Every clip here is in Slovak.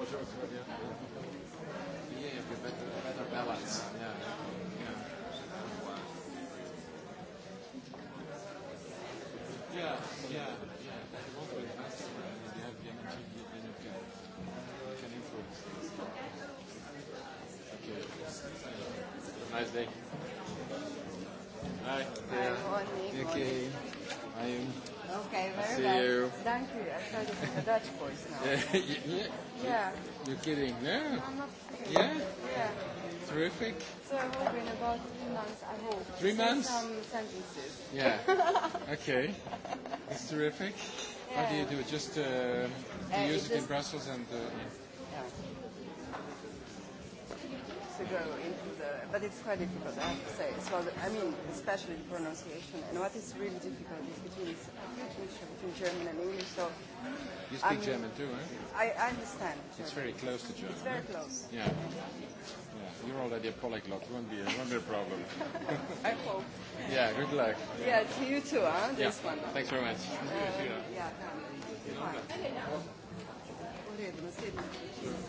Yeah, better, better balance. Yeah. You're kidding, no? no I'm not kidding. Yeah? Yeah. Terrific. So I hope in about three months, I hope. Three months? Some sentences. Yeah. okay. It's terrific. Yeah. How do you do it? Just uh, do you uh, use it, it in Brussels and... Uh, yeah. to go into the, but it's quite difficult, I have to say. So, I mean, especially the pronunciation. And what is really difficult is between between, between German and English. So you speak I mean, German too, right? Eh? I, I understand. German. It's very close to German. It's very eh? close. Yeah. yeah. yeah. You're already a polyglot. Won't be a, won't be a problem. I hope. Yeah. Good luck. Yeah. yeah To you too, huh? This yeah. one. Thanks very much. Uh, yeah. yeah.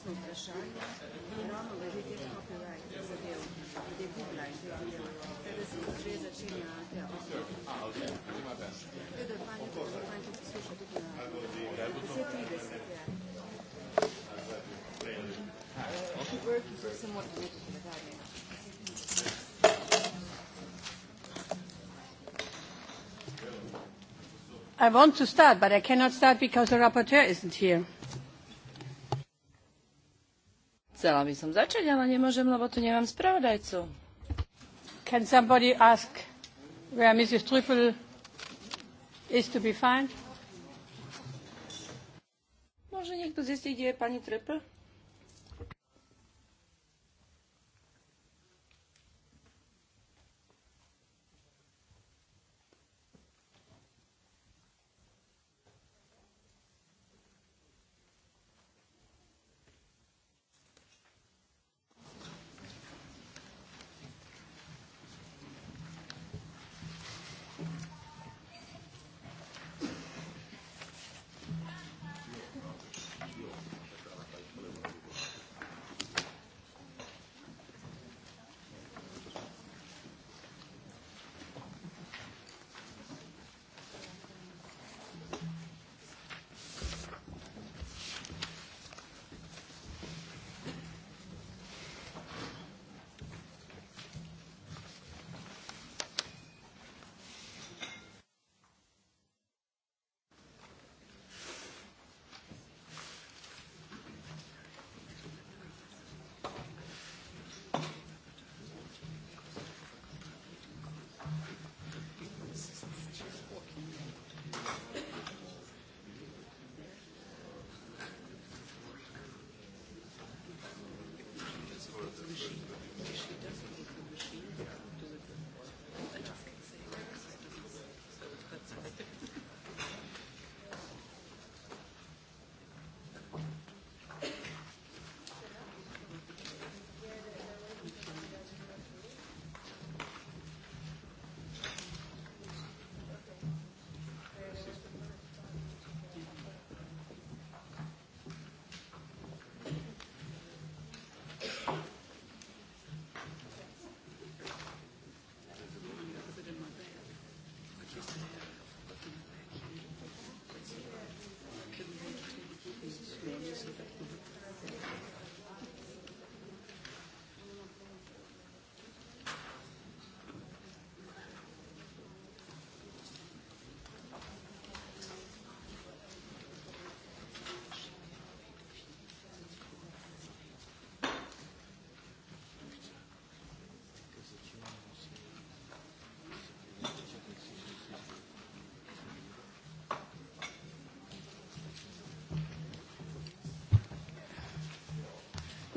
jasno vprašanje ki imamo glede teh copyright zadev, glede Google in teh zadev. Tega se že začenjate Tega je fajn, da je fajn, če posluša tudi na 10.30 je. Work is somewhat related to that. Teda, I want to start, but I cannot start because the rapporteur isn't here. Chcela by som začať, ale nemôžem, lebo tu nemám spravodajcu. Can somebody ask where Mrs. Trüffel is to be found? Môže niekto zistiť, kde je pani Trüffel?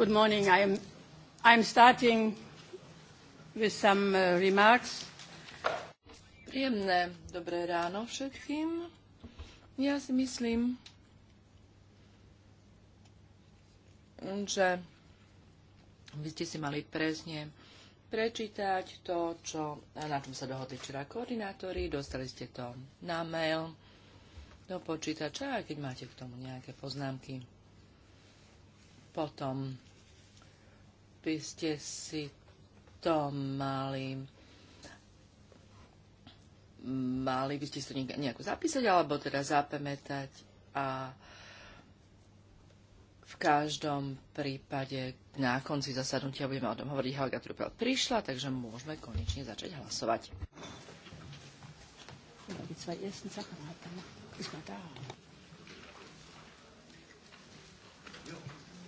Good morning. I am, I'm starting with some uh, remarks. Príjemné dobré ráno všetkým. Ja si myslím, že by ste si mali presne prečítať to, čo, na čom sa dohodli včera koordinátori, dostali ste to na mail do počítača, keď máte k tomu nejaké poznámky. Potom by ste si to mali mali by ste si to nejako zapísať alebo teda zapamätať a v každom prípade na konci zasadnutia budeme o tom hovoriť. Helga Trupel prišla, takže môžeme konečne začať hlasovať.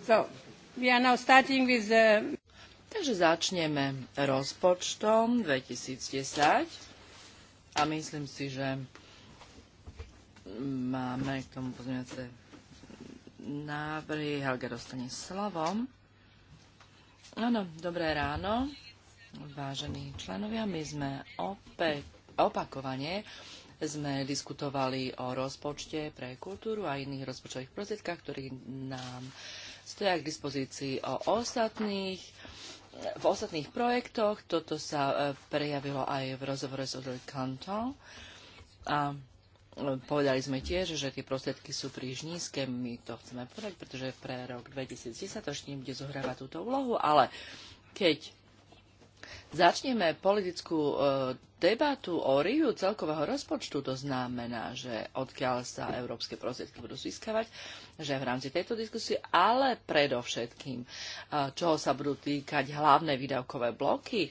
So. Takže začneme rozpočtom 2010 a myslím si, že máme k tomu pozmeňovacie návrhy. Helga dostane slovom. Áno, dobré ráno, vážení členovia. My sme opäť, opakovane sme diskutovali o rozpočte pre kultúru a iných rozpočtových prostriedkách, ktorý nám uh, stoja k dispozícii o ostatných, v ostatných projektoch. Toto sa e, prejavilo aj v rozhovore s Odel Canton. A e, povedali sme tiež, že tie prostriedky sú príliš nízke. My to chceme povedať, pretože pre rok 2010 to ešte nebude zohrávať túto úlohu, ale keď začneme politickú e, debatu o riu celkového rozpočtu, to znamená, že odkiaľ sa európske prostriedky budú získavať, že v rámci tejto diskusie, ale predovšetkým, e, čoho sa budú týkať hlavné výdavkové bloky,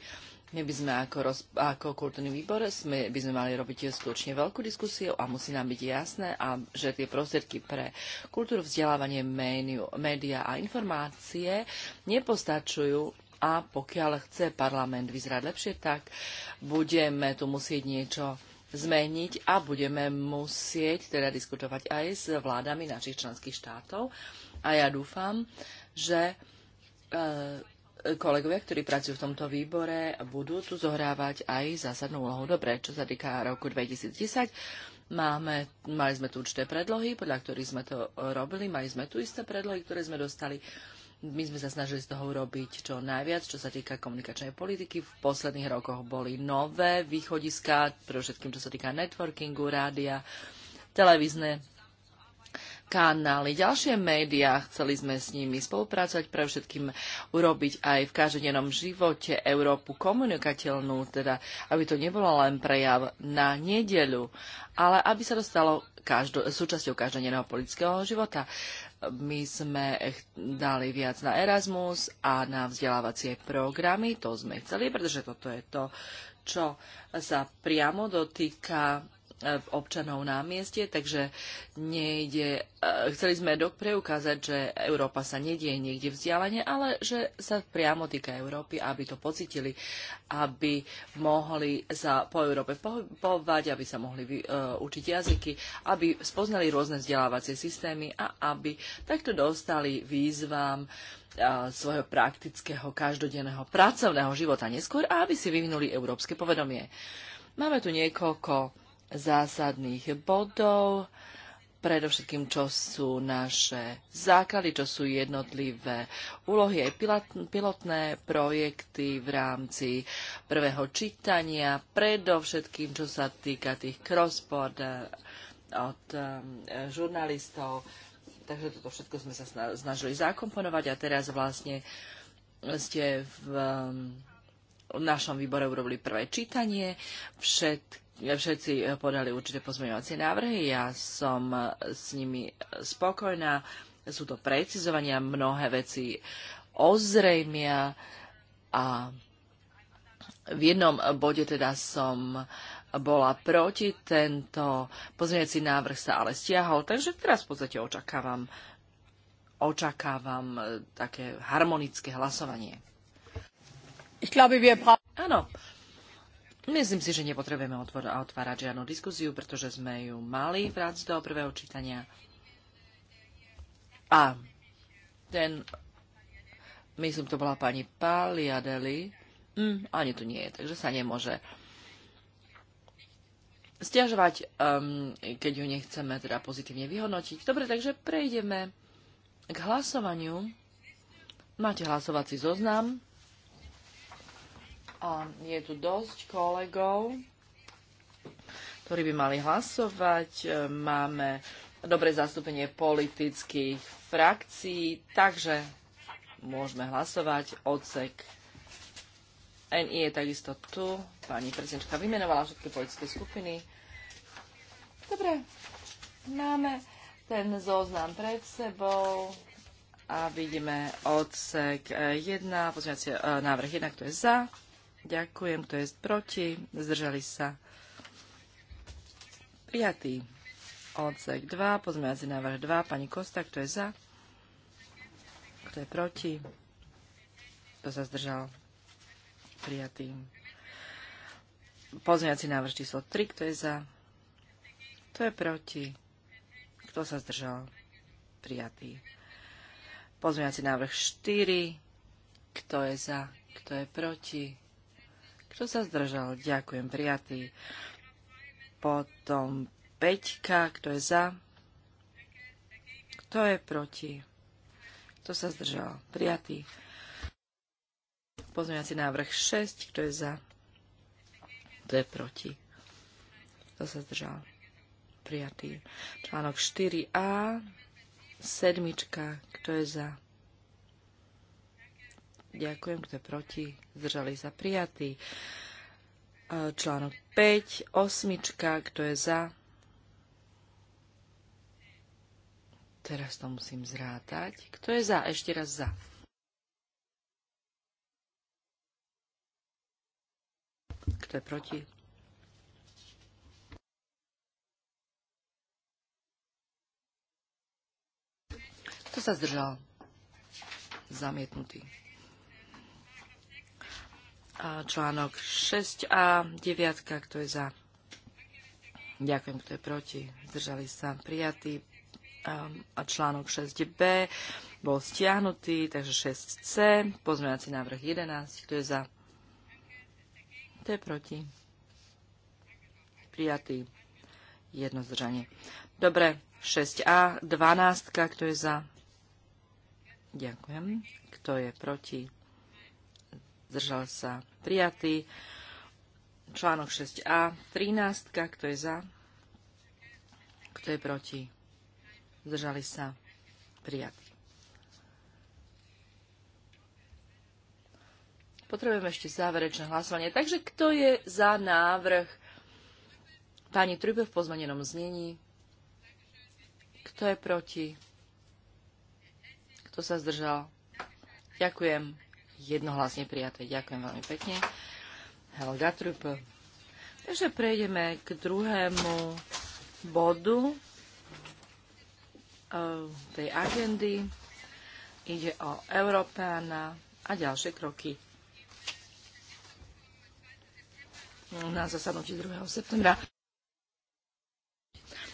my by sme ako, roz, ako kultúrny výbor sme, by sme mali robiť skutočne veľkú diskusiu a musí nám byť jasné, a, že tie prostriedky pre kultúru, vzdelávanie, médiu, média a informácie nepostačujú a pokiaľ chce parlament vyzerať lepšie, tak budeme tu musieť niečo zmeniť a budeme musieť teda diskutovať aj s vládami našich členských štátov. A ja dúfam, že e, kolegovia, ktorí pracujú v tomto výbore, budú tu zohrávať aj zásadnú úlohu. Dobre, čo sa týka roku 2010, Máme, mali sme tu určité predlohy, podľa ktorých sme to robili, mali sme tu isté predlohy, ktoré sme dostali my sme sa snažili z toho urobiť čo najviac, čo sa týka komunikačnej politiky. V posledných rokoch boli nové východiska, pre všetkým, čo sa týka networkingu, rádia, televízne kanály, ďalšie médiá. Chceli sme s nimi spolupracovať, pre všetkým urobiť aj v každodennom živote Európu komunikateľnú, teda aby to nebolo len prejav na nedeľu, ale aby sa dostalo súčasťou každodenného politického života. My sme dali viac na Erasmus a na vzdelávacie programy. To sme chceli, pretože toto je to, čo sa priamo dotýka občanov na mieste, takže nejde, eh, chceli sme dok preukázať, že Európa sa nedieje niekde vzdialene, ale že sa priamo týka Európy, aby to pocitili, aby mohli sa po Európe pohovať, aby sa mohli vy, uh, učiť jazyky, aby spoznali rôzne vzdelávacie systémy a aby takto dostali výzvam eh, svojho praktického, každodenného, pracovného života neskôr a aby si vyvinuli európske povedomie. Máme tu niekoľko zásadných bodov, predovšetkým čo sú naše základy, čo sú jednotlivé úlohy aj pilotné projekty v rámci prvého čítania, predovšetkým čo sa týka tých crossboard eh, od eh, žurnalistov. Takže toto všetko sme sa snažili zakomponovať a teraz vlastne ste v eh, našom výbore urobili prvé čítanie. Všetky všetci eh, podali určité pozmeňovacie návrhy. Ja som eh, s nimi eh, spokojná. Sú to precizovania, mnohé veci ozrejmia a v jednom bode teda som bola proti, tento pozmeňujúci návrh sa ale stiahol, takže teraz v podstate očakávam, očakávam také harmonické hlasovanie. Ich glaube, wir Áno, Myslím si, že nepotrebujeme otvor- a otvárať žiadnu diskusiu, pretože sme ju mali v rámci toho prvého čítania. A ten, myslím, to bola pani Paliadeli, mm, ani tu nie je, takže sa nemôže stiažovať, um, keď ju nechceme teda pozitívne vyhodnotiť. Dobre, takže prejdeme k hlasovaniu. Máte hlasovací zoznam. A je tu dosť kolegov, ktorí by mali hlasovať. E, máme dobre zastúpenie politických frakcií, takže môžeme hlasovať. Odsek NI je takisto tu. Pani prezidentka vymenovala všetky politické skupiny. Dobre, máme ten zoznam pred sebou a vidíme odsek 1, e, pozrieme návrh 1, kto je za, Ďakujem. Kto je proti? Zdržali sa. Prijatý. Odsek 2, pozmeňací návrh 2, pani Kosta, kto je za? Kto je proti? Kto sa zdržal? Prijatý. Pozmeňací návrh číslo 3, kto je za? Kto je proti? Kto sa zdržal? Prijatý. Pozmeňací návrh 4, kto je za? Kto je proti? Kto sa zdržal? Ďakujem, prijatý. Potom peťka, kto je za? Kto je proti? Kto sa zdržal? Prijatý. Pozmeňací návrh 6, kto je za? Kto je proti? Kto sa zdržal? Prijatý. Článok 4a, sedmička, kto je za? Ďakujem, kto je proti. Zdržali sa prijatí. E, článok 5, osmička, kto je za. Teraz to musím zrátať. Kto je za? Ešte raz za. Kto je proti? Kto sa zdržal? Zamietnutý. Článok 6a, 9, kto je za? Ďakujem, kto je proti. Zdržali sa prijatí. Ehm, a článok 6b bol stiahnutý, takže 6c. Pozmeňací návrh 11, kto je za? Kto je proti? Prijatý. Jedno zdržanie. Dobre, 6a, 12, kto je za? Ďakujem. Kto je proti? zdržal sa prijatý. Článok 6a, 13, kto je za, kto je proti, zdržali sa prijatý. Potrebujeme ešte záverečné hlasovanie. Takže kto je za návrh pani Trube v pozmenenom znení? Kto je proti? Kto sa zdržal? Ďakujem jednohlasne prijaté. Ďakujem veľmi pekne. Helga Trup. Takže prejdeme k druhému bodu e, tej agendy. Ide o Európeana a ďalšie kroky na zasadnutí 2. septembra.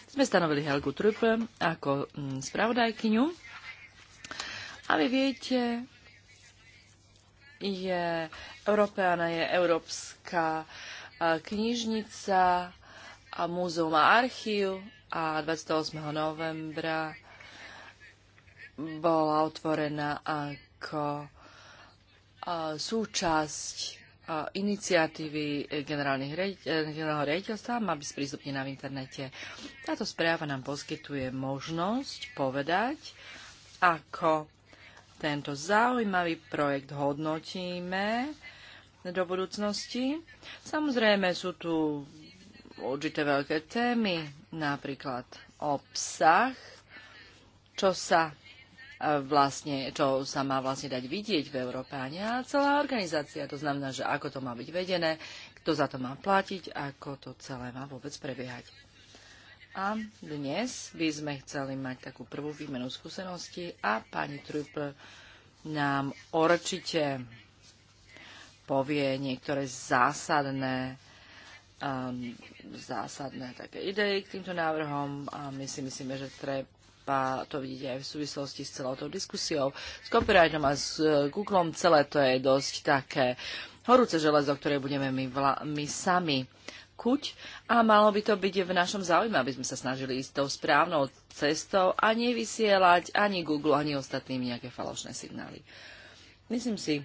Sme stanovili Helgu Trup ako mm, spravodajkyňu. A vy viete, je Európeana, je Európska knižnica, a múzeum a archív a 28. novembra bola otvorená ako súčasť iniciatívy generálneho riaditeľstva má byť sprístupnená v internete. Táto správa nám poskytuje možnosť povedať, ako tento zaujímavý projekt hodnotíme do budúcnosti. Samozrejme sú tu určité veľké témy, napríklad obsah, čo sa e, vlastne, čo sa má vlastne dať vidieť v Európe a nie celá organizácia. To znamená, že ako to má byť vedené, kto za to má platiť, ako to celé má vôbec prebiehať. A dnes by sme chceli mať takú prvú výmenu skúseností a pani Trupl nám určite povie niektoré zásadné um, zásadné také idei k týmto návrhom a my si myslíme, že treba to vidieť aj v súvislosti s celou tou diskusiou. S copyrightom a s e, Googlem celé to je dosť také horúce železo, ktoré budeme my, vla- my sami chuť a malo by to byť v našom záujme, aby sme sa snažili ísť tou správnou cestou a nevysielať ani Google, ani ostatným nejaké falošné signály. Myslím si,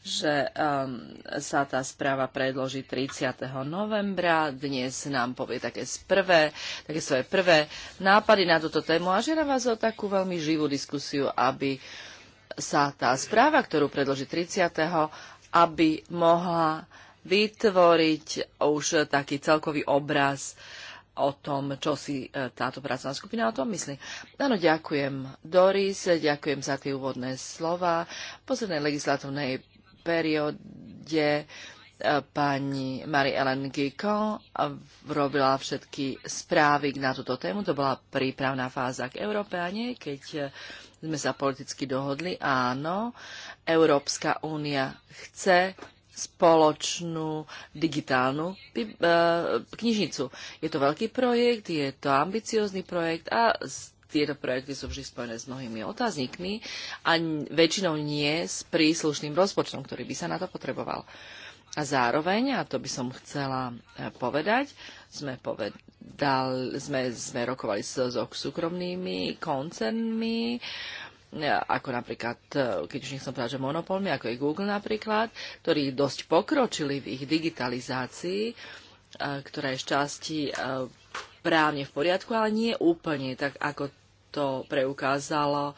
že um, sa tá správa predloží 30. novembra. Dnes nám povie také, prvé, také svoje prvé nápady na túto tému a žiadam vás o takú veľmi živú diskusiu, aby sa tá správa, ktorú predloží 30. aby mohla vytvoriť už taký celkový obraz o tom, čo si e, táto pracovná skupina o tom myslí. Áno, ďakujem Doris, ďakujem za tie úvodné slova. V poslednej legislatívnej perióde e, pani Marie-Hélène Gicon robila všetky správy na túto tému. To bola prípravná fáza k Európe a nie, keď e, sme sa politicky dohodli. Áno, Európska únia chce spoločnú digitálnu e, knižnicu. Je to veľký projekt, je to ambiciózny projekt a tieto projekty sú vždy spojené s mnohými otáznikmi a väčšinou nie s príslušným rozpočtom, ktorý by sa na to potreboval. A zároveň, a to by som chcela e, povedať, sme, povedal, sme, sme rokovali s so, so súkromnými koncernmi, E, ako napríklad, e, keď už nechcem povedať, že monopolmi, ako je Google napríklad, ktorí dosť pokročili v ich digitalizácii, e, ktorá je šťastí časti právne v poriadku, ale nie úplne tak, ako to preukázalo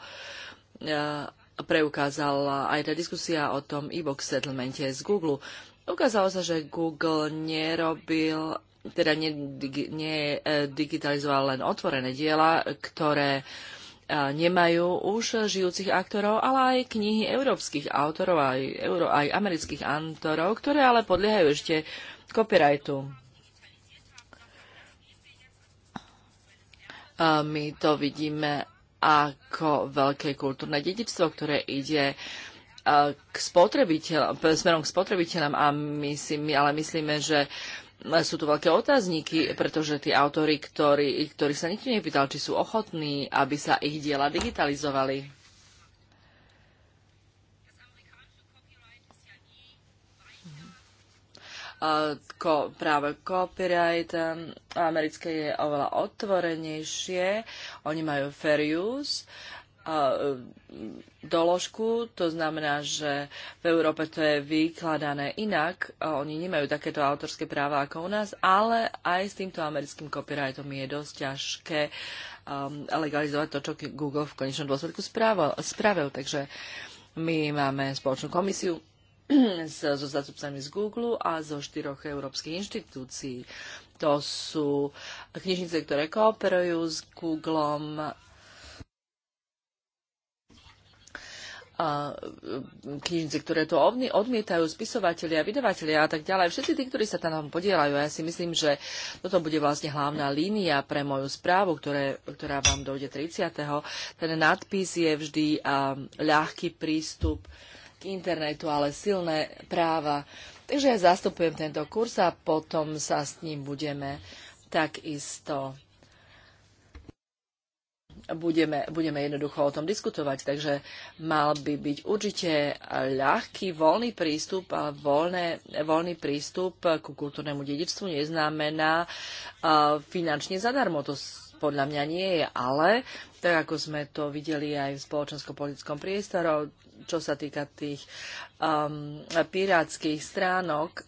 preukázala aj tá diskusia o tom e-box settlemente z Google. Ukázalo sa, že Google nerobil teda nedigitalizoval len otvorené diela, ktoré uh, nemajú už žijúcich aktorov, ale aj knihy európskych autorov, aj, euro, aj amerických autorov, ktoré ale podliehajú ešte copyrightu. My to vidíme ako veľké kultúrne dedičstvo, ktoré ide k spotrebiteľ, smerom k spotrebiteľom a my si, my ale myslíme, že sú tu veľké otázniky, pretože tí autory, ktorí, ktorí sa nikto nepýtal, či sú ochotní, aby sa ich diela digitalizovali. ko, práve copyright um, americké je oveľa otvorenejšie. Oni majú fair use, E, doložku, to znamená, že v Európe to je vykladané inak, oni nemajú takéto autorské práva ako u nás, ale aj s týmto americkým copyrightom je dosť ťažké um, legalizovať to, čo Google v konečnom dôsledku spravil. spravil. Takže my máme spoločnú komisiu so, zastupcami zástupcami z Google a zo štyroch európskych inštitúcií. To sú knižnice, ktoré kooperujú s Googlem, E, knižnice, ktoré to odmietajú, spisovatelia, vydavatelia a tak ďalej. Všetci tí, ktorí sa tam podielajú. Ja si myslím, že toto bude vlastne hlavná línia pre moju správu, ktoré, ktorá vám dojde 30. Ten nadpis je vždy ľahký prístup k internetu, ale silné práva. Takže ja zastupujem tento kurz a potom sa s ním budeme takisto budeme, budeme jednoducho o tom diskutovať. Takže mal by byť určite ľahký, voľný prístup a voľné, voľný prístup ku kultúrnemu dedičstvu neznamená finančne zadarmo. To podľa mňa nie je, ale tak ako sme to videli aj v spoločensko-politickom priestoru, čo sa týka tých um, pirátskych stránok,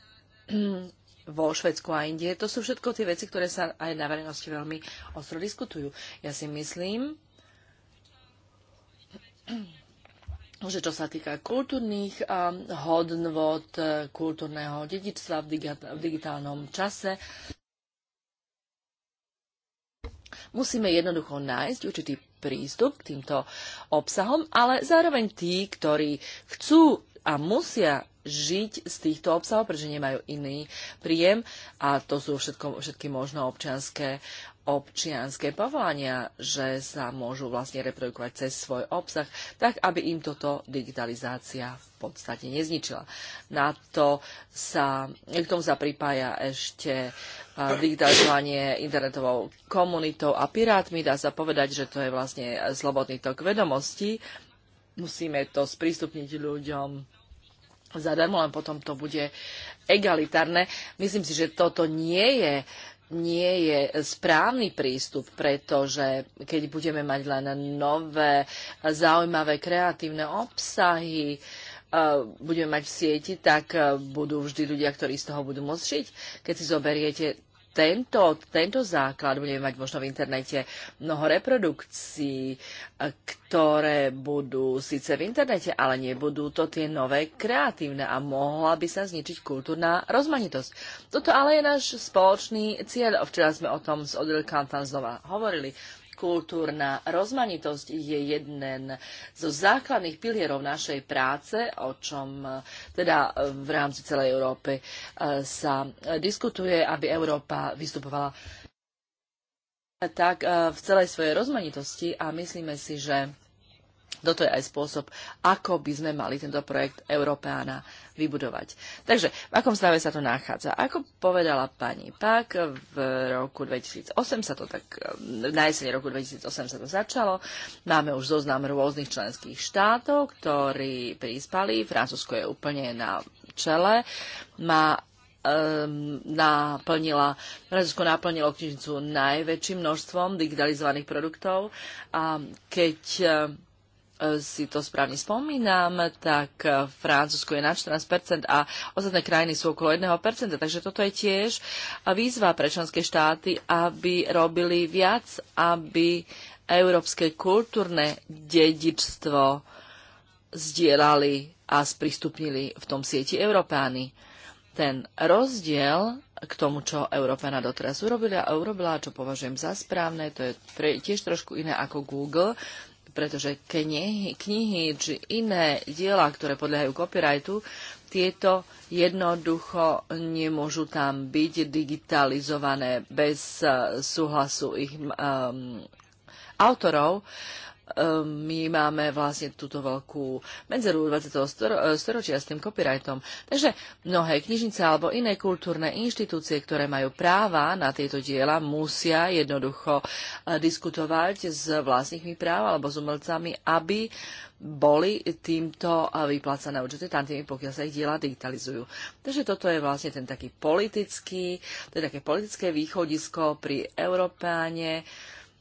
vo Švedsku a Indie. To sú všetko tie veci, ktoré sa aj na verejnosti veľmi ostro diskutujú. Ja si myslím, že čo sa týka kultúrnych hodnot, kultúrneho dedičstva v digitálnom čase, musíme jednoducho nájsť určitý prístup k týmto obsahom, ale zároveň tí, ktorí chcú a musia žiť z týchto obsahov, pretože nemajú iný príjem a to sú všetko, všetky možno občianské občianské povolania, že sa môžu vlastne reprodukovať cez svoj obsah, tak aby im toto digitalizácia v podstate nezničila. Na to sa, k tomu sa pripája ešte digitalizovanie internetovou komunitou a pirátmi. Dá sa povedať, že to je vlastne slobodný tok vedomostí. Musíme to sprístupniť ľuďom zadarmo, len potom to bude egalitárne. Myslím si, že toto nie je nie je správny prístup, pretože keď budeme mať len nové, zaujímavé, kreatívne obsahy, e, budeme mať v sieti, tak e, budú vždy ľudia, ktorí z toho budú môcť žiť. Keď si zoberiete tento, tento základ budeme mať možno v internete mnoho reprodukcií, ktoré budú síce v internete, ale nebudú to tie nové kreatívne a mohla by sa zničiť kultúrna rozmanitosť. Toto ale je náš spoločný cieľ. Včera sme o tom s Odil Kantan znova hovorili. Kultúrna rozmanitosť je jeden zo základných pilierov našej práce, o čom e, teda e, v rámci celej Európy e, sa diskutuje, aby Európa vystupovala tak v celej svojej rozmanitosti a myslíme si, že toto je aj spôsob, ako by sme mali tento projekt Európeána vybudovať. Takže v akom stave sa to nachádza? Ako povedala pani Pak, v roku 2008 sa to tak, na jesene roku 2008 sa to začalo. Máme už zoznam rôznych členských štátov, ktorí prispali. Francúzsko je úplne na čele. Má naplnila, Francúzsko naplnilo knižnicu najväčším množstvom digitalizovaných produktov a keď si to správne spomínam, tak eh, Francúzsko je na 14% a ostatné krajiny sú okolo 1%. Takže toto je tiež výzva pre členské štáty, aby robili viac, aby európske kultúrne dedičstvo zdieľali a sprístupnili v tom sieti Európány. Ten rozdiel k tomu, čo Európana doteraz urobila a urobila, čo považujem za správne, to je tiež trošku iné ako Google, pretože knihy, knihy či iné diela, ktoré podliehajú copyrightu, tieto jednoducho nemôžu tam byť digitalizované bez eh, súhlasu ich um, autorov. Ehm, my máme vlastne túto veľkú medzeru 20. E, storočia s tým copyrightom. Takže mnohé knižnice alebo iné kultúrne inštitúcie, ktoré majú práva na tieto diela, musia jednoducho e, diskutovať s vlastníkmi práv alebo s umelcami, aby boli týmto e, vyplácané určité tantiemy, pokiaľ sa ich diela digitalizujú. Takže toto je vlastne ten taký politický, to je také politické východisko pri Európáne,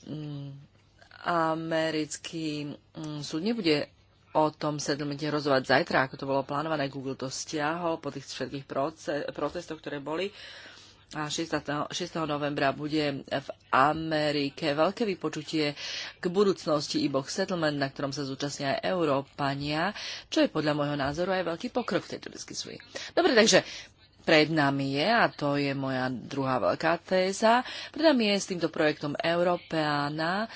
mm, americký mm, súd nebude o tom settlemente rozhovať zajtra, ako to bolo plánované. Google to stiahol po tých všetkých proces, protestoch, ktoré boli. A 6. 6. novembra bude v Amerike veľké vypočutie k budúcnosti e box settlement, na ktorom sa zúčastnia aj Európania, čo je podľa môjho názoru aj veľký pokrok v tejto diskusii. Dobre, takže pred nami je, a to je moja druhá veľká téza, pred nami je s týmto projektom Európeána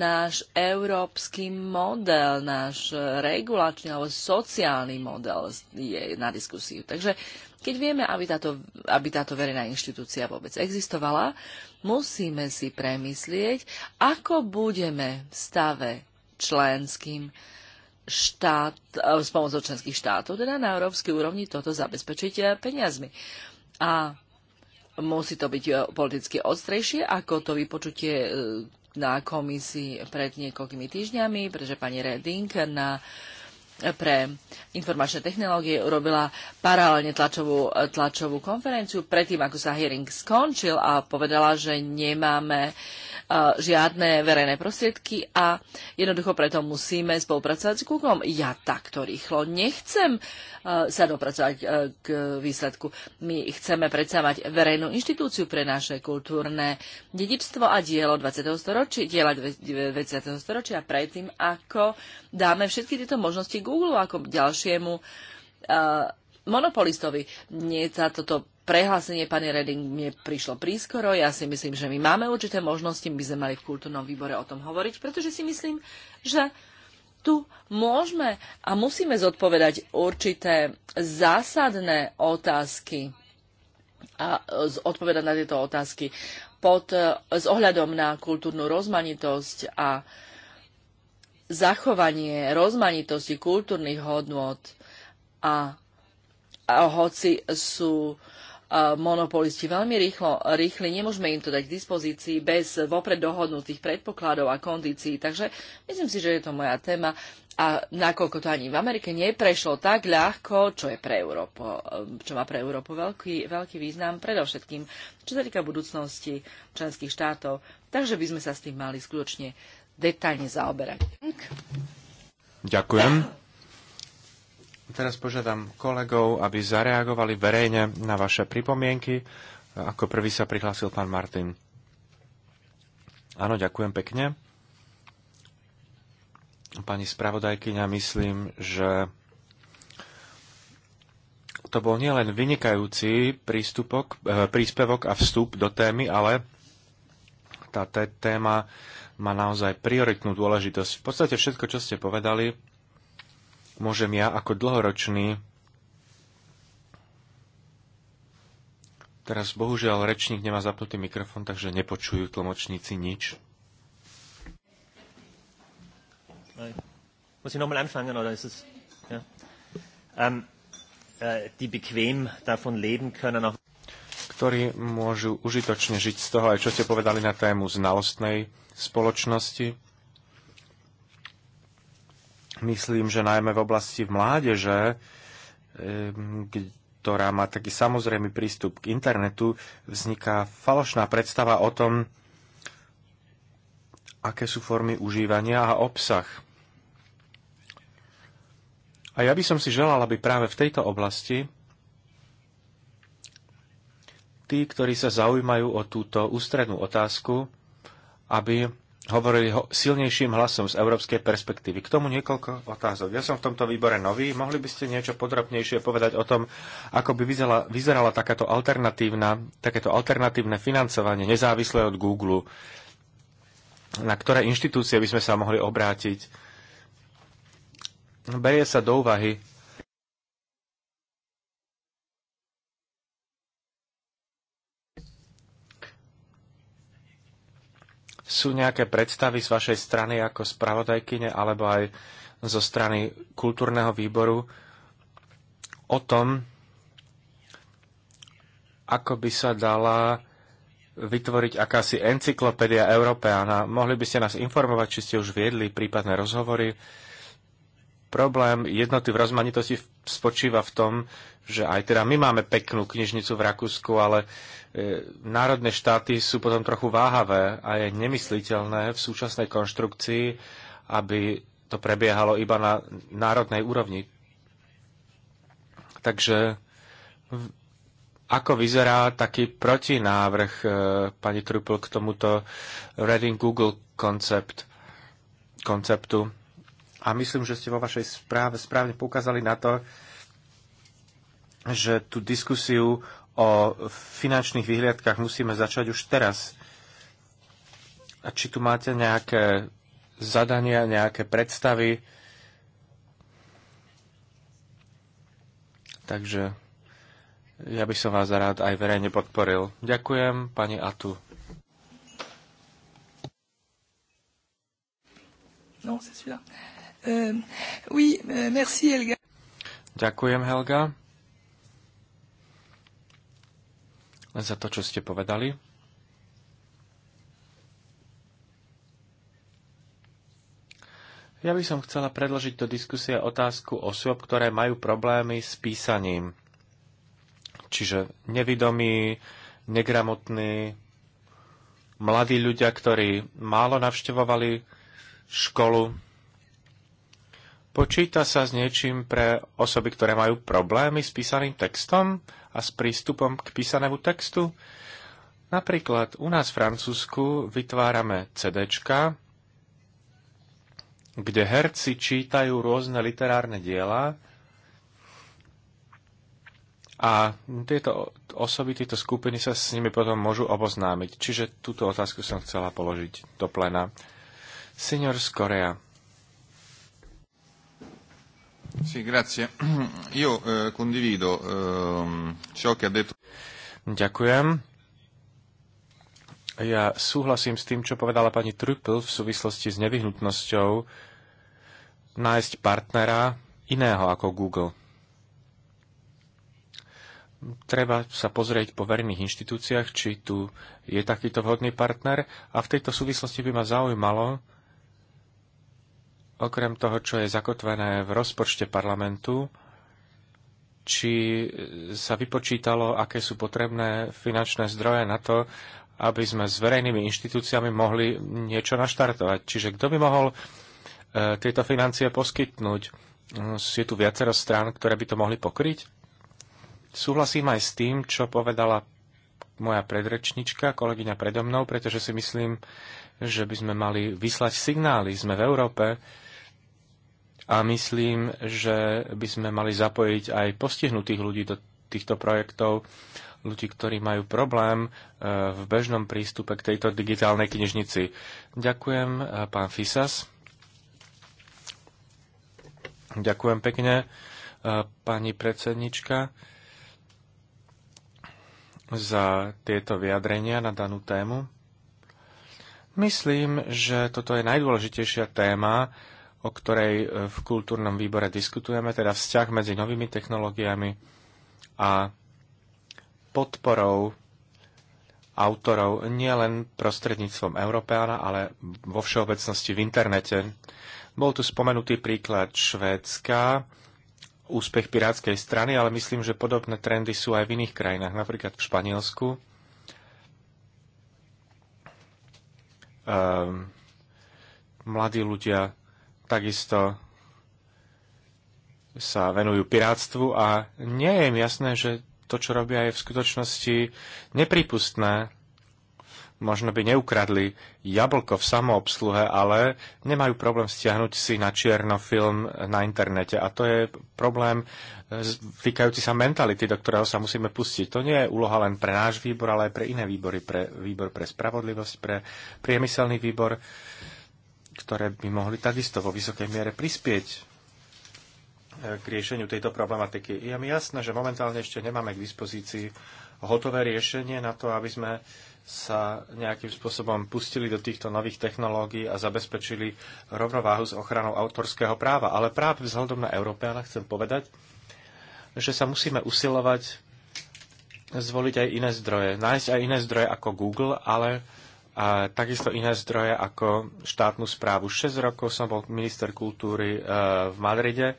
náš európsky model, náš regulačný alebo sociálny model je na diskusiu. Takže keď vieme, aby táto, aby táto verejná inštitúcia vôbec existovala, musíme si premyslieť, ako budeme v stave členským štát, eh, s pomocou členských štátov, teda na európskej úrovni toto zabezpečiť eh, peniazmi. A musí to byť eh, politicky ostrejšie, ako to vypočutie na komisii pred niekoľkými týždňami, pretože pani Reding na pre informačné technológie urobila paralelne tlačovú, tlačovú konferenciu predtým, ako sa hearing skončil a povedala, že nemáme uh, žiadne verejné prostriedky a jednoducho preto musíme spolupracovať s Googlom. Ja takto rýchlo nechcem e, sa dopracovať e, k výsledku. My chceme predsa mať verejnú inštitúciu pre naše kultúrne dedičstvo a dielo 20. storočia, diela 20. storočia predtým, ako dáme všetky tieto možnosti Google ako ďalšiemu e, monopolistovi. Nie sa toto prehlásenie pani Reding mi prišlo prískoro. Ja si myslím, že my máme určité možnosti, by sme mali v kultúrnom výbore o tom hovoriť, pretože si myslím, že tu môžeme a musíme zodpovedať určité zásadné otázky a zodpovedať na tieto otázky pod, s ohľadom na kultúrnu rozmanitosť a zachovanie rozmanitosti kultúrnych hodnôt a, a hoci sú E, monopolisti veľmi rýchlo, rýchli, nemôžeme im to dať k dispozícii bez vopred dohodnutých predpokladov a kondícií. Takže myslím si, že je to moja téma a nakoľko to ani v Amerike neprešlo tak ľahko, čo, je pre Európu, e, čo má pre Európu veľký, veľký význam, predovšetkým čo sa týka budúcnosti členských štátov. Takže by sme sa s tým mali skutočne detailne zaoberať. Ďakujem. Teraz požiadam kolegov, aby zareagovali verejne na vaše pripomienky. Ako prvý sa prihlásil pán Martin. Áno, ďakujem pekne. Pani spravodajkyňa, myslím, že to bol nielen vynikajúci prístupok, eh, príspevok a vstup do témy, ale tá téma má naozaj prioritnú dôležitosť. V podstate všetko, čo ste povedali, môžem ja ako dlhoročný Teraz bohužiaľ rečník nemá zapnutý mikrofón, takže nepočujú tlmočníci nič. Muss ich nochmal anfangen, oder ist es... Ja. Ähm, äh, die bequem davon leben können auch... Ktorí môžu užitočne žiť z toho, aj čo ste povedali na tému znalostnej spoločnosti. Myslím, že najmä v oblasti v mládeže, ktorá má taký samozrejmý prístup k internetu, vzniká falošná predstava o tom, aké sú formy užívania a obsah. A ja by som si želal, aby práve v tejto oblasti tí, ktorí sa zaujímajú o túto ústrednú otázku, aby hovorili ho silnejším hlasom z európskej perspektívy. K tomu niekoľko otázok. Ja som v tomto výbore nový. Mohli by ste niečo podrobnejšie povedať o tom, ako by vyzerala, vyzerala takáto alternatívna, takéto alternatívne financovanie nezávislé od Google, na ktoré inštitúcie by sme sa mohli obrátiť. Berie sa do úvahy Sú nejaké predstavy z vašej strany ako spravodajkyne alebo aj zo strany kultúrneho výboru o tom, ako by sa dala vytvoriť akási encyklopédia Európeána. Mohli by ste nás informovať, či ste už viedli prípadné rozhovory. Problém jednoty v rozmanitosti v spočíva v tom, že aj teda my máme peknú knižnicu v Rakúsku, ale e, národné štáty sú potom trochu váhavé a je nemysliteľné v súčasnej konštrukcii, aby to prebiehalo iba na národnej úrovni. Takže v, ako vyzerá taký protinávrh e, pani Trupl k tomuto Reading Google koncept, konceptu? A myslím, že ste vo vašej správe správne poukázali na to, že tú diskusiu o finančných vyhliadkách musíme začať už teraz. A či tu máte nejaké zadania, nejaké predstavy? Takže ja by som vás rád aj verejne podporil. Ďakujem, pani Atu. No, c'est celui-là. Ehm, eh, Helga. Ďakujem Helga za to, čo ste povedali. Ja by som chcela predložiť do diskusie otázku osôb, ktoré majú problémy s písaním. Čiže nevidomí, negramotní, mladí ľudia, ktorí málo navštevovali školu, Počíta sa s niečím pre osoby, ktoré majú problémy s písaným textom a s prístupom k písanému textu? Napríklad u nás v Francúzsku vytvárame CD, kde herci čítajú rôzne literárne diela a tieto osoby, tieto skupiny sa s nimi potom môžu oboznámiť. Čiže túto otázku som chcela položiť do plena. Senior z Korea. Sì, grazie. Io eh, condivido ehm, ciò che ha detto. Ďakujem. Ja súhlasím s tým, čo povedala pani Trupl v súvislosti s nevyhnutnosťou nájsť partnera iného ako Google. Treba sa pozrieť po verejných inštitúciách, či tu je takýto vhodný partner a v tejto súvislosti by ma zaujímalo, okrem toho, čo je zakotvené v rozpočte parlamentu, či sa vypočítalo, aké sú potrebné finančné zdroje na to, aby sme s verejnými inštitúciami mohli niečo naštartovať. Čiže kto by mohol e, tieto financie poskytnúť? Mm, je tu viacero strán, ktoré by to mohli pokryť? Súhlasím aj s tým, čo povedala moja predrečnička, kolegyňa predo mnou, pretože si myslím, že by sme mali vyslať signály. Sme v Európe, a myslím, že by sme mali zapojiť aj postihnutých ľudí do týchto projektov, ľudí, ktorí majú problém e, v bežnom prístupe k tejto digitálnej knižnici. Ďakujem, e, pán Fisas. Ďakujem pekne, e, pani predsednička, za tieto vyjadrenia na danú tému. Myslím, že toto je najdôležitejšia téma, o ktorej e, v kultúrnom výbore diskutujeme, teda vzťah medzi novými technológiami a podporou autorov nielen prostredníctvom Európeána, ale vo všeobecnosti v internete. Bol tu spomenutý príklad Švédska, úspech pirátskej strany, ale myslím, že podobné trendy sú aj v iných krajinách, napríklad v Španielsku. Ehm, mladí ľudia takisto sa venujú pirátstvu a nie je im jasné, že to, čo robia, je v skutočnosti nepripustné. Možno by neukradli jablko v samoobsluhe, ale nemajú problém stiahnuť si na čierno film na internete. A to je problém e, týkajúci sa mentality, do ktorého sa musíme pustiť. To nie je úloha len pre náš výbor, ale aj pre iné výbory, pre výbor pre spravodlivosť, pre priemyselný výbor. Uh, ktoré by mohli takisto vo vysokej miere prispieť e, k riešeniu tejto problematiky. Je mi jasné, že momentálne ešte nemáme k dispozícii hotové riešenie na to, aby sme sa nejakým spôsobom pustili do týchto nových technológií a zabezpečili rovnováhu s ochranou autorského práva. Ale práve vzhľadom na Európeana chcem povedať, že sa musíme usilovať zvoliť aj iné zdroje, nájsť aj iné zdroje ako Google, ale a takisto iné zdroje ako štátnu správu. 6 rokov som bol minister kultúry e, v Madride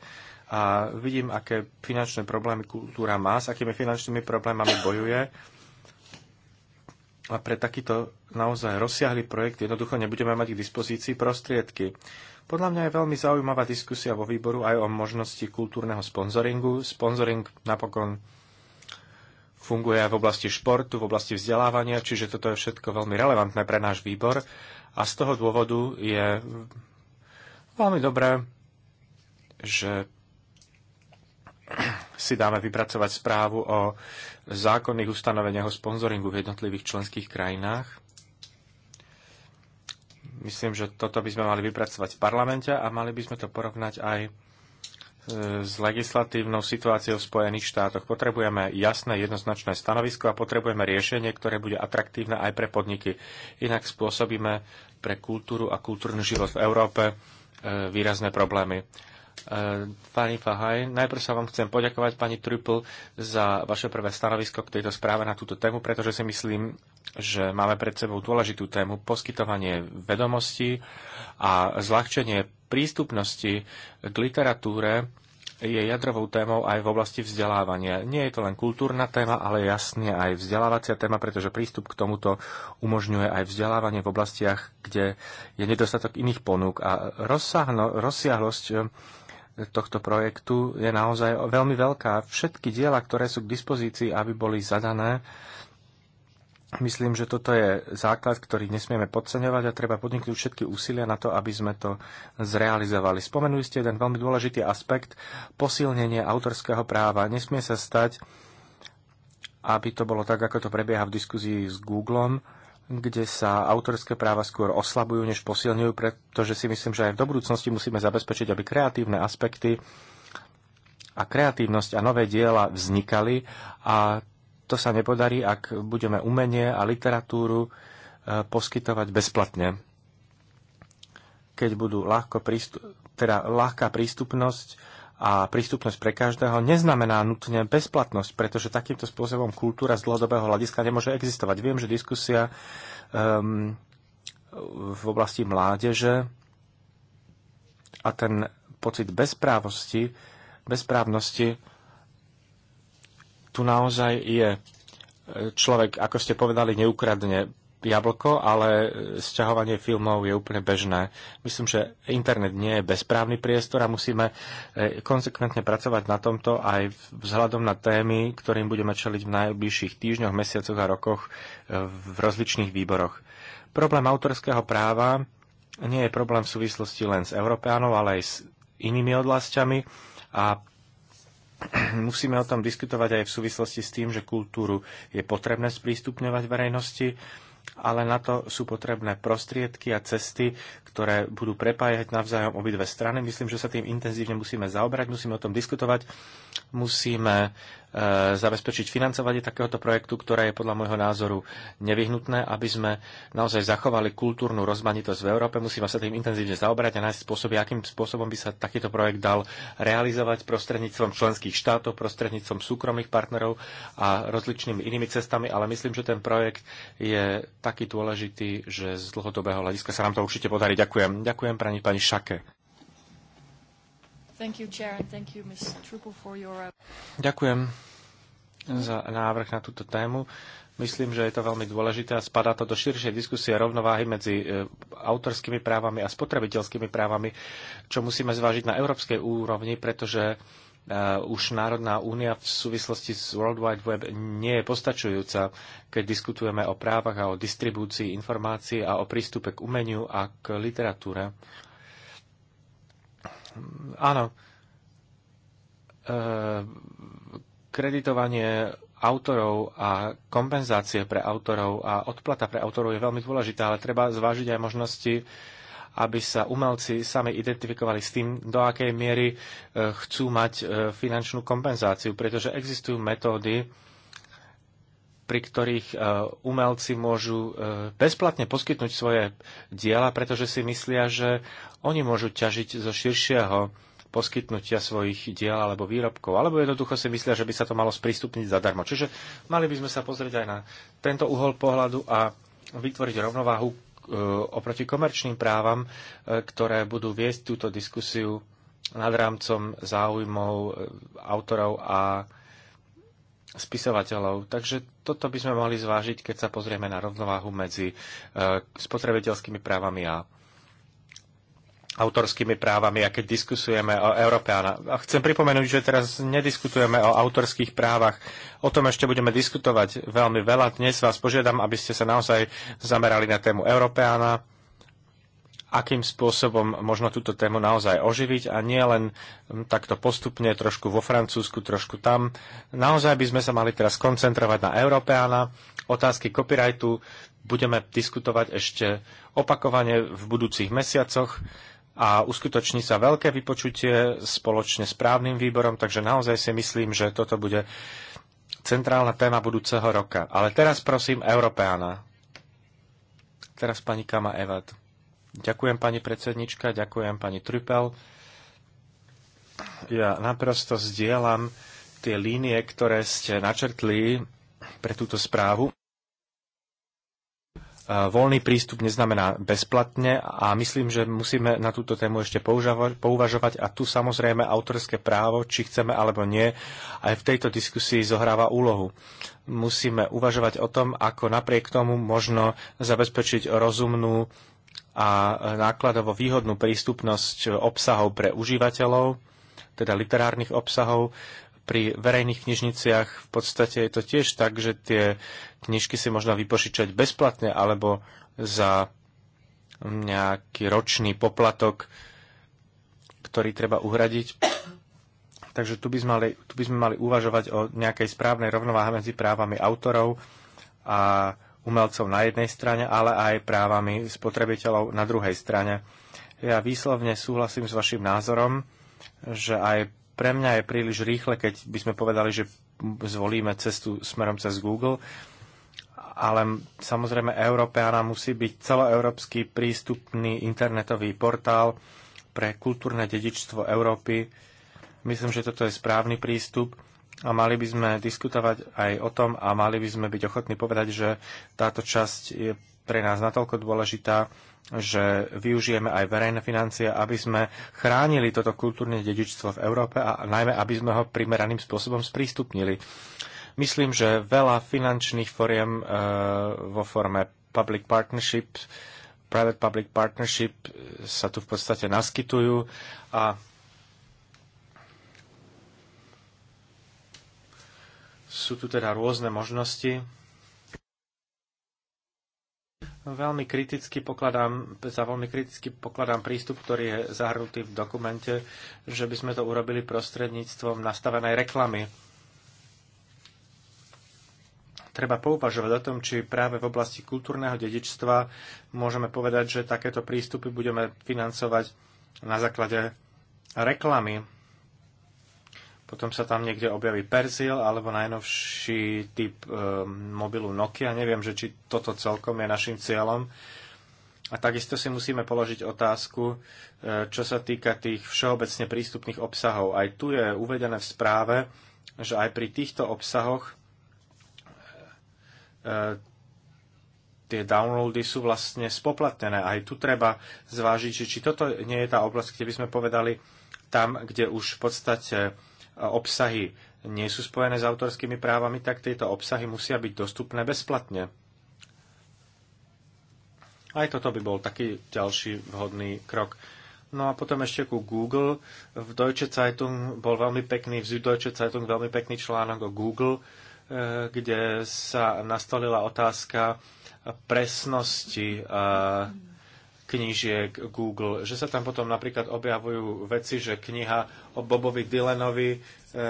a vidím, aké finančné problémy kultúra má, s akými finančnými problémami bojuje. A pre takýto naozaj rozsiahly projekt jednoducho nebudeme mať k dispozícii prostriedky. Podľa mňa je veľmi zaujímavá diskusia vo výboru aj o možnosti kultúrneho sponzoringu. Sponzoring napokon funguje aj v oblasti športu, v oblasti vzdelávania, čiže toto je všetko veľmi relevantné pre náš výbor a z toho dôvodu je veľmi dobré, že si dáme vypracovať správu o zákonných ustanoveniach o sponzoringu v jednotlivých členských krajinách. Myslím, že toto by sme mali vypracovať v parlamente a mali by sme to porovnať aj s legislatívnou situáciou v Spojených štátoch. Potrebujeme jasné, jednoznačné stanovisko a potrebujeme riešenie, ktoré bude atraktívne aj pre podniky. Inak spôsobíme pre kultúru a kultúrny život v Európe e, výrazné problémy. E, pani Fahaj, najprv sa vám chcem poďakovať, pani Trupl, za vaše prvé stanovisko k tejto správe na túto tému, pretože si myslím, že máme pred sebou dôležitú tému poskytovanie vedomostí a zľahčenie prístupnosti k literatúre je jadrovou témou aj v oblasti vzdelávania. Nie je to len kultúrna téma, ale jasne aj vzdelávacia téma, pretože prístup k tomuto umožňuje aj vzdelávanie v oblastiach, kde je nedostatok iných ponúk. A rozsahno, rozsiahlosť e, tohto projektu je naozaj veľmi veľká. Všetky diela, ktoré sú k dispozícii, aby boli zadané, Myslím, že toto je základ, ktorý nesmieme podceňovať a treba podniknúť všetky úsilia na to, aby sme to zrealizovali. Spomenuli ste jeden veľmi dôležitý aspekt posilnenie autorského práva. Nesmie sa stať, aby to bolo tak, ako to prebieha v diskuzii s Googlem, kde sa autorské práva skôr oslabujú, než posilňujú, pretože si myslím, že aj do budúcnosti musíme zabezpečiť, aby kreatívne aspekty a kreatívnosť a nové diela vznikali a to sa nepodarí, ak budeme umenie a literatúru e, poskytovať bezplatne. Keď budú ľahko prístup, teda ľahká prístupnosť a prístupnosť pre každého neznamená nutne bezplatnosť, pretože takýmto spôsobom kultúra z dlhodobého hľadiska nemôže existovať. Viem, že diskusia um, v oblasti mládeže a ten pocit bezprávosti, bezprávnosti tu naozaj je človek, ako ste povedali, neukradne jablko, ale sťahovanie filmov je úplne bežné. Myslím, že internet nie je bezprávny priestor a musíme e, konsekventne pracovať na tomto aj vzhľadom na témy, ktorým budeme čeliť v najbližších týždňoch, mesiacoch a rokoch e, v rozličných výboroch. Problém autorského práva nie je problém v súvislosti len s Európeánov, ale aj s inými odlasťami a musíme o tom diskutovať aj v súvislosti s tým, že kultúru je potrebné sprístupňovať verejnosti, ale na to sú potrebné prostriedky a cesty, ktoré budú prepájať navzájom obidve strany. Myslím, že sa tým intenzívne musíme zaobrať, musíme o tom diskutovať, musíme E, zabezpečiť financovanie takéhoto projektu, ktoré je podľa môjho názoru nevyhnutné, aby sme naozaj zachovali kultúrnu rozmanitosť v Európe. Musíme sa tým intenzívne zaoberať a nájsť spôsoby, akým spôsobom by sa takýto projekt dal realizovať prostredníctvom členských štátov, prostredníctvom súkromných partnerov a rozličnými inými cestami, ale myslím, že ten projekt je taký dôležitý, že z dlhodobého hľadiska sa nám to určite podarí. Ďakujem. Ďakujem pani, pani Šake. Uh, Ďakujem za návrh na túto tému. Myslím, že je to veľmi dôležité a spadá to do širšej diskusie rovnováhy medzi e, autorskými právami a spotrebiteľskými právami, čo musíme zvážiť na európskej úrovni, pretože e, už Národná únia v súvislosti s World Wide Web nie je postačujúca, keď diskutujeme o právach a o distribúcii informácií a o prístupe k umeniu a k literatúre. Áno, e, kreditovanie autorov a kompenzácie pre autorov a odplata pre autorov je veľmi dôležitá, ale treba zvážiť aj možnosti, aby sa umelci sami identifikovali s tým, do akej miery e, chcú mať e, finančnú kompenzáciu, pretože existujú metódy, pri ktorých e, umelci môžu e, bezplatne poskytnúť svoje diela, pretože si myslia, že oni môžu ťažiť zo širšieho poskytnutia svojich diel alebo výrobkov, alebo jednoducho si myslia, že by sa to malo sprístupniť zadarmo. Čiže mali by sme sa pozrieť aj na tento uhol pohľadu a vytvoriť rovnováhu e, oproti komerčným právam, ktoré budú viesť túto diskusiu nad rámcom záujmov autorov a spisovateľov. Takže toto by sme mohli zvážiť, keď sa pozrieme na rovnováhu medzi e, spotrebiteľskými právami a autorskými právami a keď diskusujeme o Európe. A chcem pripomenúť, že teraz nediskutujeme o autorských právach. O tom ešte budeme diskutovať veľmi veľa. Dnes vás požiadam, aby ste sa naozaj zamerali na tému Európeána akým spôsobom možno túto tému naozaj oživiť a nie len mm, takto postupne, trošku vo Francúzsku, trošku tam. Naozaj by sme sa mali teraz koncentrovať na Európeána. Otázky copyrightu budeme diskutovať ešte opakovane v budúcich mesiacoch a uskutoční sa veľké vypočutie spoločne s právnym výborom, takže naozaj si myslím, že toto bude centrálna téma budúceho roka. Ale teraz prosím Európeána. Teraz pani Kama Evad. Ďakujem pani predsednička, ďakujem pani Trupel. Ja naprosto zdieľam tie línie, ktoré ste načrtli pre túto správu. Voľný prístup neznamená bezplatne a myslím, že musíme na túto tému ešte pouvažovať a tu samozrejme autorské právo, či chceme alebo nie, aj v tejto diskusii zohráva úlohu. Musíme uvažovať o tom, ako napriek tomu možno zabezpečiť rozumnú a nákladovo výhodnú prístupnosť obsahov pre užívateľov, teda literárnych obsahov. Pri verejných knižniciach v podstate je to tiež tak, že tie knižky si možno vypošičať bezplatne alebo za nejaký ročný poplatok, ktorý treba uhradiť. Takže tu by, sme mali, tu by sme mali uvažovať o nejakej správnej rovnováhe medzi právami autorov a umelcov na jednej strane, ale aj právami spotrebiteľov na druhej strane. Ja výslovne súhlasím s vašim názorom, že aj pre mňa je príliš rýchle, keď by sme povedali, že zvolíme cestu smerom cez Google, ale samozrejme Európeana musí byť celoeurópsky prístupný internetový portál pre kultúrne dedičstvo Európy. Myslím, že toto je správny prístup a mali by sme diskutovať aj o tom a mali by sme byť ochotní povedať, že táto časť je pre nás natoľko dôležitá, že využijeme aj verejné financie, aby sme chránili toto kultúrne dedičstvo v Európe a najmä, aby sme ho primeraným spôsobom sprístupnili. Myslím, že veľa finančných foriem e, vo forme public partnership, private public partnership e, sa tu v podstate naskytujú a Sú tu teda rôzne možnosti. Veľmi kriticky pokladám, za veľmi kriticky pokladám prístup, ktorý je zahrnutý v dokumente, že by sme to urobili prostredníctvom nastavenej reklamy. Treba poupažovať o tom, či práve v oblasti kultúrneho dedičstva môžeme povedať, že takéto prístupy budeme financovať na základe reklamy potom sa tam niekde objaví Perzil alebo najnovší typ e, mobilu Nokia. Neviem, že či toto celkom je našim cieľom. A takisto si musíme položiť otázku, e, čo sa týka tých všeobecne prístupných obsahov. Aj tu je uvedené v správe, že aj pri týchto obsahoch e, e tie downloady sú vlastne spoplatnené. Aj tu treba zvážiť, či toto nie je tá oblasť, kde by sme povedali tam, kde už v podstate obsahy nie sú spojené s autorskými právami, tak tieto obsahy musia byť dostupné bezplatne. Aj toto by bol taký ďalší vhodný krok. No a potom ešte ku Google. V Deutsche Zeitung bol veľmi pekný, v Deutsche Zeitung veľmi pekný článok o Google, eh, kde sa nastolila otázka presnosti eh, knížiek Google, že sa tam potom napríklad objavujú veci, že kniha o Bobovi Dylanovi e, e,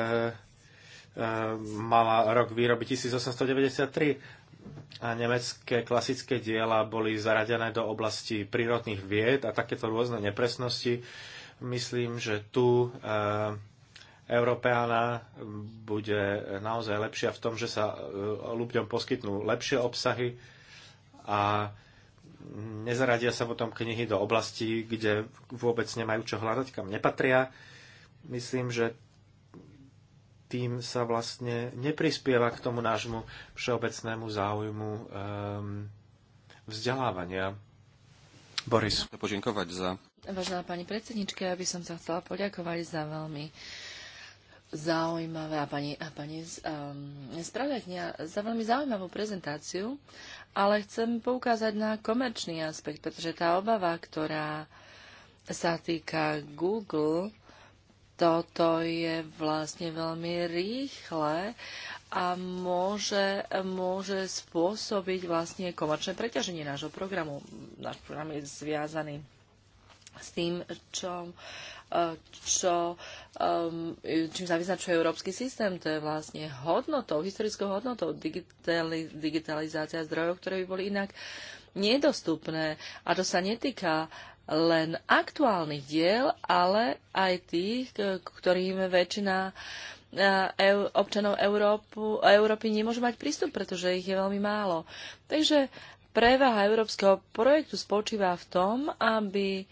mala rok výroby 1893 a nemecké klasické diela boli zaradené do oblasti prírodných vied a takéto rôzne nepresnosti. Myslím, že tu e, eh, Európeána bude naozaj lepšia v tom, že sa ľuďom poskytnú lepšie obsahy a e, nezaradia sa potom knihy do oblasti, kde vôbec nemajú čo hľadať, kam nepatria. Myslím, že tým sa vlastne neprispieva k tomu nášmu všeobecnému záujmu um, vzdelávania. Boris. Poďakovať za. Vážená pani predsednička, ja by som sa chcela poďakovať za veľmi zaujímavé a pani, a pani um, spravodajkňa za veľmi zaujímavú prezentáciu, ale chcem poukázať na komerčný aspekt, pretože tá obava, ktorá sa týka Google, toto je vlastne veľmi rýchle a môže, môže spôsobiť vlastne komerčné preťaženie nášho programu. Náš program je zviazaný s tým, čo, e, čo, čím sa vyznačuje európsky systém. To je vlastne hodnotou, historickou hodnotou digitalizácia zdrojov, ktoré by boli inak nedostupné. A to sa netýka len aktuálnych diel, ale aj tých, ktorým väčšina e, občanov Európu, Európy nemôže mať prístup, pretože ich je veľmi málo. Takže prevaha európskeho projektu spočíva v tom, aby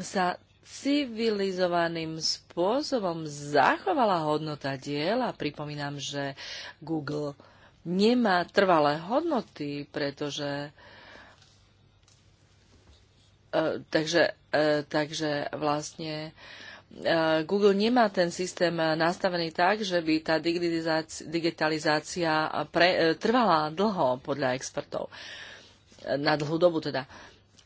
sa civilizovaným spôsobom zachovala hodnota diela. Pripomínam, že Google nemá trvalé hodnoty, pretože e, takže, e, takže vlastne e, Google nemá ten systém nastavený tak, že by tá digitalizácia pre, trvala dlho podľa expertov. Na dlhú dobu teda.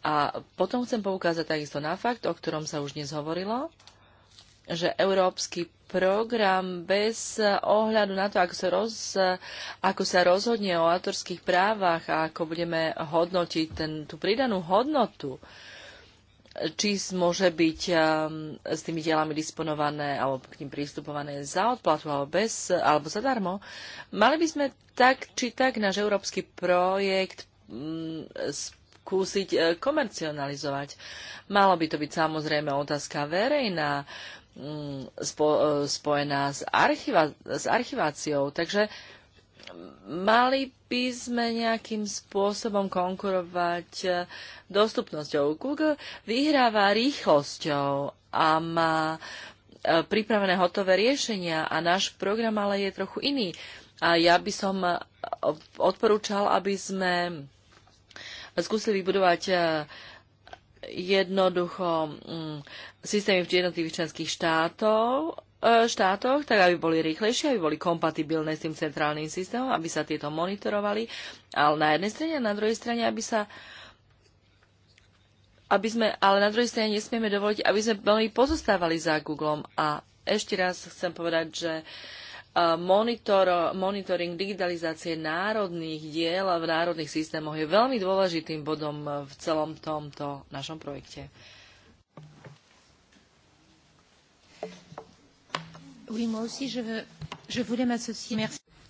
A potom chcem poukázať takisto na fakt, o ktorom sa už dnes hovorilo, že európsky program bez ohľadu na to, ako sa, roz, ako sa rozhodne o autorských právach a ako budeme hodnotiť ten, tú pridanú hodnotu, či môže byť um, s tými dielami disponované alebo k ním prístupované za odplatu alebo, bez, alebo zadarmo, mali by sme tak či tak náš európsky projekt um, kúsiť e, komercionalizovať. Malo by to byť samozrejme otázka verejná, mm, spo, e, spojená s, archiva, s archiváciou. Takže mali by sme nejakým spôsobom konkurovať e, dostupnosťou. Google vyhráva rýchlosťou a má pripravené hotové riešenia a náš program ale je trochu iný. A ja by som odporúčal, aby sme skúsili vybudovať eh, jednoducho mm, systémy v jednotlivých členských štátov, eh, štátoch, tak aby boli rýchlejšie, aby boli kompatibilné s tým centrálnym systémom, aby sa tieto monitorovali, ale na jednej strane a na druhej strane, aby sa aby sme, ale na druhej strane nesmieme dovoliť, aby sme veľmi pozostávali za Google. A ešte raz chcem povedať, že uh, monitor, monitoring digitalizácie národných diel v národných systémoch je veľmi dôležitým bodom v celom tomto našom projekte.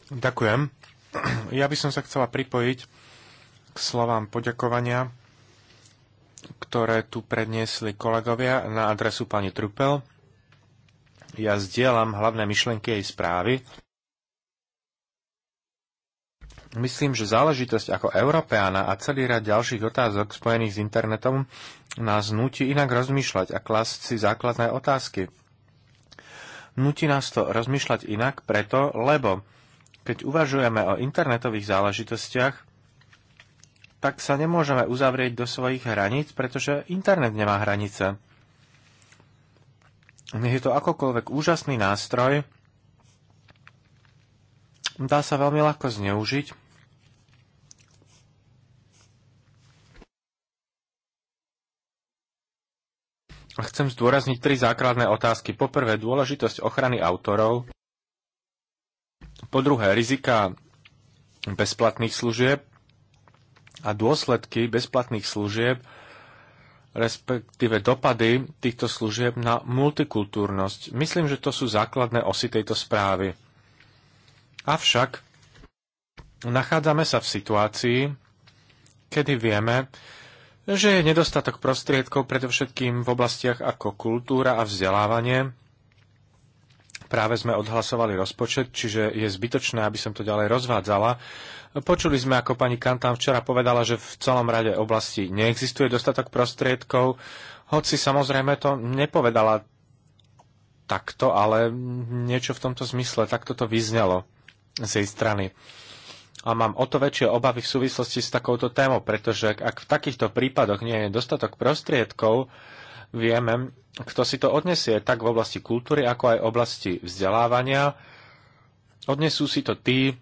Ďakujem. Ja by som sa chcela pripojiť k slovám poďakovania, ktoré tu predniesli kolegovia na adresu pani Trupel ja zdieľam hlavné myšlenky jej správy. Myslím, že záležitosť ako Európeána a celý rad ďalších otázok spojených s internetom nás nutí inak rozmýšľať a klasť si základné otázky. Nutí nás to rozmýšľať inak preto, lebo keď uvažujeme o internetových záležitostiach, tak sa nemôžeme uzavrieť do svojich hraníc, pretože internet nemá hranice nech je to akokoľvek úžasný nástroj, dá sa veľmi ľahko zneužiť Chcem zdôrazniť tri základné otázky. Po prvé, dôležitosť ochrany autorov. Po druhé, rizika bezplatných služieb a dôsledky bezplatných služieb respektíve dopady týchto služieb na multikultúrnosť. Myslím, že to sú základné osy tejto správy. Avšak nachádzame sa v situácii, kedy vieme, že je nedostatok prostriedkov predovšetkým v oblastiach ako kultúra a vzdelávanie, Práve sme odhlasovali rozpočet, čiže je zbytočné, aby som to ďalej rozvádzala. Počuli sme, ako pani Kantan včera povedala, že v celom rade oblasti neexistuje dostatok prostriedkov, hoci samozrejme to nepovedala takto, ale niečo v tomto zmysle, takto to vyznelo z jej strany. A mám o to väčšie obavy v súvislosti s takouto témou, pretože ak v takýchto prípadoch nie je dostatok prostriedkov, vieme, kto si to odnesie, tak v oblasti kultúry, ako aj v oblasti vzdelávania. Odnesú si to tí,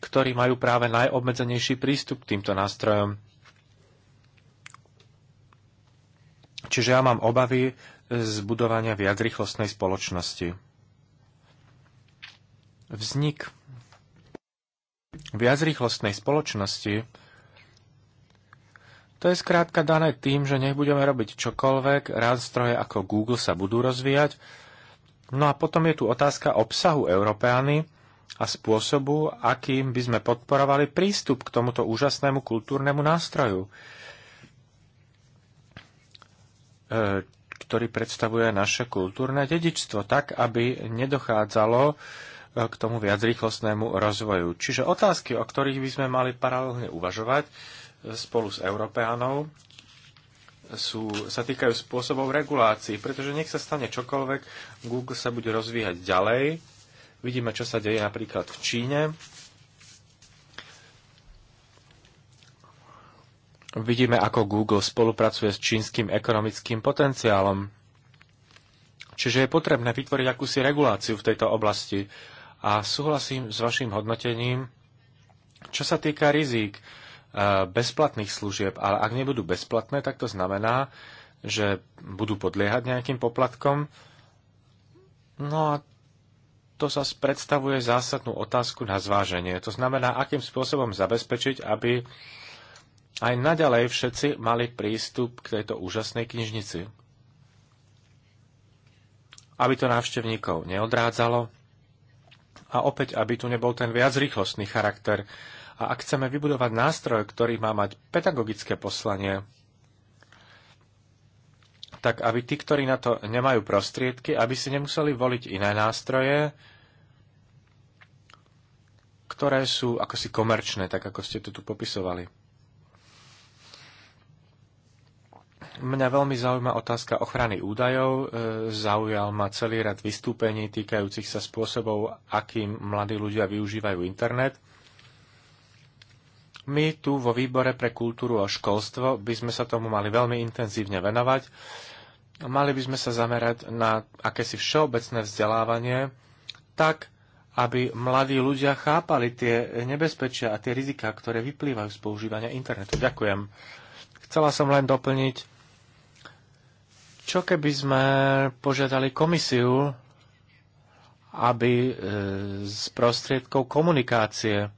ktorí majú práve najobmedzenejší prístup k týmto nástrojom. Čiže ja mám obavy z budovania viacrychlostnej spoločnosti. Vznik viacrychlostnej spoločnosti to je skrátka dané tým, že nech budeme robiť čokoľvek, stroje ako Google sa budú rozvíjať. No a potom je tu otázka obsahu Európeány a spôsobu, akým by sme podporovali prístup k tomuto úžasnému kultúrnemu nástroju, e, ktorý predstavuje naše kultúrne dedičstvo, tak, aby nedochádzalo e, k tomu viacrýchlostnému rozvoju. Čiže otázky, o ktorých by sme mali paralelne uvažovať, spolu s Európeanou sú, sa týkajú spôsobov regulácií, pretože nech sa stane čokoľvek, Google sa bude rozvíjať ďalej. Vidíme, čo sa deje napríklad v Číne. Vidíme, ako Google spolupracuje s čínskym ekonomickým potenciálom. Čiže je potrebné vytvoriť akúsi reguláciu v tejto oblasti. A súhlasím s vašim hodnotením, čo sa týka rizík Eh, bezplatných služieb, ale ak nebudú bezplatné, tak to znamená, že budú podliehať nejakým poplatkom. No a to sa predstavuje zásadnú otázku na zváženie. To znamená, akým spôsobom zabezpečiť, aby aj naďalej všetci mali prístup k tejto úžasnej knižnici. Aby to návštevníkov neodrádzalo a opäť, aby tu nebol ten viac rýchlostný charakter, a ak chceme vybudovať nástroj, ktorý má mať pedagogické poslanie, tak aby tí, ktorí na to nemajú prostriedky, aby si nemuseli voliť iné nástroje, ktoré sú akosi komerčné, tak ako ste to tu popisovali. Mňa veľmi zaujíma otázka ochrany údajov. E, zaujal ma celý rad vystúpení týkajúcich sa spôsobov, akým mladí ľudia využívajú internet. My tu vo výbore pre kultúru a školstvo by sme sa tomu mali veľmi intenzívne venovať. Mali by sme sa zamerať na akési všeobecné vzdelávanie, tak, aby mladí ľudia chápali tie nebezpečia a tie riziká, ktoré vyplývajú z používania internetu. Ďakujem. Chcela som len doplniť, čo keby sme požiadali komisiu, aby e, z prostriedkov komunikácie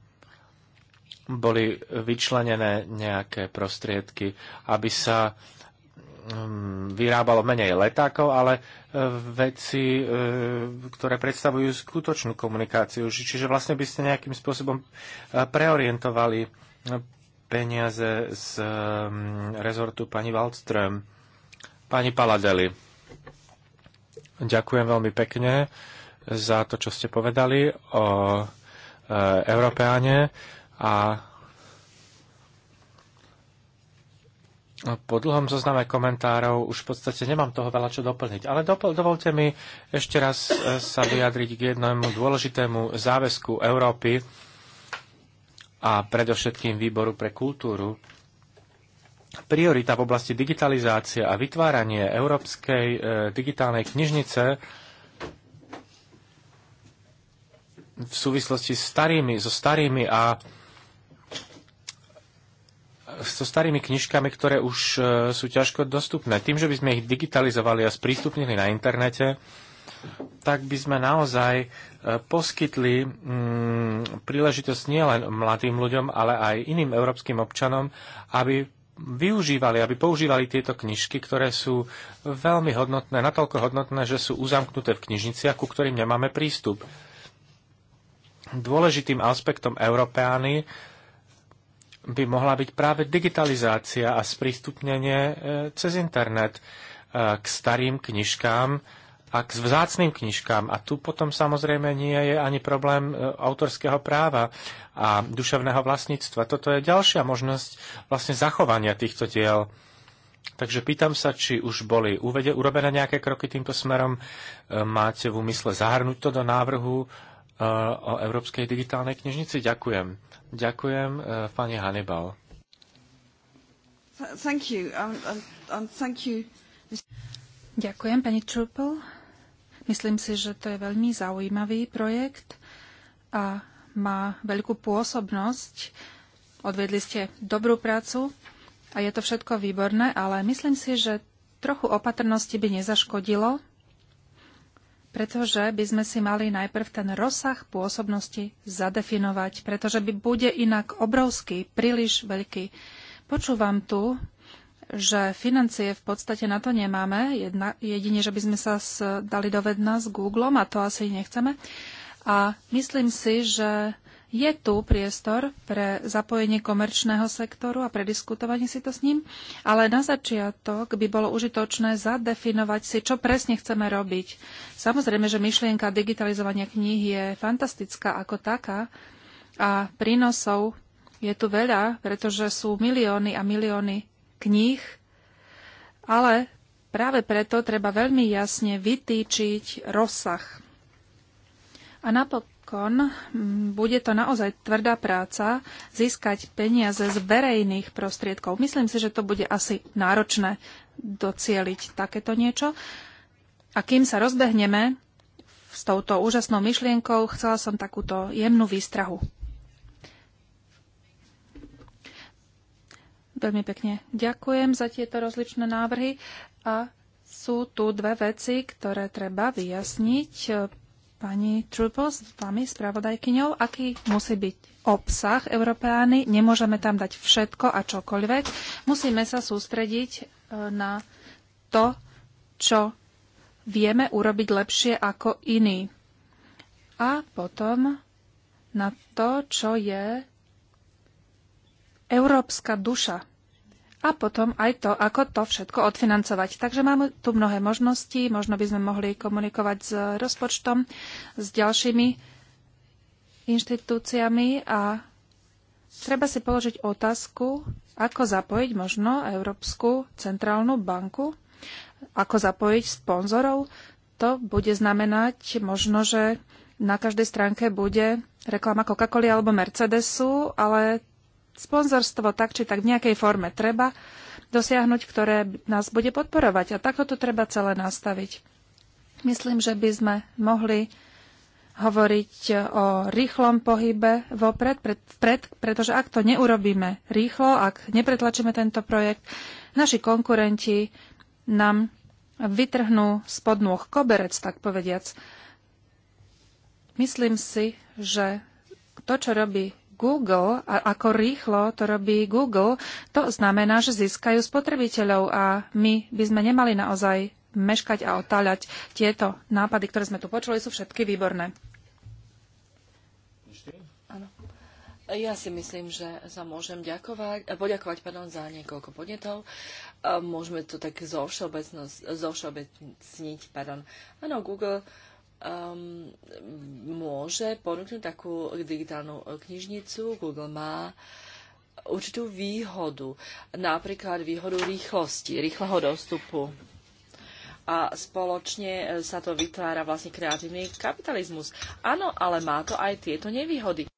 boli vyčlenené nejaké prostriedky, aby sa mm, vyrábalo menej letákov, ale e, veci, e, ktoré predstavujú skutočnú komunikáciu. Čiže vlastne by ste nejakým spôsobom e, preorientovali peniaze z mm, rezortu pani Waldström. Pani Paladeli, ďakujem veľmi pekne za to, čo ste povedali o Európeáne. A po dlhom zozname komentárov už v podstate nemám toho veľa čo doplniť. Ale dopl- dovolte mi ešte raz e, sa vyjadriť k jednému dôležitému záväzku Európy a predovšetkým výboru pre kultúru. Priorita v oblasti digitalizácie a vytváranie európskej e, digitálnej knižnice v súvislosti s starými, so starými a so starými knižkami, ktoré už e, sú ťažko dostupné. Tým, že by sme ich digitalizovali a sprístupnili na internete, tak by sme naozaj e, poskytli mm, príležitosť nielen mladým ľuďom, ale aj iným európskym občanom, aby využívali, aby používali tieto knižky, ktoré sú veľmi hodnotné, natoľko hodnotné, že sú uzamknuté v knižniciach, ku ktorým nemáme prístup. Dôležitým aspektom Európeány by mohla byť práve digitalizácia a sprístupnenie e, cez internet e, k starým knižkám a k vzácným knižkám. A tu potom samozrejme nie je ani problém e, autorského práva a duševného vlastníctva. Toto je ďalšia možnosť vlastne zachovania týchto diel. Takže pýtam sa, či už boli uvede, urobené nejaké kroky týmto smerom. Máte v úmysle zahrnúť to do návrhu o Európskej digitálnej knižnici? Ďakujem. Ďakujem, e, pani Hannibal. Thank you. Um, um, um thank you. Ďakujem, pani Čupel. Myslím si, že to je veľmi zaujímavý projekt a má veľkú pôsobnosť. Odvedli ste dobrú prácu a je to všetko výborné, ale myslím si, že trochu opatrnosti by nezaškodilo pretože by sme si mali najprv ten rozsah pôsobnosti zadefinovať, pretože by bude inak obrovský, príliš veľký. Počúvam tu, že financie v podstate na to nemáme, jedna, jedine, že by sme sa dali do s Googlom a to asi nechceme. A myslím si, že je tu priestor pre zapojenie komerčného sektoru a prediskutovanie si to s ním, ale na začiatok by bolo užitočné zadefinovať si, čo presne chceme robiť. Samozrejme, že myšlienka digitalizovania kníh je fantastická ako taká a prínosov je tu veľa, pretože sú milióny a milióny kníh, ale práve preto treba veľmi jasne vytýčiť rozsah. A napok- napokon bude to naozaj tvrdá práca získať peniaze z verejných prostriedkov. Myslím si, že to bude asi náročné docieliť takéto niečo. A kým sa rozbehneme s touto úžasnou myšlienkou, chcela som takúto jemnú výstrahu. Veľmi pekne ďakujem za tieto rozličné návrhy a sú tu dve veci, ktoré treba vyjasniť pani Trupo s vami, spravodajkyňou, aký musí byť obsah Európeány. Nemôžeme tam dať všetko a čokoľvek. Musíme sa sústrediť e, na to, čo vieme urobiť lepšie ako iní. A potom na to, čo je európska duša a potom aj to, ako to všetko odfinancovať. Takže máme tu mnohé možnosti, možno by sme mohli komunikovať s rozpočtom, s ďalšími inštitúciami a treba si položiť otázku, ako zapojiť možno Európsku centrálnu banku, ako zapojiť sponzorov. To bude znamenať možno, že na každej stránke bude reklama coca coli alebo Mercedesu, ale sponzorstvo tak či tak v nejakej forme treba dosiahnuť, ktoré nás bude podporovať. A takto to treba celé nastaviť. Myslím, že by sme mohli hovoriť o rýchlom pohybe vopred, pred, pred, pretože ak to neurobíme rýchlo, ak nepretlačíme tento projekt, naši konkurenti nám vytrhnú spod nôh koberec, tak povediac. Myslím si, že to, čo robí Google a ako rýchlo to robí Google, to znamená, že získajú spotrebiteľov a my by sme nemali naozaj meškať a otáľať. Tieto nápady, ktoré sme tu počuli, sú všetky výborné. Ja si myslím, že sa môžem ďakovať, poďakovať pardon, za niekoľko podnetov. Môžeme to tak zovšeobecniť. Áno, Google um, môže ponúknuť takú digitálnu e, knižnicu. Google má určitú výhodu, napríklad výhodu rýchlosti, rýchleho dostupu. A spoločne e, sa to vytvára vlastne kreatívny kapitalizmus. Áno, ale má to aj tieto nevýhody. E,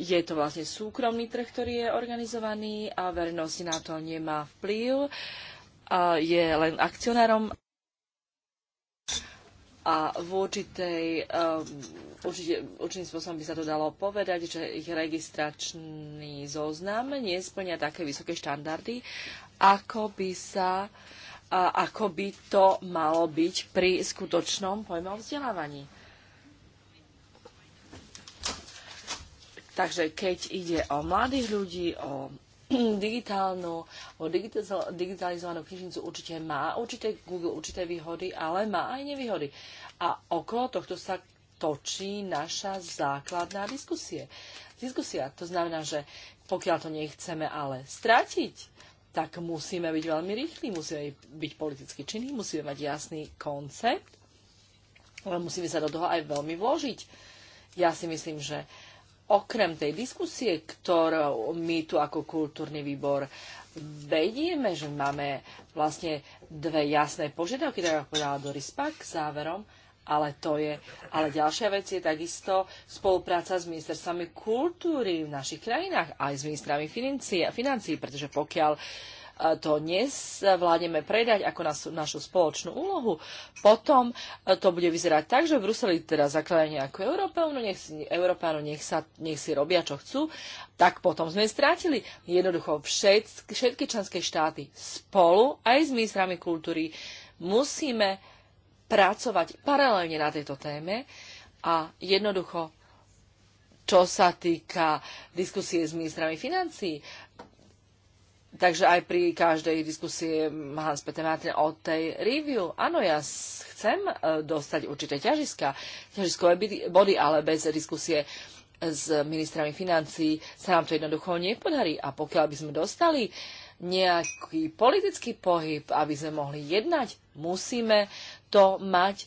je to vlastne súkromný trh, ktorý je organizovaný a verejnosť na to nemá vplyv. Je len akcionárom a v určitej, ehm, určite, určitým spôsobom by sa to dalo povedať, že ich registračný zoznam nesplňa také vysoké štandardy, ako by sa ako by to malo byť pri skutočnom pojmovom vzdelávaní. Takže keď ide o mladých ľudí, o digitálnu, digitalizovanú knižnicu určite má určité Google určité výhody, ale má aj nevýhody. A okolo tohto sa točí naša základná diskusie. Diskusia, to znamená, že pokiaľ to nechceme ale stratiť, tak musíme byť veľmi rýchli, musíme byť politicky činní, musíme mať jasný koncept, ale musíme sa do toho aj veľmi vložiť. Ja si myslím, že uh, okrem tej diskusie, ktorou my tu ako kultúrny výbor vedieme, že máme vlastne dve jasné požiadavky, tak ako povedala Doris Pak záverom, ale to je, ale ďalšia vec je takisto spolupráca s ministerstvami kultúry v našich krajinách, aj s ministrami financí, financí pretože pokiaľ uh, to nezvládneme predať ako našu, našu spoločnú úlohu, potom e, to bude vyzerať tak, že v Bruseli teda zakladajú nejakú Európánu, nech, Európanu, nech, sa, nech si robia, čo chcú, tak potom sme strátili. Jednoducho všet, všetky členské štáty spolu aj s ministrami kultúry musíme pracovať paralelne na tejto téme a jednoducho čo sa týka diskusie s ministrami financí, Takže aj pri každej diskusie Hans Peter Martin o tej review. Áno, ja chcem e, dostať určité ťažiska, ťažiskové body, ale bez diskusie s ministrami financí sa nám to jednoducho nepodarí. A pokiaľ by sme dostali nejaký politický pohyb, aby sme mohli jednať, musíme to mať e,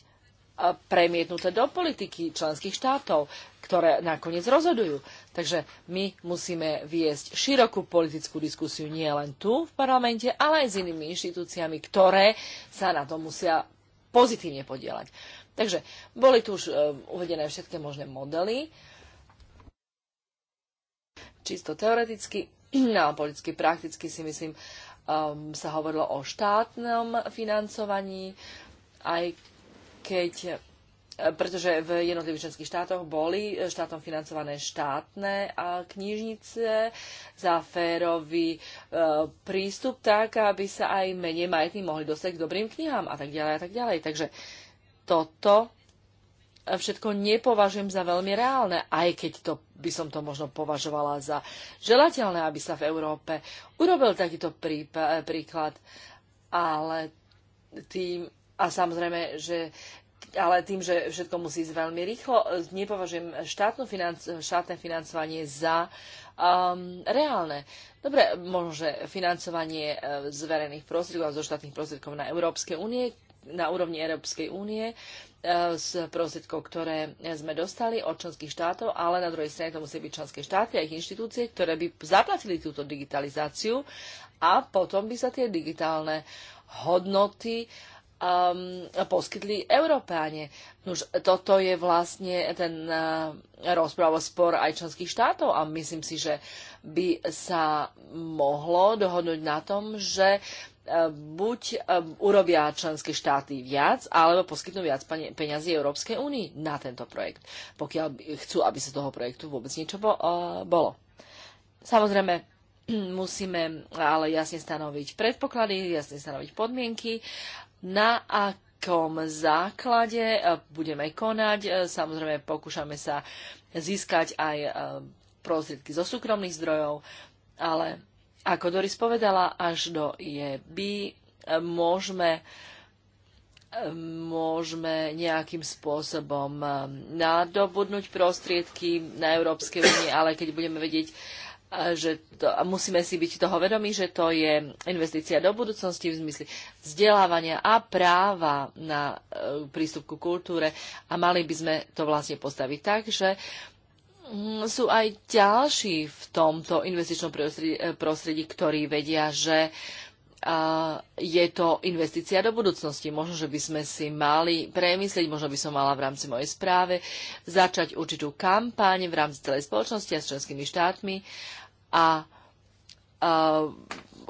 premietnuté do politiky členských štátov ktoré nakoniec rozhodujú. Takže my musíme viesť širokú politickú diskusiu nie len tu v parlamente, ale aj s inými inštitúciami, ktoré sa na to musia pozitívne podielať. Takže boli tu už e, uvedené všetky možné modely, čisto teoreticky, ale politicky, prakticky si myslím, um, sa hovorilo o štátnom financovaní, aj keď pretože v jednotlivých členských štátoch boli štátom financované štátne knižnice za férový e, prístup tak, aby sa aj menej majetní mohli dostať k dobrým knihám a tak ďalej a tak ďalej. Takže toto všetko nepovažujem za veľmi reálne, aj keď to by som to možno považovala za želateľné, aby sa v Európe urobil takýto príklad. Ale tým, a samozrejme, že ale tým, že všetko musí ísť veľmi rýchlo, nepovažujem štátnu financ- štátne financovanie za um, reálne. Dobre, možno, že financovanie eh, z verejných prostriedkov a zo štátnych prostriedkov na Európskej únie, na úrovni Európskej únie eh, z prostriedkov, ktoré sme dostali od členských štátov, ale na druhej strane to musí byť členské štáty a ich inštitúcie, ktoré by zaplatili túto digitalizáciu a potom by sa tie digitálne hodnoty uh, um, poskytli Európáne. Nož, toto je vlastne ten uh, eh, rozpráv spor aj členských štátov a myslím si, že by sa mohlo dohodnúť na tom, že eh, buď eh, urobia členské štáty viac, alebo poskytnú viac peňazí Európskej únii na tento projekt, pokiaľ chcú, aby sa toho projektu vôbec niečo bolo. Samozrejme, musíme ale jasne stanoviť predpoklady, jasne stanoviť podmienky na akom základe e, budeme konať. E, samozrejme, pokúšame sa získať aj e, prostriedky zo súkromných zdrojov, ale ako Doris povedala, až do IEB môžeme môžeme nejakým spôsobom nadobudnúť prostriedky na Európskej únie, ale keď budeme vedieť, že to, a musíme si byť toho vedomí, že to je investícia do budúcnosti v zmysle vzdelávania a práva na e, prístup ku kultúre a mali by sme to vlastne postaviť tak, že mm, sú aj ďalší v tomto investičnom prostredí, prostredí ktorí vedia, že a je to investícia do budúcnosti. Možno, že by sme si mali premyslieť, možno by som mala v rámci mojej správe začať určitú kampaň v rámci celej spoločnosti a s členskými štátmi a, a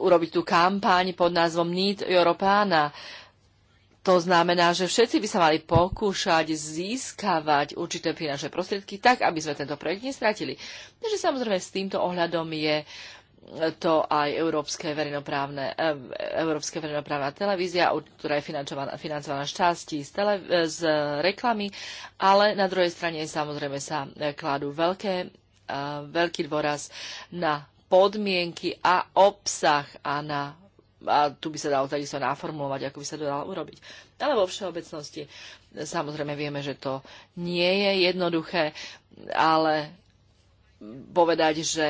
urobiť tú kampaň pod názvom Need Europeana. To znamená, že všetci by sa mali pokúšať získavať určité finančné prostriedky tak, aby sme tento projekt nestratili. Takže samozrejme s týmto ohľadom je to aj Európske verejnoprávne, eh, Európske verejnoprávna televízia, ktorá je financovaná, financovaná z časti z, tele, eh, z reklamy, ale na druhej strane samozrejme sa eh, kladú veľké veľký dôraz na podmienky a obsah a na a tu by sa dalo takisto naformulovať, ako by sa to dalo urobiť. Ale vo všeobecnosti samozrejme vieme, že to nie je jednoduché, ale povedať, že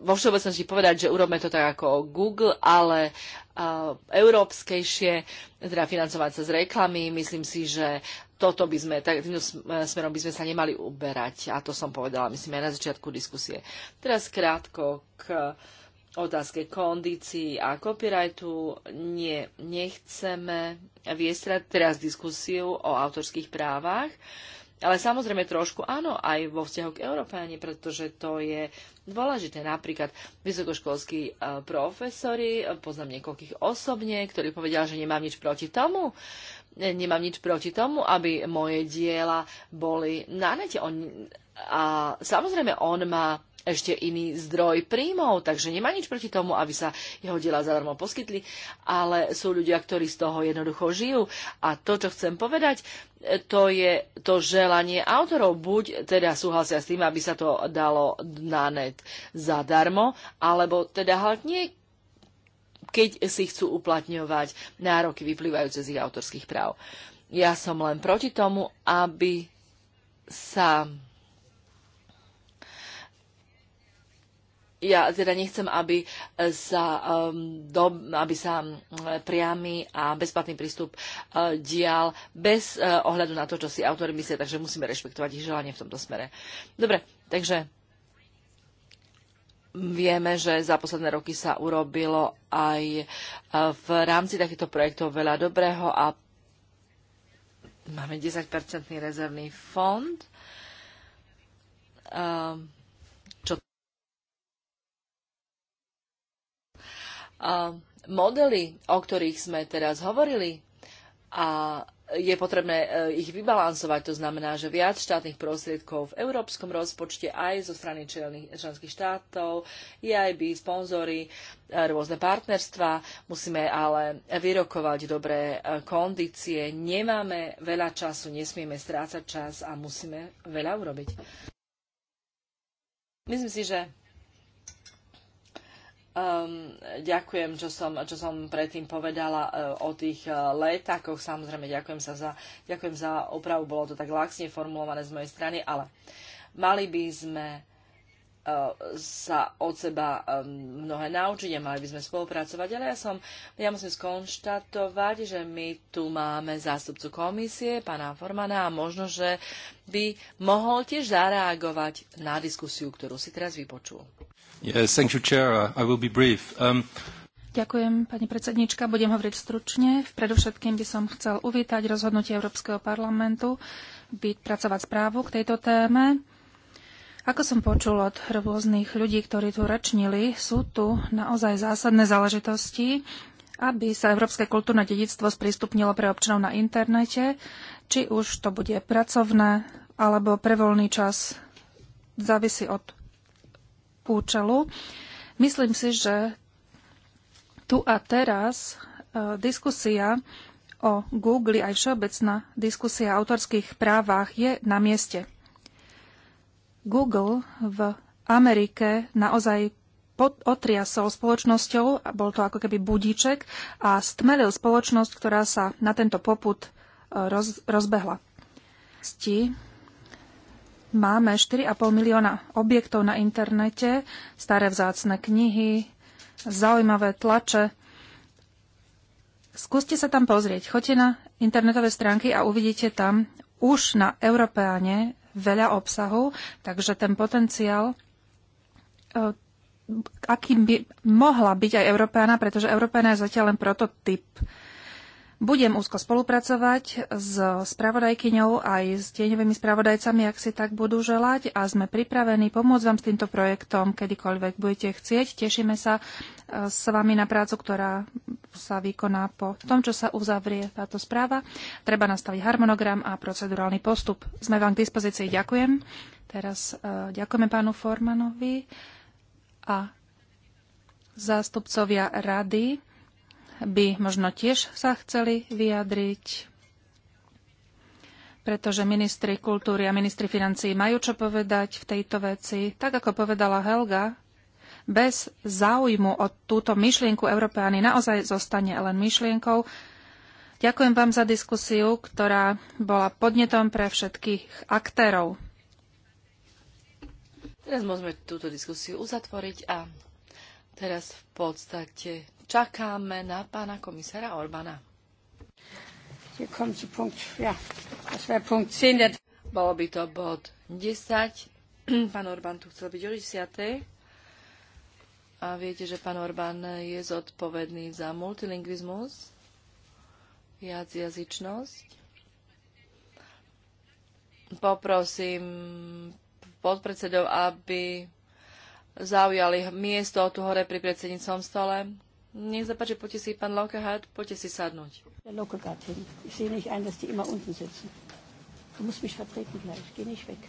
vo všeobecnosti povedať, že urobme to tak ako Google, ale európskejšie, teda financovať sa z reklamy. Myslím si, že toto by sme, tak tým smerom by sme sa nemali uberať. A to som povedala, myslím, aj na začiatku diskusie. Teraz krátko k otázke kondícií a copyrightu. Nie, nechceme viesť teraz diskusiu o autorských právach, ale samozrejme trošku áno, aj vo vzťahu k Európáne, pretože to je dôležité. Napríklad vysokoškolskí e, profesori, e, poznám niekoľkých osobne, ktorí povedia, že nemám nič proti tomu, nemám nič proti tomu, aby moje diela boli na nete. On, a samozrejme, on má ešte iný zdroj príjmov, takže nemá nič proti tomu, aby sa jeho diela zadarmo poskytli, ale sú ľudia, ktorí z toho jednoducho žijú. A to, čo chcem povedať, to je to želanie autorov. Buď teda súhlasia s tým, aby sa to dalo na net zadarmo, alebo teda halt nie keď si chcú uplatňovať nároky vyplývajúce z ich autorských práv. Ja som len proti tomu, aby sa ja teda nechcem, aby sa, um, do, aby sa um, priamy a bezplatný prístup uh, dial bez uh, ohľadu na to, čo si autor myslia, takže musíme rešpektovať ich želanie v tomto smere. Dobre, takže Vieme, že za posledné roky sa urobilo aj e, v rámci takýchto projektov veľa dobrého a máme 10-percentný rezervný fond. Ehm, čo... Ehm, modely, o ktorých sme teraz hovorili, a je potrebné e, ich vybalansovať. To znamená, že viac štátnych prostriedkov v európskom rozpočte aj zo strany členských štátov, EIB, sponzory, e, rôzne partnerstva. Musíme ale vyrokovať dobré e, kondície. Nemáme veľa času, nesmieme strácať čas a musíme veľa urobiť. Myslím si, že Um, ďakujem, čo som, čo som predtým povedala uh, o tých uh, e, letákoch. Samozrejme, ďakujem, sa za, ďakujem za opravu. Bolo to tak laxne formulované z mojej strany, ale mali by sme e, sa od seba mnohé naučiť a mali by sme spolupracovať. Ale ja, som, ja musím skonštatovať, že my tu máme zástupcu komisie, pána Formana, a možno, že by mohol tiež zareagovať na diskusiu, ktorú si teraz vypočul. Yes, thank you, Chair. I will be brief. Um... Ďakujem, pani predsednička. Budem hovoriť stručne. Predovšetkým by som chcel uvítať rozhodnutie Európskeho parlamentu byť pracovať správu k tejto téme. Ako som počul od rôznych ľudí, ktorí tu rečnili, sú tu naozaj zásadné záležitosti, aby sa európske kultúrne dedictvo sprístupnilo pre občanov na internete, či už to bude pracovné alebo pre voľný čas, závisí od Kúčelu. Myslím si, že tu a teraz e, diskusia o Google aj všeobecná diskusia o autorských právach je na mieste. Google v Amerike naozaj otriasol spoločnosťou, a bol to ako keby budíček, a stmelil spoločnosť, ktorá sa na tento poput e, roz, rozbehla. Máme 4,5 milióna objektov na internete, staré vzácne knihy, zaujímavé tlače. Skúste sa tam pozrieť. Choďte na internetové stránky a uvidíte tam už na Európeáne veľa obsahu, takže ten potenciál e, akým by mohla byť aj Európeana, pretože Európeana je zatiaľ len prototyp budem úzko spolupracovať s spravodajkyňou aj s tieňovými spravodajcami, ak si tak budú želať a sme pripravení pomôcť vám s týmto projektom, kedykoľvek budete chcieť. Tešíme sa e, s vami na prácu, ktorá sa vykoná po tom, čo sa uzavrie táto správa. Treba nastaviť harmonogram a procedurálny postup. Sme vám k dispozícii. Ďakujem. Teraz e, ďakujeme pánu Formanovi a zástupcovia rady by možno tiež sa chceli vyjadriť, pretože ministri kultúry a ministri financií majú čo povedať v tejto veci. Tak ako povedala Helga, bez záujmu o túto myšlienku Európeány naozaj zostane len myšlienkou. Ďakujem vám za diskusiu, ktorá bola podnetom pre všetkých aktérov. Teraz môžeme túto diskusiu uzatvoriť a teraz v podstate čakáme na pána komisára Orbána. Bolo by to bod 10. Pán Orbán tu chcel byť o 10. A viete, že pán Orbán je zodpovedný za multilingvizmus, jazyčnosť. Poprosím podpredsedov, aby zaujali miesto tu hore pri predsednícom stole. Nech sa páči, poďte si, pán Lockerhart, poďte si sadnúť. Der Lockerhart hin. Ich sehe nicht ein, dass die immer unten sitzen. Du musst mich vertreten gleich. Geh nicht weg.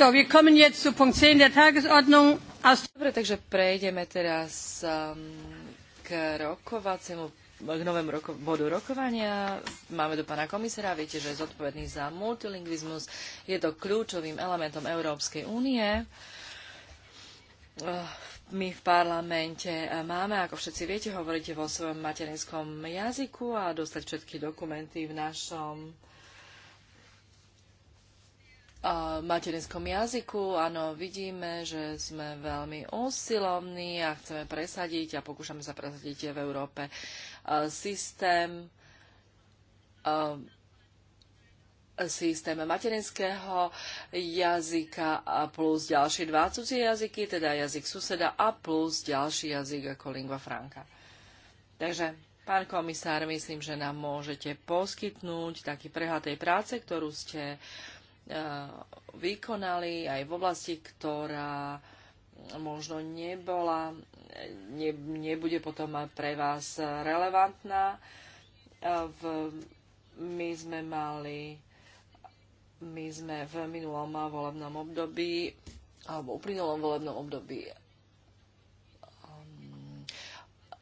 Dobre, takže prejdeme teraz um, k rokovaciemu k novému roko- bodu rokovania. Máme do pána komisera, viete, že je zodpovedný za multilingvizmus. Je to kľúčovým elementom Európskej únie. Uh, my v parlamente máme, ako všetci viete, hovoríte vo svojom materinskom jazyku a dostať všetky dokumenty v našom materinskom jazyku. Áno, vidíme, že sme veľmi usilovní a chceme presadiť a pokúšame sa presadiť v Európe systém systém materinského jazyka a plus ďalšie dva cudzie jazyky, teda jazyk suseda a plus ďalší jazyk ako lingua franca. Takže, pán komisár, myslím, že nám môžete poskytnúť taký prehľad tej práce, ktorú ste uh, Eh, vykonali aj v oblasti, ktorá možno nebola, ne, nebude potom pre vás relevantná. Eh, v, my sme mali, my sme v minulom volebnom období, alebo uplynulom volebnom období ehm,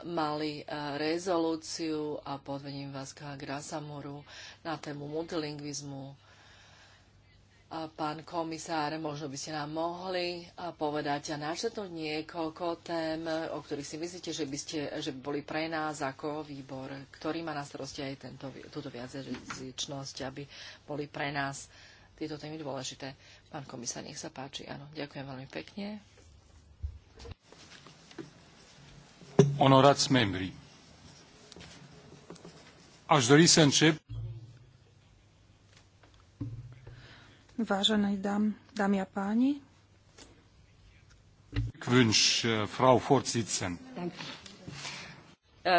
mali eh, rezolúciu a podvením vás k Grasamoru na tému multilingvizmu Pán komisár, možno by ste nám mohli povedať a načetnúť niekoľko tém, o ktorých si myslíte, že by, ste, že by boli pre nás ako výbor, ktorý má na starosti aj tento, túto viacjazyčnosť, aby boli pre nás tieto témy dôležité. Pán komisár, nech sa páči. Áno, ďakujem veľmi pekne. Honorac membri, Až do recent Vážené dám, dámy a páni, äh,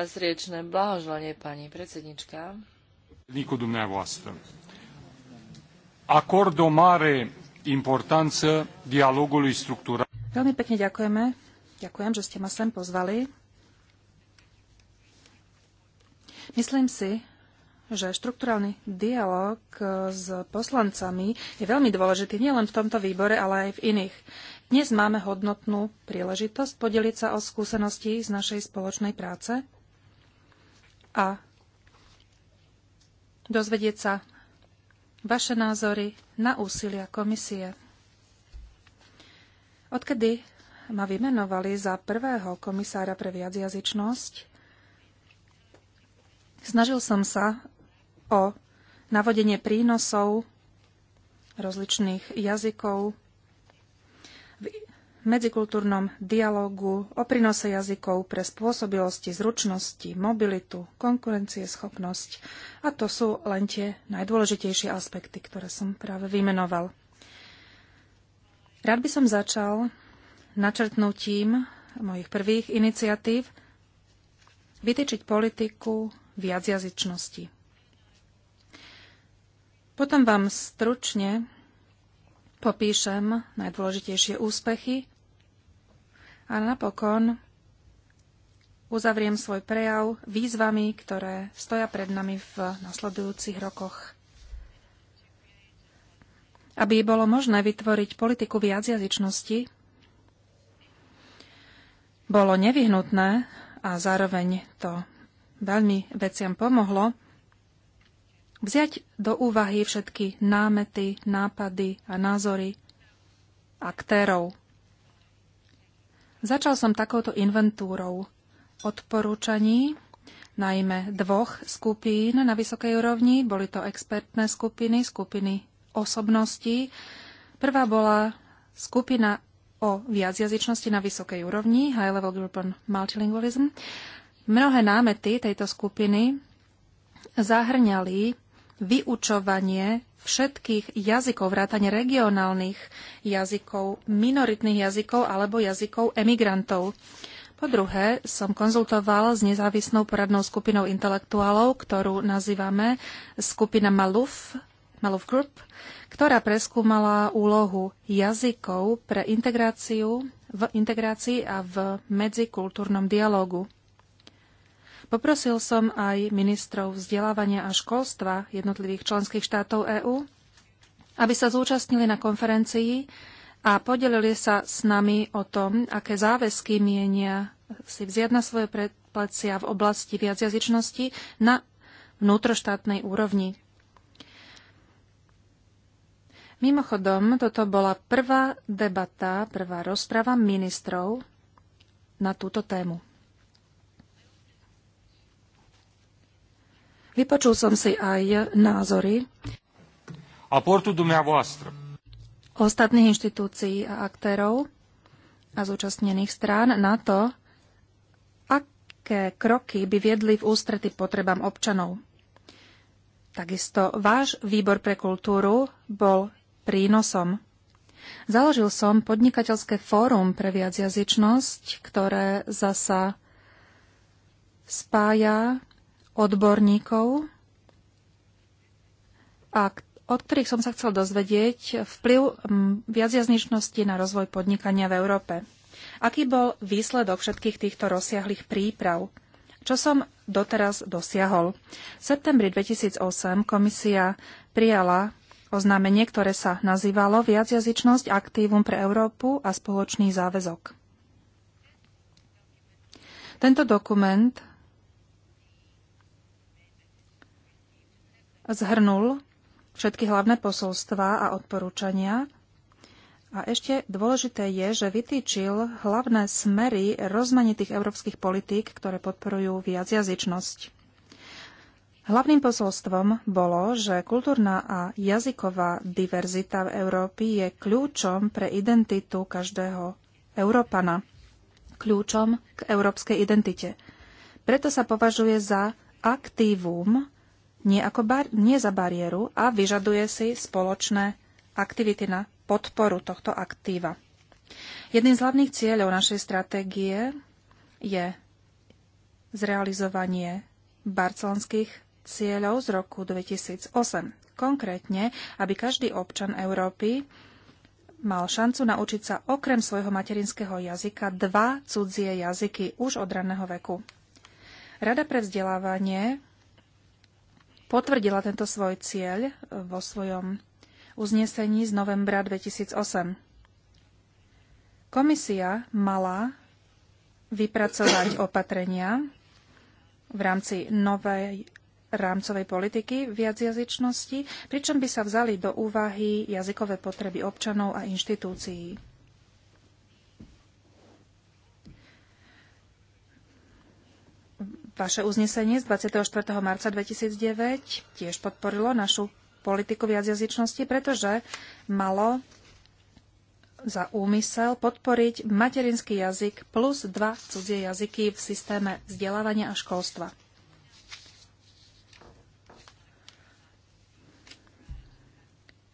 Srdečné blahoželanie, pani predsednička. dumneavoastră. Acord o mare importanță dialogului structural. Veľmi pekne ďakujeme. Ďakujem, že ste ma sem pozvali. Myslím si, že štrukturálny dialog e, s poslancami je veľmi dôležitý nielen v tomto výbore, ale aj v iných. Dnes máme hodnotnú príležitosť podeliť sa o skúsenosti z našej spoločnej práce a dozvedieť sa vaše názory na úsilia komisie. Odkedy ma vymenovali za prvého komisára pre viacjazyčnosť, snažil som sa o navodenie prínosov rozličných jazykov, v medzikultúrnom dialogu, o prínose jazykov pre spôsobilosti, zručnosti, mobilitu, konkurencieschopnosť. A to sú len tie najdôležitejšie aspekty, ktoré som práve vymenoval. Rád by som začal načrtnutím mojich prvých iniciatív vytýčiť politiku viacjazyčnosti. Potom vám stručne popíšem najdôležitejšie úspechy a napokon uzavriem svoj prejav výzvami, ktoré stoja pred nami v nasledujúcich rokoch. Aby bolo možné vytvoriť politiku viacjazyčnosti, bolo nevyhnutné a zároveň to veľmi veciam pomohlo, vziať do úvahy všetky námety, nápady a názory aktérov. Začal som takouto inventúrou odporúčaní, najmä dvoch skupín na vysokej úrovni. Boli to expertné skupiny, skupiny osobností. Prvá bola skupina o viacjazyčnosti na vysokej úrovni, High Level Group on Multilingualism. Mnohé námety tejto skupiny zahrňali vyučovanie všetkých jazykov, vrátane regionálnych jazykov, minoritných jazykov alebo jazykov emigrantov. Po druhé, som konzultoval s nezávisnou poradnou skupinou intelektuálov, ktorú nazývame skupina Maluf, Maluf Group, ktorá preskúmala úlohu jazykov pre integráciu v integrácii a v medzikultúrnom dialogu. Poprosil som aj ministrov vzdelávania a školstva jednotlivých členských štátov EÚ, aby sa zúčastnili na konferencii a podelili sa s nami o tom, aké záväzky mienia si vziať na svoje predplecia v oblasti viacjazyčnosti na vnútroštátnej úrovni. Mimochodom, toto bola prvá debata, prvá rozprava ministrov na túto tému. Vypočul som si aj názory Ostatných inštitúcií a aktérov a zúčastnených strán na to, aké kroky by viedli v ústrety potrebám občanov. Takisto váš výbor pre kultúru bol prínosom. Založil som podnikateľské fórum pre viacjazyčnosť, ktoré zasa spája odborníkov, a od ktorých som sa chcel dozvedieť vplyv viacjazničnosti na rozvoj podnikania v Európe. Aký bol výsledok všetkých týchto rozsiahlých príprav? Čo som doteraz dosiahol? V septembri 2008 komisia prijala oznámenie, ktoré sa nazývalo Viacjazyčnosť aktívum pre Európu a spoločný záväzok. Tento dokument zhrnul všetky hlavné posolstvá a odporúčania. A ešte dôležité je, že vytýčil hlavné smery rozmanitých európskych politík, ktoré podporujú viacjazyčnosť. Hlavným posolstvom bolo, že kultúrna a jazyková diverzita v Európe je kľúčom pre identitu každého Európana, kľúčom k európskej identite. Preto sa považuje za aktívum nie, ako bar- nie za bariéru a vyžaduje si spoločné aktivity na podporu tohto aktíva. Jedným z hlavných cieľov našej stratégie je zrealizovanie barcelonských cieľov z roku 2008. Konkrétne, aby každý občan Európy mal šancu naučiť sa okrem svojho materinského jazyka dva cudzie jazyky už od raného veku. Rada pre vzdelávanie potvrdila tento svoj cieľ e, vo svojom uznesení z novembra 2008. Komisia mala vypracovať opatrenia v rámci novej rámcovej politiky viacjazyčnosti, pričom by sa vzali do úvahy jazykové potreby občanov a inštitúcií. Vaše uznesenie z 24. marca 2009 tiež podporilo našu politiku jazyčnosti, pretože malo za úmysel podporiť materinský jazyk plus dva cudzie jazyky v systéme vzdelávania a školstva.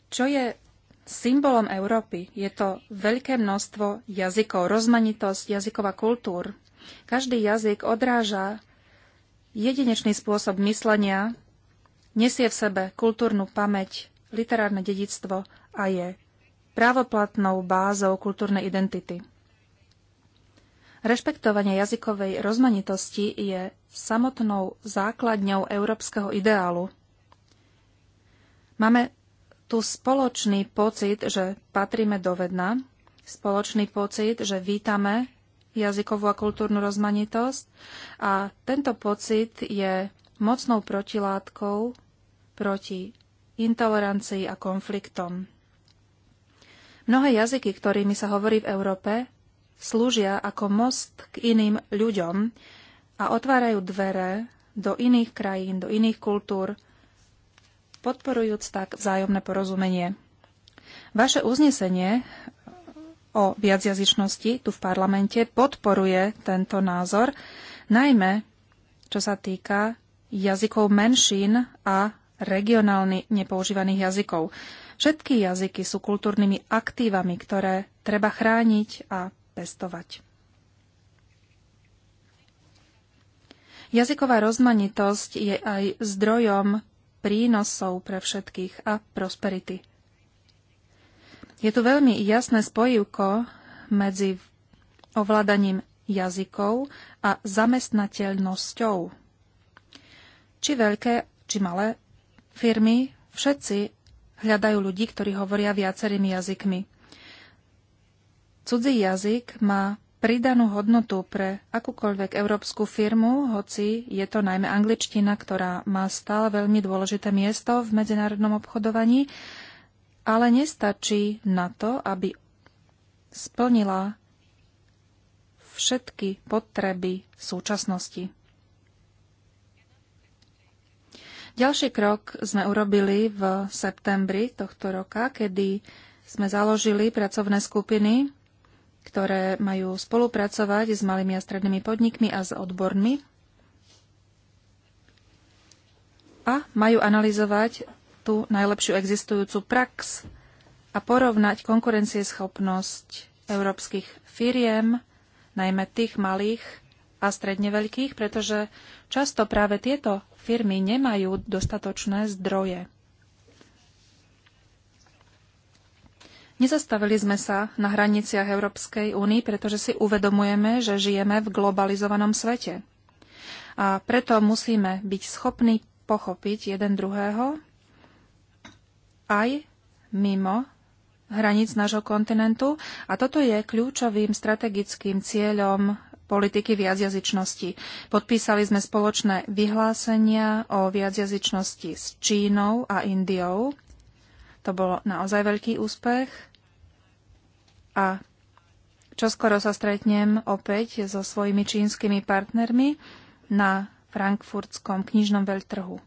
Čo je symbolom Európy? Je to veľké množstvo jazykov, rozmanitosť jazyková kultúr. Každý jazyk odráža jedinečný spôsob myslenia nesie v sebe kultúrnu pamäť, literárne dedictvo a je právoplatnou bázou kultúrnej identity. Rešpektovanie jazykovej rozmanitosti je samotnou základňou európskeho ideálu. Máme tu spoločný pocit, že patríme do vedna, spoločný pocit, že vítame jazykovú a kultúrnu rozmanitosť. A tento pocit je mocnou protilátkou proti intolerancii a konfliktom. Mnohé jazyky, ktorými sa hovorí v Európe, slúžia ako most k iným ľuďom a otvárajú dvere do iných krajín, do iných kultúr, podporujúc tak vzájomné porozumenie. Vaše uznesenie o viacjazyčnosti tu v parlamente podporuje tento názor, najmä čo sa týka jazykov menšín a regionálny nepoužívaných jazykov. Všetky jazyky sú kultúrnymi aktívami, ktoré treba chrániť a pestovať. Jazyková rozmanitosť je aj zdrojom prínosov pre všetkých a prosperity je tu veľmi jasné spojivko medzi ovládaním jazykov a zamestnateľnosťou. Či veľké, či malé firmy, všetci hľadajú ľudí, ktorí hovoria viacerými jazykmi. Cudzí jazyk má pridanú hodnotu pre akúkoľvek európsku firmu, hoci je to najmä angličtina, ktorá má stále veľmi dôležité miesto v medzinárodnom obchodovaní ale nestačí na to, aby splnila všetky potreby súčasnosti. Ďalší krok sme urobili v septembri tohto roka, kedy sme založili pracovné skupiny, ktoré majú spolupracovať s malými a strednými podnikmi a s odbormi a majú analyzovať tú najlepšiu existujúcu prax a porovnať konkurencieschopnosť európskych firiem, najmä tých malých a stredne veľkých, pretože často práve tieto firmy nemajú dostatočné zdroje. Nezastavili sme sa na hraniciach Európskej únie, pretože si uvedomujeme, že žijeme v globalizovanom svete. A preto musíme byť schopní pochopiť jeden druhého aj mimo hraníc nášho kontinentu a toto je kľúčovým strategickým cieľom politiky viacjazyčnosti. Podpísali sme spoločné vyhlásenia o viacjazyčnosti s Čínou a Indiou. To bol naozaj veľký úspech. A čoskoro sa stretnem opäť so svojimi čínskymi partnermi na frankfurtskom knižnom veľtrhu.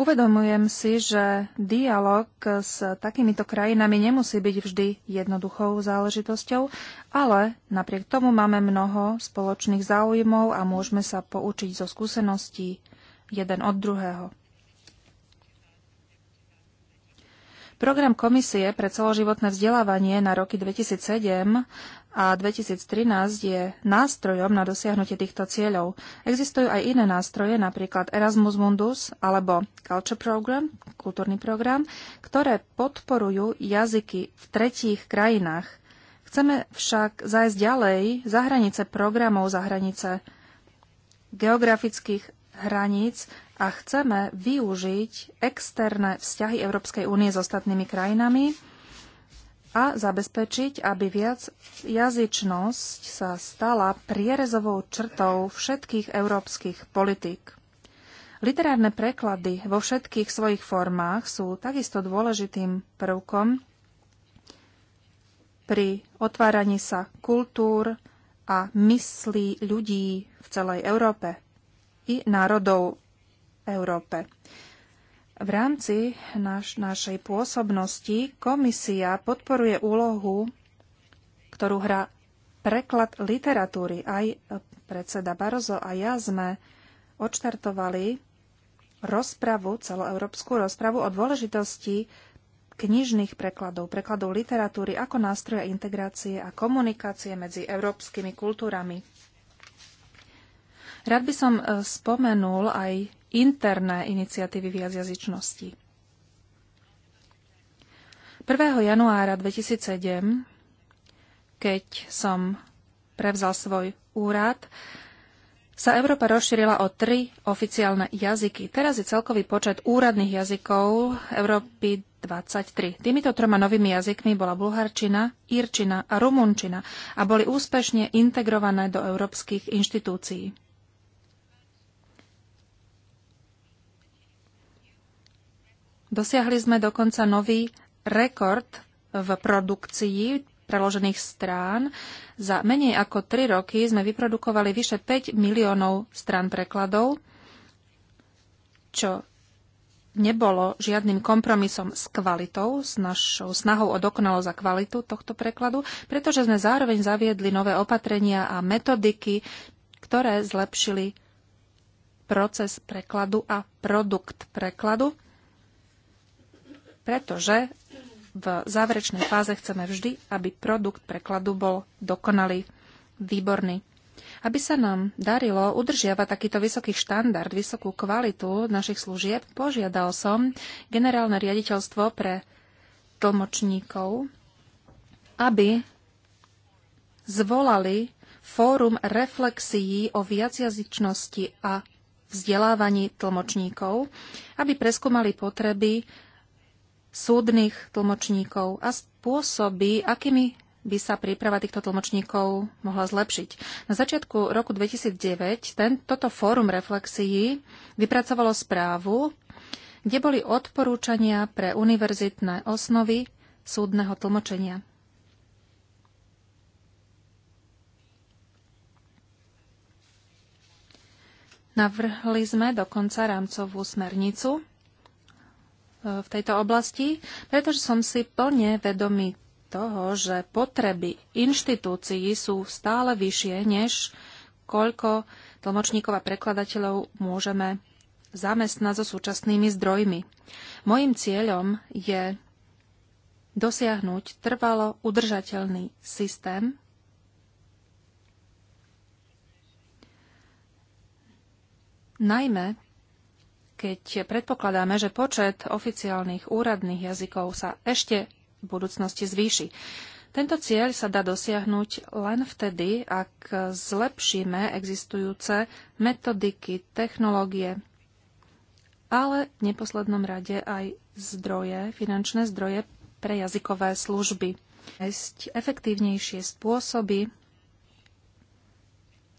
Uvedomujem si, že dialog s takýmito krajinami nemusí byť vždy jednoduchou záležitosťou, ale napriek tomu máme mnoho spoločných záujmov a môžeme sa poučiť zo skúseností jeden od druhého. Program Komisie pre celoživotné vzdelávanie na roky 2007 a 2013 je nástrojom na dosiahnutie týchto cieľov. Existujú aj iné nástroje, napríklad Erasmus Mundus alebo Culture Program, kultúrny program, ktoré podporujú jazyky v tretích krajinách. Chceme však zájsť ďalej za hranice programov, za hranice geografických hraníc a chceme využiť externé vzťahy Európskej únie s ostatnými krajinami a zabezpečiť, aby viac jazyčnosť sa stala prierezovou črtou všetkých európskych politik. Literárne preklady vo všetkých svojich formách sú takisto dôležitým prvkom pri otváraní sa kultúr a myslí ľudí v celej Európe i národov Európe. V rámci naš, našej pôsobnosti komisia podporuje úlohu, ktorú hrá preklad literatúry. Aj predseda Barozo a ja sme odštartovali rozpravu, celoeurópsku rozpravu o dôležitosti knižných prekladov, prekladov literatúry ako nástroja integrácie a komunikácie medzi európskymi kultúrami. Rád by som e, spomenul aj interné iniciatívy viac jazyčnosti. 1. januára 2007, keď som prevzal svoj úrad, sa Európa rozšírila o tri oficiálne jazyky. Teraz je celkový počet úradných jazykov Európy 23. Týmito troma novými jazykmi bola bulharčina, írčina a rumunčina a boli úspešne integrované do európskych inštitúcií. Dosiahli sme dokonca nový rekord v produkcii preložených strán. Za menej ako 3 roky sme vyprodukovali vyše 5 miliónov strán prekladov, čo nebolo žiadnym kompromisom s kvalitou, s našou snahou o dokonalosť za kvalitu tohto prekladu, pretože sme zároveň zaviedli nové opatrenia a metodiky, ktoré zlepšili proces prekladu a produkt prekladu pretože v záverečnej fáze chceme vždy, aby produkt prekladu bol dokonalý, výborný. Aby sa nám darilo udržiavať takýto vysoký štandard, vysokú kvalitu našich služieb, požiadal som generálne riaditeľstvo pre tlmočníkov, aby zvolali fórum reflexií o viacjazyčnosti a vzdelávaní tlmočníkov, aby preskúmali potreby súdnych tlmočníkov a spôsoby, akými by sa príprava týchto tlmočníkov mohla zlepšiť. Na začiatku roku 2009 ten, toto fórum reflexií vypracovalo správu, kde boli odporúčania pre univerzitné osnovy súdneho tlmočenia. Navrhli sme dokonca rámcovú smernicu, v tejto oblasti, pretože som si plne vedomý toho, že potreby inštitúcií sú stále vyššie, než koľko tlmočníkov a prekladateľov môžeme zamestnať so súčasnými zdrojmi. Mojím cieľom je dosiahnuť trvalo udržateľný systém, najmä keď predpokladáme, že počet oficiálnych úradných jazykov sa ešte v budúcnosti zvýši. Tento cieľ sa dá dosiahnuť len vtedy, ak zlepšíme existujúce metodiky, technológie, ale v neposlednom rade aj zdroje, finančné zdroje pre jazykové služby. Jesť efektívnejšie spôsoby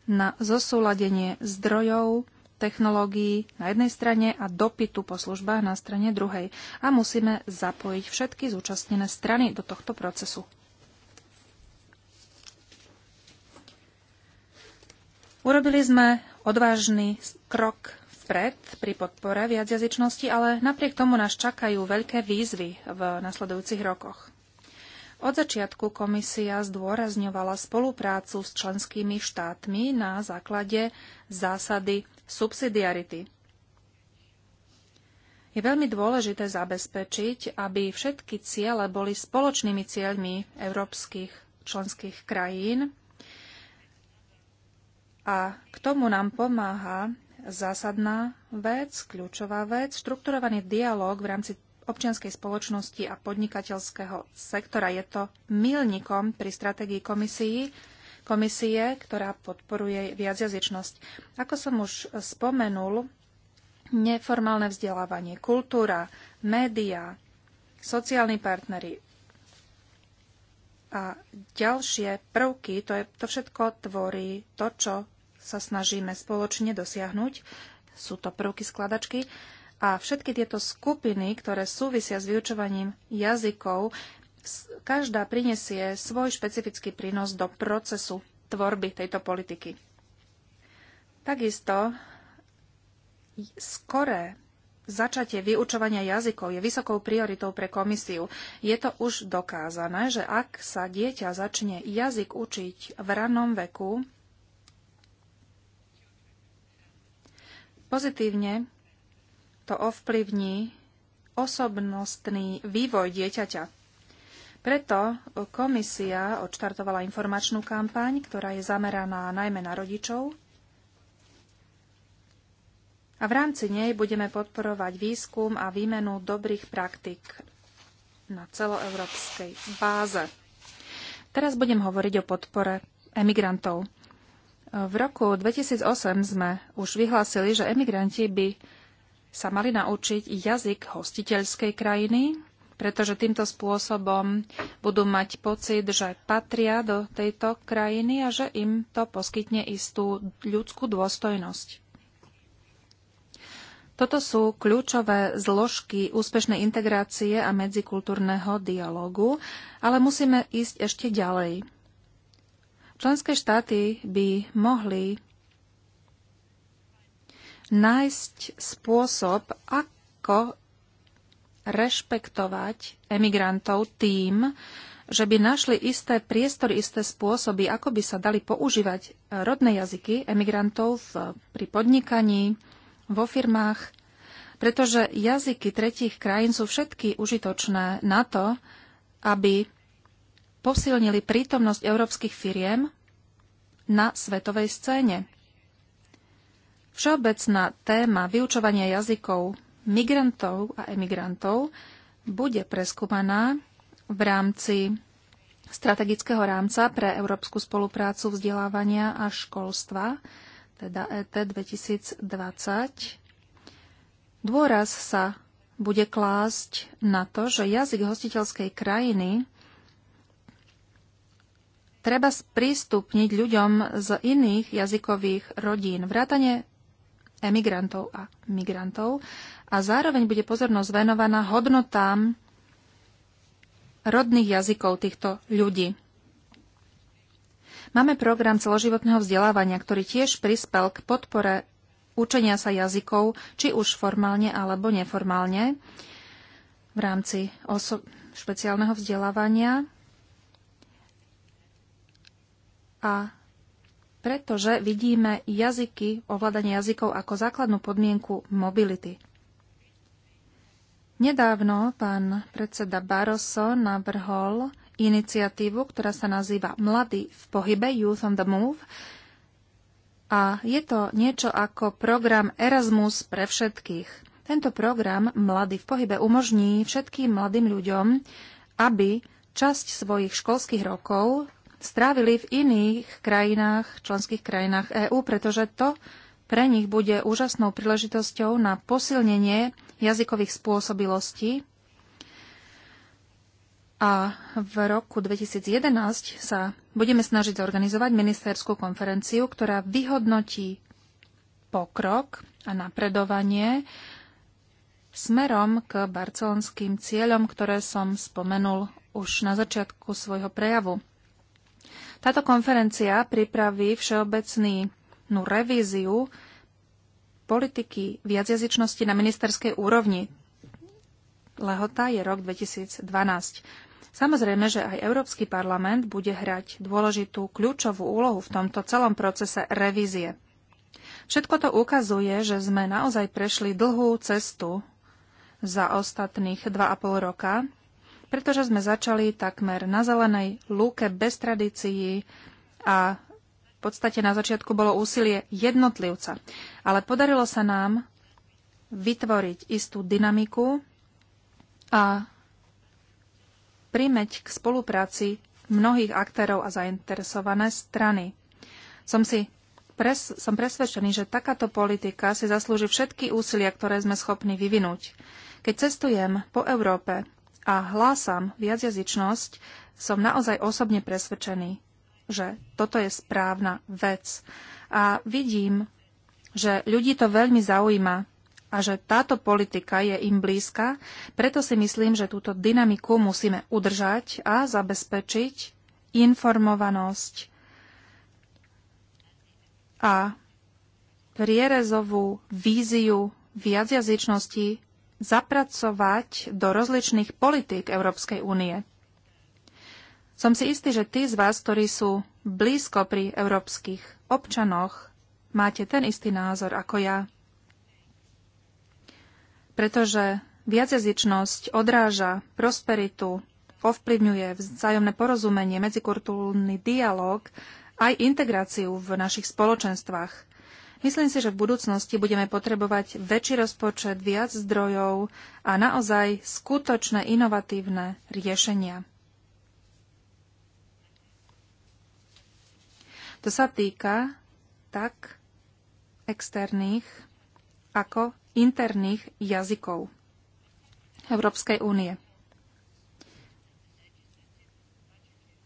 na zosúladenie zdrojov, technológií na jednej strane a dopytu po službách na strane druhej. A musíme zapojiť všetky zúčastnené strany do tohto procesu. Urobili sme odvážny krok vpred pri podpore viacjazyčnosti, ale napriek tomu nás čakajú veľké výzvy v nasledujúcich rokoch. Od začiatku komisia zdôrazňovala spoluprácu s členskými štátmi na základe zásady subsidiarity. Je veľmi dôležité zabezpečiť, aby všetky ciele boli spoločnými cieľmi európskych členských krajín a k tomu nám pomáha zásadná vec, kľúčová vec, štrukturovaný dialog v rámci občianskej spoločnosti a podnikateľského sektora. Je to milníkom pri stratégii komisii, komisie, ktorá podporuje viacjazyčnosť. Ako som už spomenul, neformálne vzdelávanie, kultúra, média, sociálni partnery a ďalšie prvky, to, je, to všetko tvorí to, čo sa snažíme spoločne dosiahnuť. Sú to prvky skladačky a všetky tieto skupiny, ktoré súvisia s vyučovaním jazykov, každá prinesie svoj špecifický prínos do procesu tvorby tejto politiky. Takisto skoré začatie vyučovania jazykov je vysokou prioritou pre komisiu. Je to už dokázané, že ak sa dieťa začne jazyk učiť v ranom veku, pozitívne to ovplyvní osobnostný vývoj dieťaťa. Preto komisia odštartovala informačnú kampaň, ktorá je zameraná najmä na rodičov. A v rámci nej budeme podporovať výskum a výmenu dobrých praktik na celoeurópskej báze. Teraz budem hovoriť o podpore emigrantov. V roku 2008 sme už vyhlásili, že emigranti by sa mali naučiť jazyk hostiteľskej krajiny, pretože týmto spôsobom budú mať pocit, že patria do tejto krajiny a že im to poskytne istú ľudskú dôstojnosť. Toto sú kľúčové zložky úspešnej integrácie a medzikultúrneho dialogu, ale musíme ísť ešte ďalej. Členské štáty by mohli nájsť spôsob, ako rešpektovať emigrantov tým, že by našli isté priestory, isté spôsoby, ako by sa dali používať rodné jazyky emigrantov v, pri podnikaní, vo firmách, pretože jazyky tretich krajín sú všetky užitočné na to, aby posilnili prítomnosť európskych firiem na svetovej scéne. Všeobecná téma vyučovania jazykov migrantov a emigrantov bude preskúmaná v rámci strategického rámca pre európsku spoluprácu vzdelávania a školstva, teda e ET 2020. Dôraz sa bude klásť na to, že jazyk hostiteľskej krajiny treba sprístupniť ľuďom z iných jazykových rodín, vrátane emigrantov a migrantov a zároveň bude pozornosť venovaná hodnotám rodných jazykov týchto ľudí. Máme program celoživotného vzdelávania, ktorý tiež prispel k podpore učenia sa jazykov, či už formálne alebo neformálne, v rámci oso- špeciálneho vzdelávania. A pretože vidíme jazyky, ovládanie jazykov ako základnú podmienku mobility. Nedávno pán predseda Barroso navrhol iniciatívu, ktorá sa nazýva Mladí v pohybe, Youth on the Move. A je to niečo ako program Erasmus pre všetkých. Tento program Mladí v pohybe umožní všetkým mladým ľuďom, aby časť svojich školských rokov strávili v iných krajinách, členských krajinách EÚ, pretože to pre nich bude úžasnou príležitosťou na posilnenie jazykových spôsobilostí. A v roku 2011 sa budeme snažiť zorganizovať ministerskú konferenciu, ktorá vyhodnotí pokrok a napredovanie smerom k barcelonským cieľom, ktoré som spomenul už na začiatku svojho prejavu. Táto konferencia pripraví všeobecnú revíziu politiky viacjazyčnosti na ministerskej úrovni. Lehota je rok 2012. Samozrejme, že aj Európsky parlament bude hrať dôležitú kľúčovú úlohu v tomto celom procese revízie. Všetko to ukazuje, že sme naozaj prešli dlhú cestu za ostatných 2,5 roka pretože sme začali takmer na zelenej lúke bez tradícií a v podstate na začiatku bolo úsilie jednotlivca. Ale podarilo sa nám vytvoriť istú dynamiku a prímeť k spolupráci mnohých aktérov a zainteresované strany. Som si pres, som presvedčený, že takáto politika si zaslúži všetky úsilia, ktoré sme schopní vyvinúť. Keď cestujem po Európe a hlásam viacjazyčnosť, som naozaj osobne presvedčený, že toto je správna vec. A vidím, že ľudí to veľmi zaujíma a že táto politika je im blízka, preto si myslím, že túto dynamiku musíme udržať a zabezpečiť informovanosť a prierezovú víziu viacjazyčnosti zapracovať do rozličných politík Európskej únie. Som si istý, že tí z vás, ktorí sú blízko pri európskych občanoch, máte ten istý názor ako ja. Pretože viacjazyčnosť odráža prosperitu, ovplyvňuje vzájomné porozumenie, medzikultúrny dialog, aj integráciu v našich spoločenstvách. Myslím si, že v budúcnosti budeme potrebovať väčší rozpočet, viac zdrojov a naozaj skutočné inovatívne riešenia. To sa týka tak externých ako interných jazykov Európskej únie.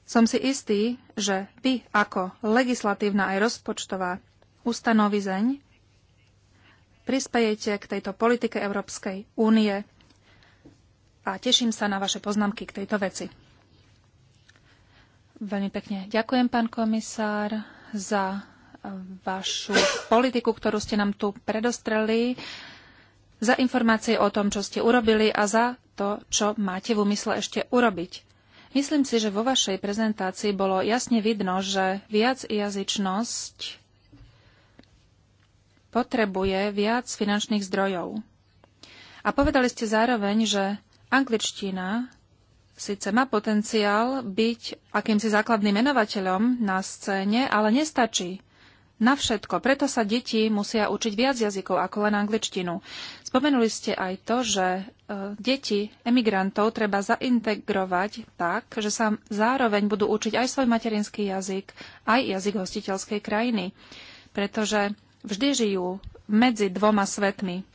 Som si istý, že vy ako legislatívna aj rozpočtová ustanovizeň prispejete k tejto politike Európskej únie a teším sa na vaše poznámky k tejto veci. Veľmi pekne ďakujem, pán komisár, za vašu politiku, ktorú ste nám tu predostreli, za informácie o tom, čo ste urobili a za to, čo máte v úmysle ešte urobiť. Myslím si, že vo vašej prezentácii bolo jasne vidno, že viacjazyčnosť potrebuje viac finančných zdrojov. A povedali ste zároveň, že angličtina síce má potenciál byť akýmsi základným menovateľom na scéne, ale nestačí na všetko. Preto sa deti musia učiť viac jazykov ako len angličtinu. Spomenuli ste aj to, že e, deti emigrantov treba zaintegrovať tak, že sa zároveň budú učiť aj svoj materinský jazyk, aj jazyk hostiteľskej krajiny. Pretože vždy žijú medzi dvoma svetmi.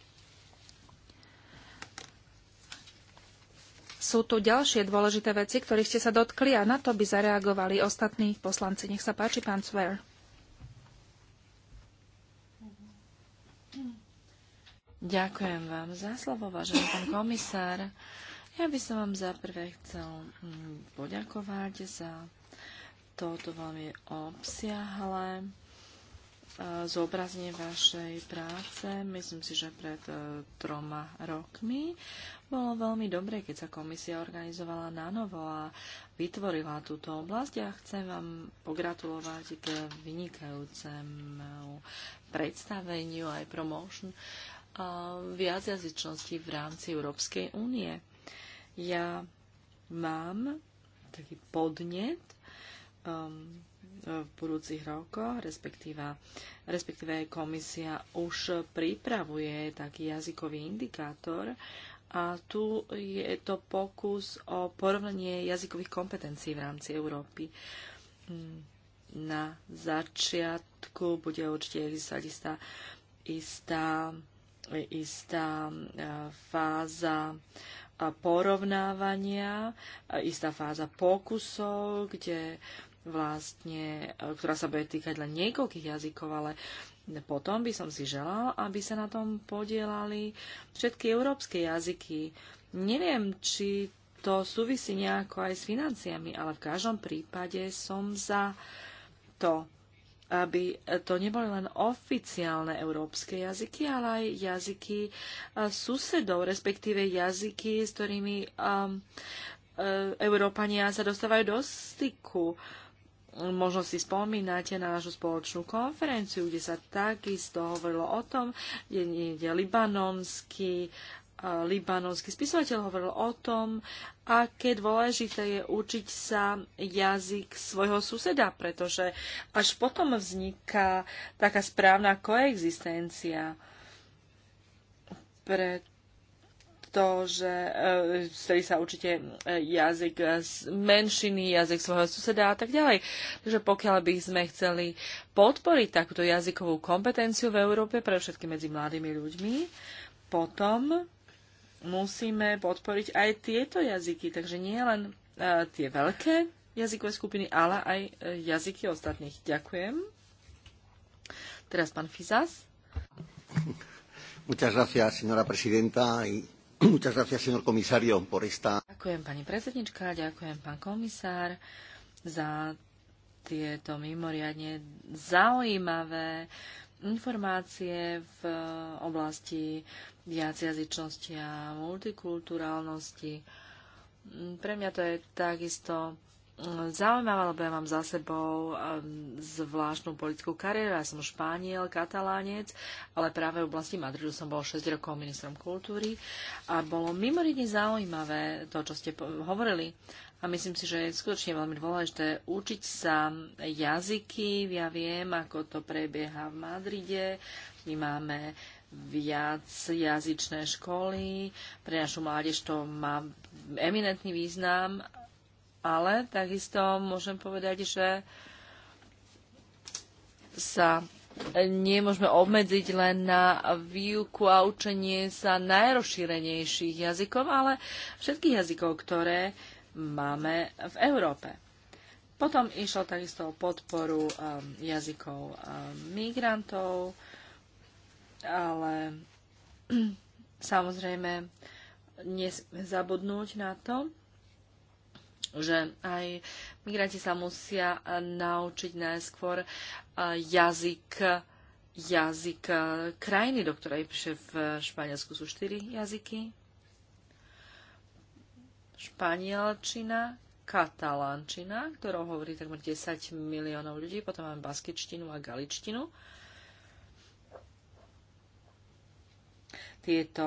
Sú tu ďalšie dôležité veci, ktorých ste sa dotkli a na to by zareagovali ostatní poslanci. Nech sa páči, pán Cver. Ďakujem vám za slovo, vážený pán komisár. Ja by som vám zaprvé chcel mm, poďakovať za toto veľmi obsiahle zobrazenie vašej práce. Myslím si, že pred e, troma rokmi bolo veľmi dobre, keď sa komisia organizovala na novo a vytvorila túto oblasť a ja chcem vám pogratulovať k vynikajúcemu predstaveniu aj promotion jazyčnosti v rámci Európskej únie. Ja mám taký podnet, um, v budúcich rokoch, respektíve komisia už pripravuje taký jazykový indikátor a tu je to pokus o porovnanie jazykových kompetencií v rámci Európy. Na začiatku bude určite existovať istá, istá, istá e, fáza e, porovnávania, e, istá fáza pokusov, kde vlastne, e, ktorá sa bude týkať len niekoľkých jazykov, ale potom by som si želal, aby sa na tom podielali všetky európske jazyky. Neviem, či to súvisí nejako aj s financiami, ale v každom prípade som za to, aby to neboli len oficiálne európske jazyky, ale aj jazyky e, susedov, respektíve jazyky, s ktorými um, Európania sa dostávajú do styku možno si spomínate na našu spoločnú konferenciu, kde sa takisto hovorilo o tom, kde, je libanonský libanonský spisovateľ hovoril o tom, aké dôležité je učiť sa jazyk svojho suseda, pretože až potom vzniká taká správna koexistencia. Preto to, že stredí e, sa určite e, jazyk z menšiny, jazyk svojho suseda a tak ďalej. Takže pokiaľ by sme chceli podporiť takúto jazykovú kompetenciu v Európe, pre všetky medzi mladými ľuďmi, potom musíme podporiť aj tieto jazyky. Takže nie len e, tie veľké jazykové skupiny, ale aj jazyky ostatných. Ďakujem. Teraz pán Fizas. Muchas gracias, señora presidenta, y Ďakujem pani predsednička, ďakujem pán komisár za tieto mimoriadne zaujímavé informácie v oblasti viacjazyčnosti a multikulturálnosti. Pre mňa to je takisto zaujímavá, lebo ja mám za sebou um, zvláštnu politickú kariéru. Ja som Španiel, katalánec, ale práve v oblasti Madridu som bol 6 rokov ministrom kultúry a bolo mimoriadne zaujímavé to, čo ste hovorili. A myslím si, že je skutočne veľmi dôležité učiť sa jazyky. Ja viem, ako to prebieha v Madride. My máme viac jazyčné školy. Pre našu mládež to má eminentný význam ale takisto môžem povedať, že sa nemôžeme obmedziť len na výuku a učenie sa najrozšírenejších jazykov, ale všetkých jazykov, ktoré máme v Európe. Potom išlo takisto o podporu um, jazykov um, migrantov, ale samozrejme nesme zabudnúť na to, že aj migranti sa musia naučiť najskôr e, jazyk jazyk e, krajiny, do ktorej píše v Španielsku sú štyri jazyky. Španielčina, katalánčina, ktorou hovorí takmer 10 miliónov ľudí, potom máme baskičtinu a galičtinu. Tieto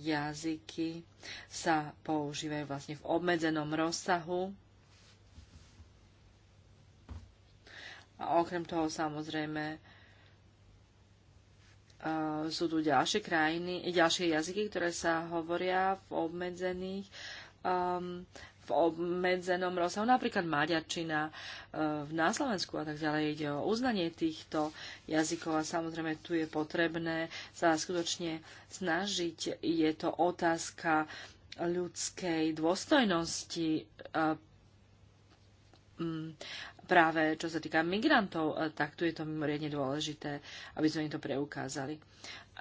jazyky sa používajú vlastne v obmedzenom rozsahu. A okrem toho samozrejme e, sú tu ďalšie krajiny, ďalšie jazyky, ktoré sa hovoria v obmedzených um, obmedzenom rozsahu, napríklad maďarčina e, na Slovensku a tak ďalej. Ide o uznanie týchto jazykov a samozrejme tu je potrebné sa skutočne snažiť. Je to otázka ľudskej dôstojnosti e, práve čo sa týka migrantov, e, tak tu je to mimoriadne dôležité, aby sme im to preukázali.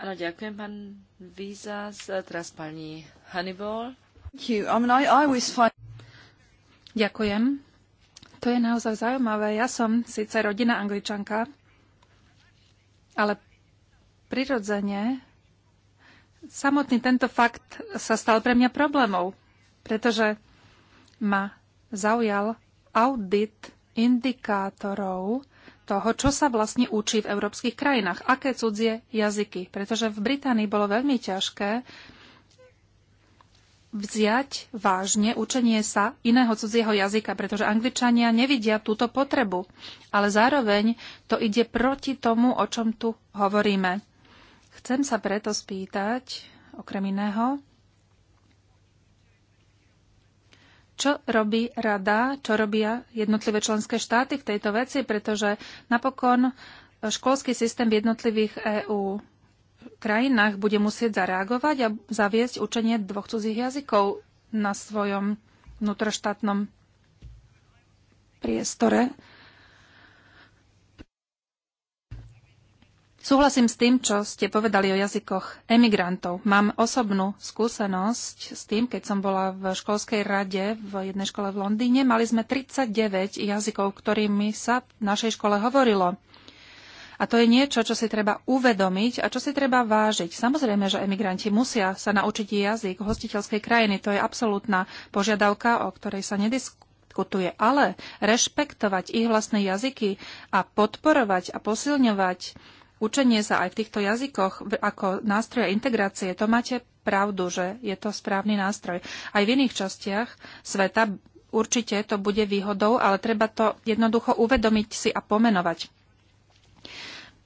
Áno, ďakujem, pán Vízas. Teraz pani Hannibal. I mean, I, I find... Ďakujem. To je naozaj zaujímavé. Ja som síce rodina angličanka, ale prirodzene samotný tento fakt sa stal pre mňa problémov, pretože ma zaujal audit indikátorov toho, čo sa vlastne učí v európskych krajinách, aké cudzie jazyky. Pretože v Británii bolo veľmi ťažké vziať vážne učenie sa iného cudzieho jazyka, pretože angličania nevidia túto potrebu. Ale zároveň to ide proti tomu, o čom tu hovoríme. Chcem sa preto spýtať, okrem iného, čo robí rada, čo robia jednotlivé členské štáty v tejto veci, pretože napokon školský systém v jednotlivých EU krajinách bude musieť zareagovať a zaviesť učenie dvoch cudzích jazykov na svojom vnútroštátnom priestore. Súhlasím s tým, čo ste povedali o jazykoch emigrantov. Mám osobnú skúsenosť s tým, keď som bola v školskej rade v jednej škole v Londýne. Mali sme 39 jazykov, ktorými sa v našej škole hovorilo. A to je niečo, čo si treba uvedomiť a čo si treba vážiť. Samozrejme, že emigranti musia sa naučiť jazyk hostiteľskej krajiny. To je absolútna požiadavka, o ktorej sa nediskutuje. Ale rešpektovať ich vlastné jazyky a podporovať a posilňovať učenie sa aj v týchto jazykoch ako nástroja integrácie, to máte pravdu, že je to správny nástroj. Aj v iných častiach sveta určite to bude výhodou, ale treba to jednoducho uvedomiť si a pomenovať.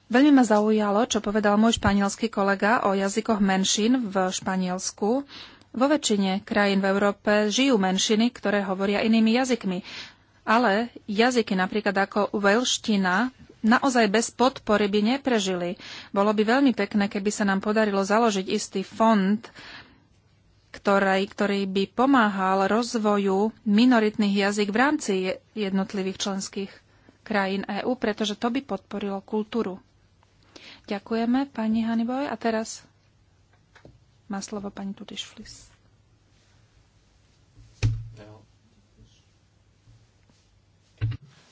Veľmi ma zaujalo, čo povedal môj španielský kolega o jazykoch menšín v Španielsku. Vo väčšine krajín v Európe žijú menšiny, ktoré hovoria inými jazykmi. Ale jazyky napríklad ako veľština naozaj bez podpory by neprežili. Bolo by veľmi pekné, keby sa nám podarilo založiť istý fond, ktorý, ktorý by pomáhal rozvoju minoritných jazyk v rámci jednotlivých členských krajín EÚ, pretože to by podporilo kultúru. Ďakujeme pani Haniboj. A teraz má slovo pani Tutiš Flis.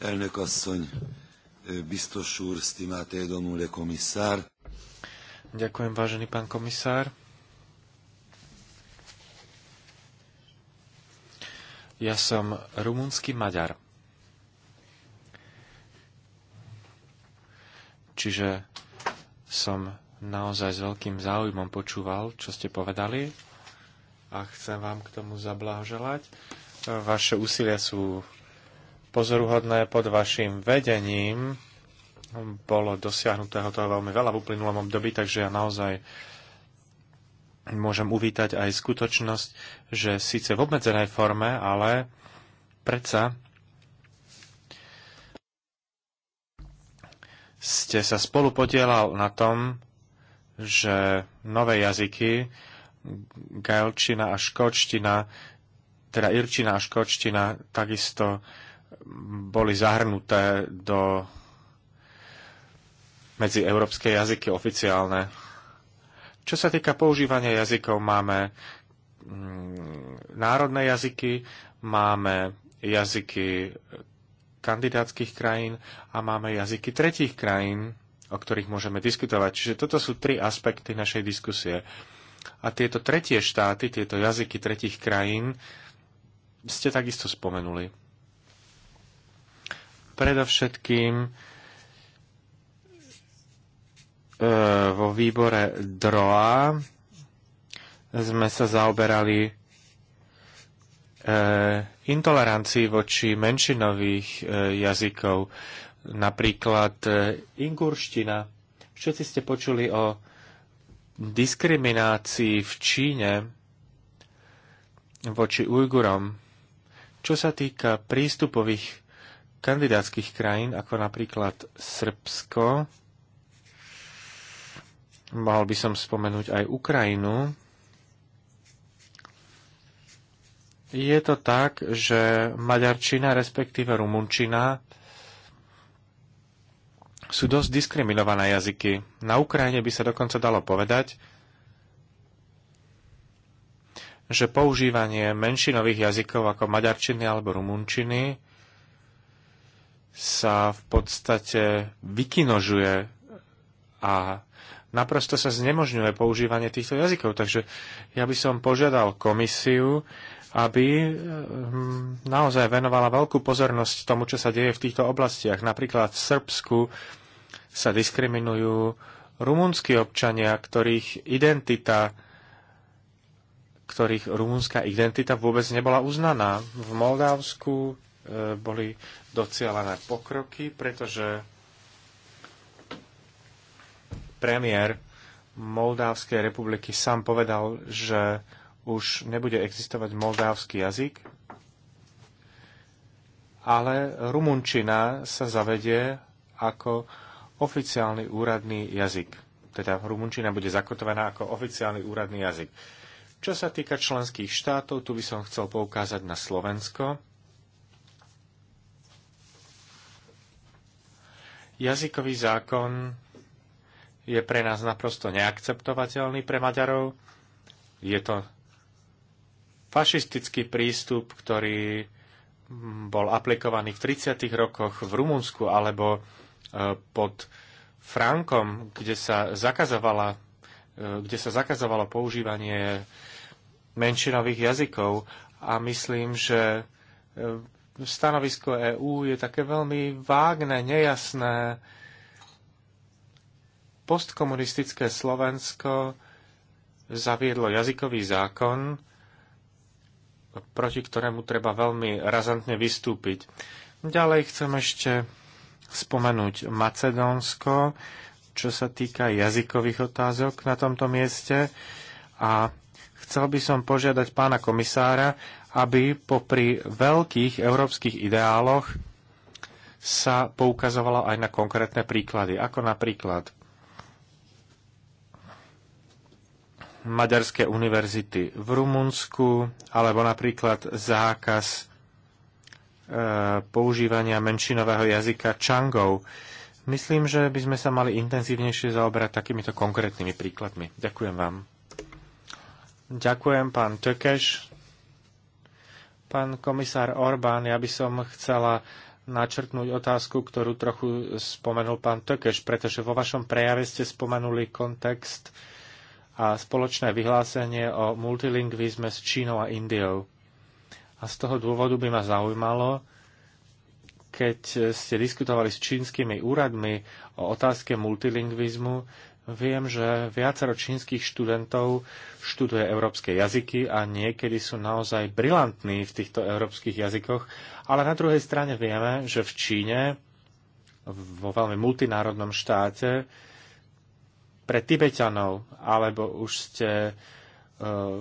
Elnök asszony, biztos úr, stimáté domnule komisár. Ďakujem, vážený pán komisár. Ja som rumúnsky Maďar. Čiže som naozaj s veľkým záujmom počúval, čo ste povedali a chcem vám k tomu zablahoželať. Vaše úsilia sú pozoruhodné pod vašim vedením. Bolo dosiahnutého toho veľmi veľa v uplynulom období, takže ja naozaj môžem uvítať aj skutočnosť, že síce v obmedzenej forme, ale predsa ste sa spolu podielal na tom, že nové jazyky, gaelčina a škočtina, teda irčina a škočtina, takisto boli zahrnuté do medzi európske jazyky oficiálne. Čo sa týka používania jazykov, máme mm, národné jazyky, máme jazyky kandidátskych krajín a máme jazyky tretích krajín, o ktorých môžeme diskutovať. Čiže toto sú tri aspekty našej diskusie. A tieto tretie štáty, tieto jazyky tretích krajín ste takisto spomenuli. Predovšetkým e, vo výbore DROA sme sa zaoberali Eh, intolerancii voči menšinových eh, jazykov, napríklad eh, ingurština. Všetci ste počuli o diskriminácii v Číne voči Ujgurom. Čo sa týka prístupových kandidátskych krajín, ako napríklad Srbsko, mohol by som spomenúť aj Ukrajinu, je to tak, že maďarčina, respektíve rumunčina sú dosť diskriminované jazyky. Na Ukrajine by sa dokonca dalo povedať, že používanie menšinových jazykov ako maďarčiny alebo rumunčiny sa v podstate vykinožuje a naprosto sa znemožňuje používanie týchto jazykov. Takže ja by som požiadal komisiu, aby ehm, naozaj venovala veľkú pozornosť tomu, čo sa deje v týchto oblastiach. Napríklad v Srbsku sa diskriminujú rumúnsky občania, ktorých identita ktorých rumúnska identita vôbec nebola uznaná. V Moldávsku e, boli docielané pokroky, pretože premiér Moldávskej republiky sám povedal, že už nebude existovať moldávsky jazyk, ale rumunčina sa zavedie ako oficiálny úradný jazyk. Teda rumunčina bude zakotovaná ako oficiálny úradný jazyk. Čo sa týka členských štátov, tu by som chcel poukázať na Slovensko. Jazykový zákon je pre nás naprosto neakceptovateľný pre Maďarov. Je to fašistický prístup, ktorý mm, bol aplikovaný v 30. rokoch v Rumunsku alebo e, pod Frankom, kde sa, zakazovala, e, kde sa zakazovalo používanie menšinových jazykov. A myslím, že e, stanovisko EÚ je také veľmi vágne, nejasné. Postkomunistické Slovensko zaviedlo jazykový zákon, proti ktorému treba veľmi razantne vystúpiť. Ďalej chcem ešte spomenúť Macedónsko, čo sa týka jazykových otázok na tomto mieste a chcel by som požiadať pána komisára, aby popri veľkých európskych ideáloch sa poukazovalo aj na konkrétne príklady, ako napríklad maďarské univerzity v Rumunsku, alebo napríklad zákaz e, používania menšinového jazyka čangov. Myslím, že by sme sa mali intenzívnejšie zaoberať takýmito konkrétnymi príkladmi. Ďakujem vám. Ďakujem, pán Tökeš. Pán komisár Orbán, ja by som chcela načrtnúť otázku, ktorú trochu spomenul pán Tökeš, pretože vo vašom prejave ste spomenuli kontext a spoločné vyhlásenie o multilingvizme s Čínou a Indiou. A z toho dôvodu by ma zaujímalo, keď ste diskutovali s čínskymi úradmi o otázke multilingvizmu, viem, že viacero čínskych študentov študuje európske jazyky a niekedy sú naozaj brilantní v týchto európskych jazykoch, ale na druhej strane vieme, že v Číne, vo veľmi multinárodnom štáte, pre Tibetanov, alebo už ste uh,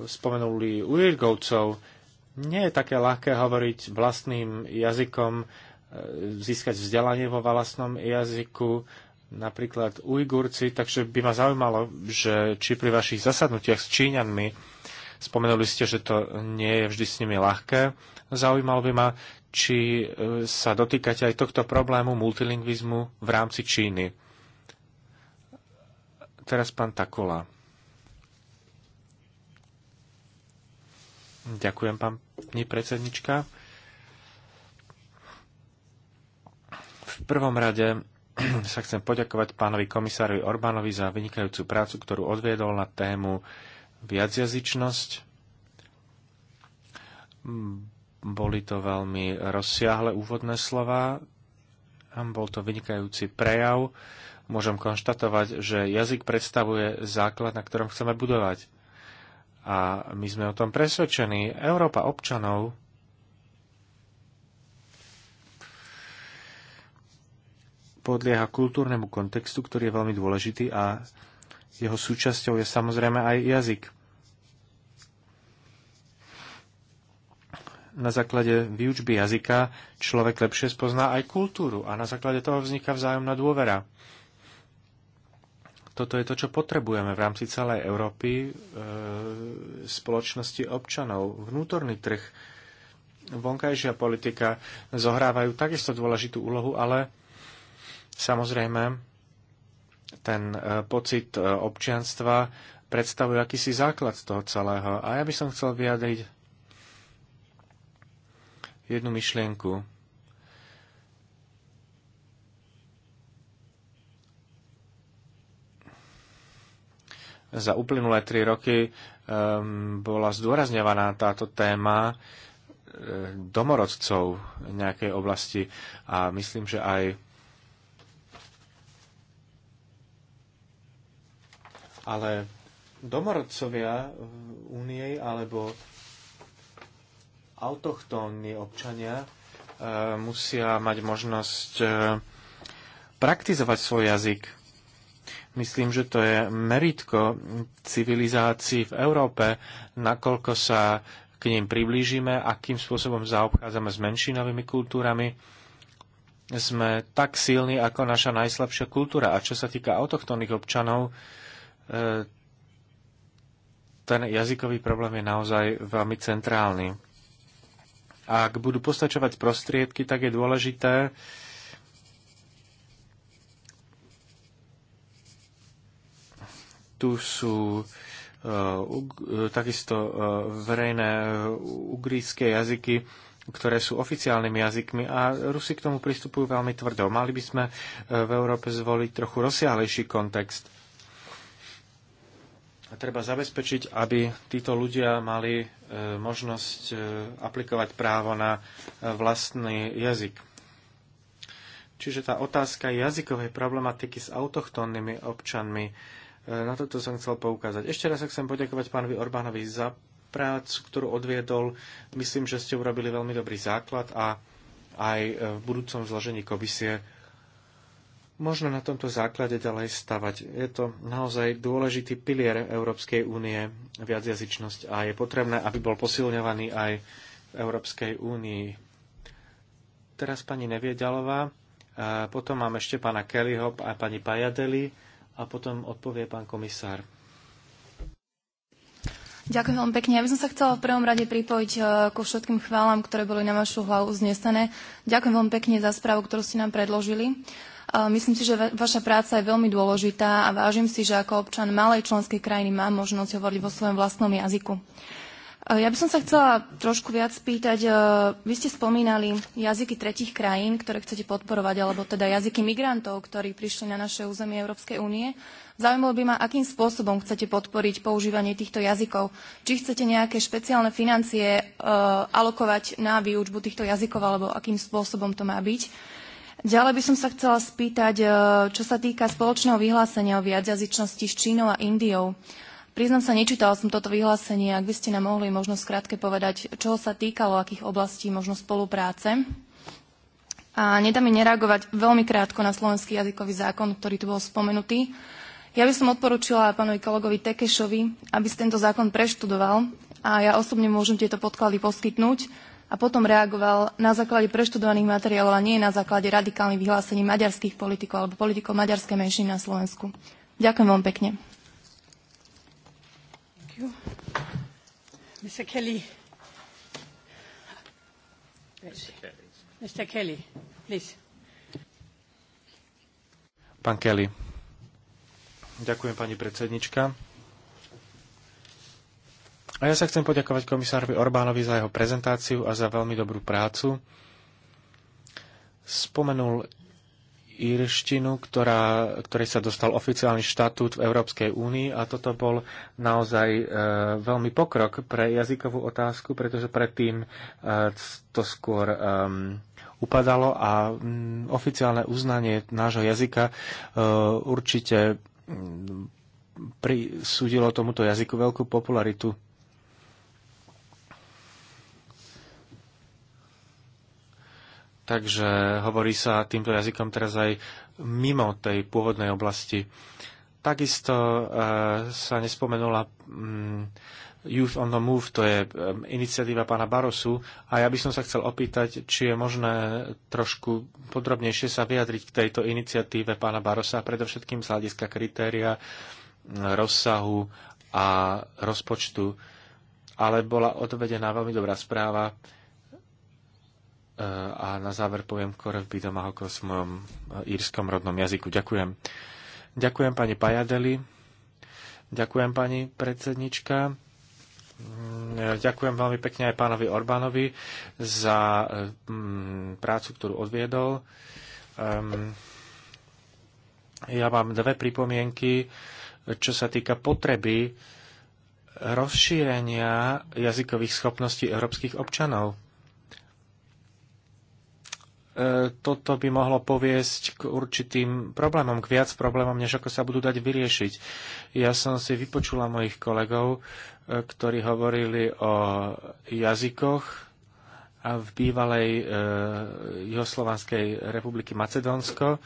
spomenuli Ujrgovcov, nie je také ľahké hovoriť vlastným jazykom, uh, získať vzdelanie vo vlastnom jazyku, napríklad Ujgurci, takže by ma zaujímalo, že či pri vašich zasadnutiach s Číňanmi spomenuli ste, že to nie je vždy s nimi ľahké. Zaujímalo by ma, či e, sa dotýkate aj tohto problému multilingvizmu v rámci Číny. Teraz pán Takola. Ďakujem, pani predsednička. V prvom rade sa chcem poďakovať pánovi komisárovi Orbánovi za vynikajúcu prácu, ktorú odviedol na tému viacjazyčnosť. Boli to veľmi rozsiahle úvodné slova. Bol to vynikajúci prejav môžem konštatovať, že jazyk predstavuje základ, na ktorom chceme budovať. A my sme o tom presvedčení. Európa občanov podlieha kultúrnemu kontextu, ktorý je veľmi dôležitý a jeho súčasťou je samozrejme aj jazyk. Na základe výučby jazyka človek lepšie spozná aj kultúru a na základe toho vzniká vzájomná dôvera. Toto je to, čo potrebujeme v rámci celej Európy, e, spoločnosti občanov, vnútorný trh, vonkajšia politika zohrávajú takisto dôležitú úlohu, ale samozrejme ten e, pocit e, občianstva predstavuje akýsi základ z toho celého. A ja by som chcel vyjadriť jednu myšlienku. za uplynulé tri roky um, bola zdôrazňovaná táto téma um, domorodcov nejakej oblasti a myslím, že aj ale domorodcovia únie alebo autochtónni občania um, musia mať možnosť praktizovať svoj jazyk Myslím, že to je meritko civilizácií v Európe, nakoľko sa k ním priblížime, akým spôsobom zaobchádzame s menšinovými kultúrami. Sme tak silní ako naša najslabšia kultúra. A čo sa týka autochtónnych občanov, e, ten jazykový problém je naozaj veľmi centrálny. Ak budú postačovať prostriedky, tak je dôležité, tu sú eh, eh, takisto eh, verejné ugrícké jazyky, ktoré sú oficiálnymi jazykmi a Rusi k tomu pristupujú veľmi tvrdo. Mali by sme v Európe zvoliť trochu rozsiahlejší kontext. A treba zabezpečiť, aby títo ľudia mali možnosť aplikovať právo na vlastný jazyk. Čiže tá otázka jazykovej problematiky s autochtónnymi občanmi E, na toto som chcel poukázať. Ešte raz sa chcem poďakovať pánovi Orbánovi za prácu, ktorú odviedol. Myslím, že ste urobili veľmi dobrý základ a aj e, v budúcom zložení komisie možno na tomto základe ďalej stavať. Je to naozaj dôležitý pilier Európskej únie, viacjazyčnosť a je potrebné, aby bol posilňovaný aj v Európskej únii. Teraz pani Neviedalová, potom mám ešte pána Kellyho a pani Pajadeli a potom odpovie pán komisár. Ďakujem veľmi pekne. Ja by som sa chcela v prvom rade pripojiť e, ku všetkým chválam, ktoré boli na vašu hlavu znesené. Ďakujem veľmi pekne za správu, ktorú ste nám predložili. E, myslím si, že vaša práca je veľmi dôležitá a vážim si, že ako občan malej členskej krajiny mám možnosť hovoriť vo svojom vlastnom jazyku. Eh, ja by som sa chcela trošku viac spýtať. Eh, vy ste spomínali jazyky tretich krajín, ktoré chcete podporovať, alebo teda jazyky migrantov, ktorí prišli na naše územie Európskej únie. Zaujímalo by ma, akým spôsobom chcete podporiť používanie týchto jazykov. Či chcete nejaké špeciálne financie eh, alokovať na výučbu týchto jazykov, alebo akým spôsobom to má byť. Ďalej by som sa chcela spýtať, čo sa týka spoločného vyhlásenia o viacjazyčnosti s Čínou a Indiou. Priznam sa, nečítala som toto vyhlásenie. Ak by ste nám mohli možno skrátke povedať, čo sa týkalo, akých oblastí možno spolupráce. A nedá mi nereagovať veľmi krátko na slovenský jazykový zákon, ktorý tu bol spomenutý. Ja by som odporúčila pánovi kolegovi Tekešovi, aby si tento zákon preštudoval a ja osobne môžem tieto podklady poskytnúť a potom reagoval na základe preštudovaných materiálov a nie na základe radikálnych vyhlásení maďarských politikov alebo politikov maďarskej menšiny na Slovensku. Ďakujem veľmi pekne you. Mr. Kelly. Mr. Kelly. please. Pán Kelly. Ďakujem, pani predsednička. A ja sa chcem poďakovať komisárovi Orbánovi za jeho prezentáciu a za veľmi dobrú prácu. Spomenul írštinu, ktorá, ktorej sa dostal oficiálny štatút v Európskej únii a toto bol naozaj e, veľmi pokrok pre jazykovú otázku, pretože predtým e, to skôr e, upadalo a m, mm, oficiálne uznanie nášho jazyka e, určite m, prisúdilo tomuto jazyku veľkú popularitu Takže hovorí sa týmto jazykom teraz aj mimo tej pôvodnej oblasti. Takisto e, sa nespomenula mm, Youth on the Move, to je e, iniciatíva pána Barosu a ja by som sa chcel opýtať, či je možné trošku podrobnejšie sa vyjadriť k tejto iniciatíve pána Barosa, predovšetkým z hľadiska kritéria, e, rozsahu a rozpočtu. Ale bola odvedená veľmi dobrá správa a na záver poviem Korev ako v mojom e, írskom rodnom jazyku. Ďakujem. Ďakujem pani Pajadeli. Ďakujem pani predsednička. Mm, e, ďakujem veľmi pekne aj pánovi Orbánovi za e, mm, prácu, ktorú odviedol. Ehm, ja mám dve pripomienky, čo sa týka potreby rozšírenia jazykových schopností európskych občanov. E, toto by mohlo poviesť k určitým problémom, k viac problémom, než ako sa budú dať vyriešiť. Ja som si vypočula mojich kolegov, e, ktorí hovorili o jazykoch a v bývalej e, Juhoslovanskej republiky Macedónsko,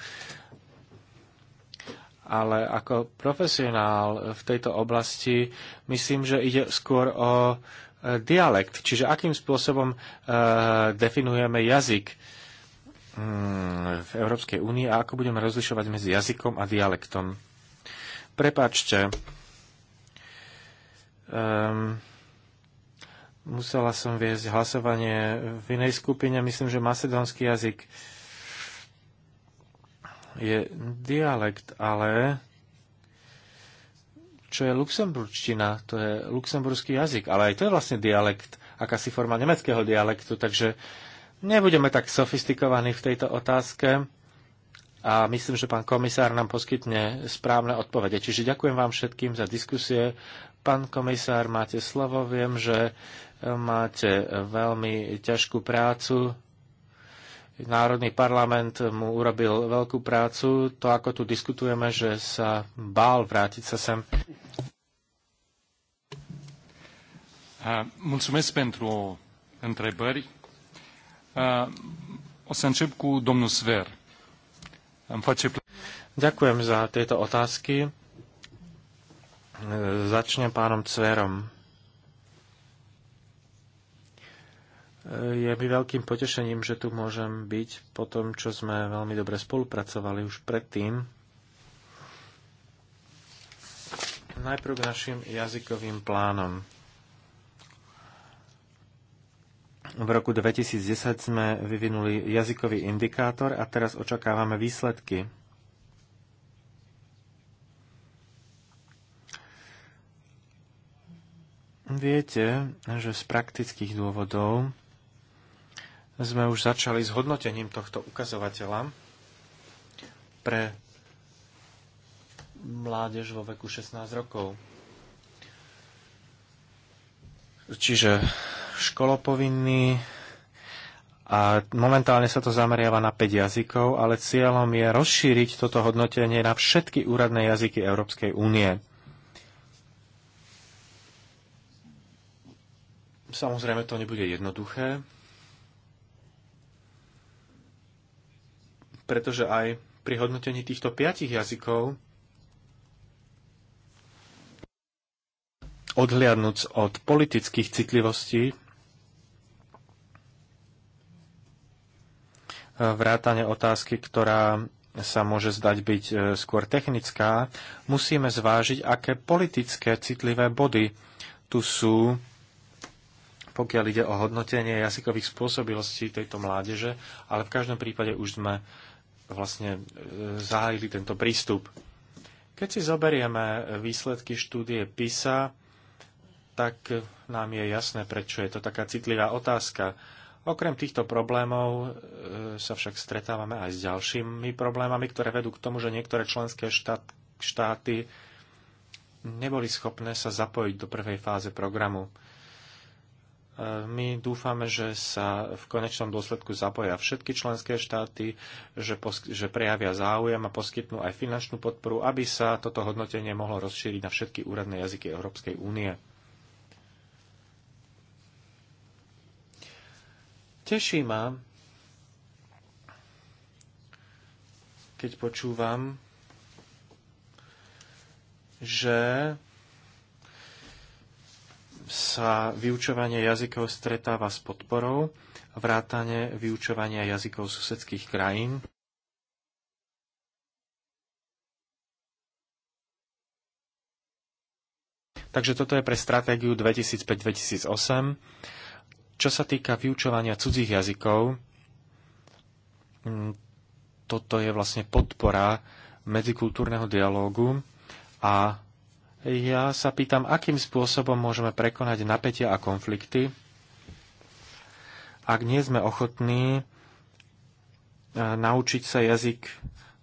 ale ako profesionál v tejto oblasti myslím, že ide skôr o e, dialekt, čiže akým spôsobom e, definujeme jazyk Mm, v Európskej únii a ako budeme rozlišovať medzi jazykom a dialektom. Prepáčte, um, ehm, musela som viesť hlasovanie v inej skupine. Myslím, že macedónsky jazyk je dialekt, ale čo je luxemburgština, to je luxemburský jazyk, ale aj to je vlastne dialekt, akási forma nemeckého dialektu, takže uh, Nebudeme tak sofistikovaní v tejto otázke a myslím, že pán komisár nám poskytne správne odpovede. Čiže ďakujem vám všetkým za diskusie. Pán komisár, máte slovo. Viem, že e, máte e, veľmi ťažkú prácu. Národný parlament mu urobil veľkú prácu. To, ako tu diskutujeme, že sa bál vrátiť sa sem. Mulțumesc pentru întrebări. Eh, Ďakujem za tieto otázky. Eh, začnem pánom Cverom. Eh, je mi veľkým potešením, že tu môžem byť po tom, čo sme veľmi dobre spolupracovali už predtým. Najprv k našim jazykovým plánom. V roku 2010 sme vyvinuli jazykový indikátor a teraz očakávame výsledky. Viete, že z praktických dôvodov sme už začali s hodnotením tohto ukazovateľa pre mládež vo veku 16 rokov. Čiže školopovinný a momentálne sa to zameriava na 5 jazykov, ale cieľom je rozšíriť toto hodnotenie na všetky úradné jazyky Európskej únie. Samozrejme, to nebude jednoduché, pretože aj pri hodnotení týchto piatich jazykov odhliadnúc od politických citlivostí vrátane otázky, ktorá sa môže zdať byť e, skôr technická, musíme zvážiť, aké politické citlivé body tu sú, pokiaľ ide o hodnotenie jazykových spôsobilostí tejto mládeže, ale v každom prípade už sme e, vlastne e, zahájili tento prístup. Keď si zoberieme výsledky štúdie PISA, tak nám je jasné, prečo je to taká citlivá otázka Okrem týchto problémov e, sa však stretávame aj s ďalšími problémami, ktoré vedú k tomu, že niektoré členské štát, štáty neboli schopné sa zapojiť do prvej fáze programu. E, my dúfame, že sa v konečnom dôsledku zapoja všetky členské štáty, že, že prejavia záujem a poskytnú aj finančnú podporu, aby sa toto hodnotenie mohlo rozšíriť na všetky úradné jazyky Európskej únie. Teší ma, keď počúvam, že sa vyučovanie jazykov stretáva s podporou, vrátane vyučovania jazykov susedských krajín. Takže toto je pre stratégiu 2005-2008 čo sa týka vyučovania cudzích jazykov, mm, toto je vlastne podpora medzikultúrneho dialógu a ja sa pýtam, akým spôsobom môžeme prekonať napätia a konflikty, ak nie sme ochotní e, naučiť sa jazyk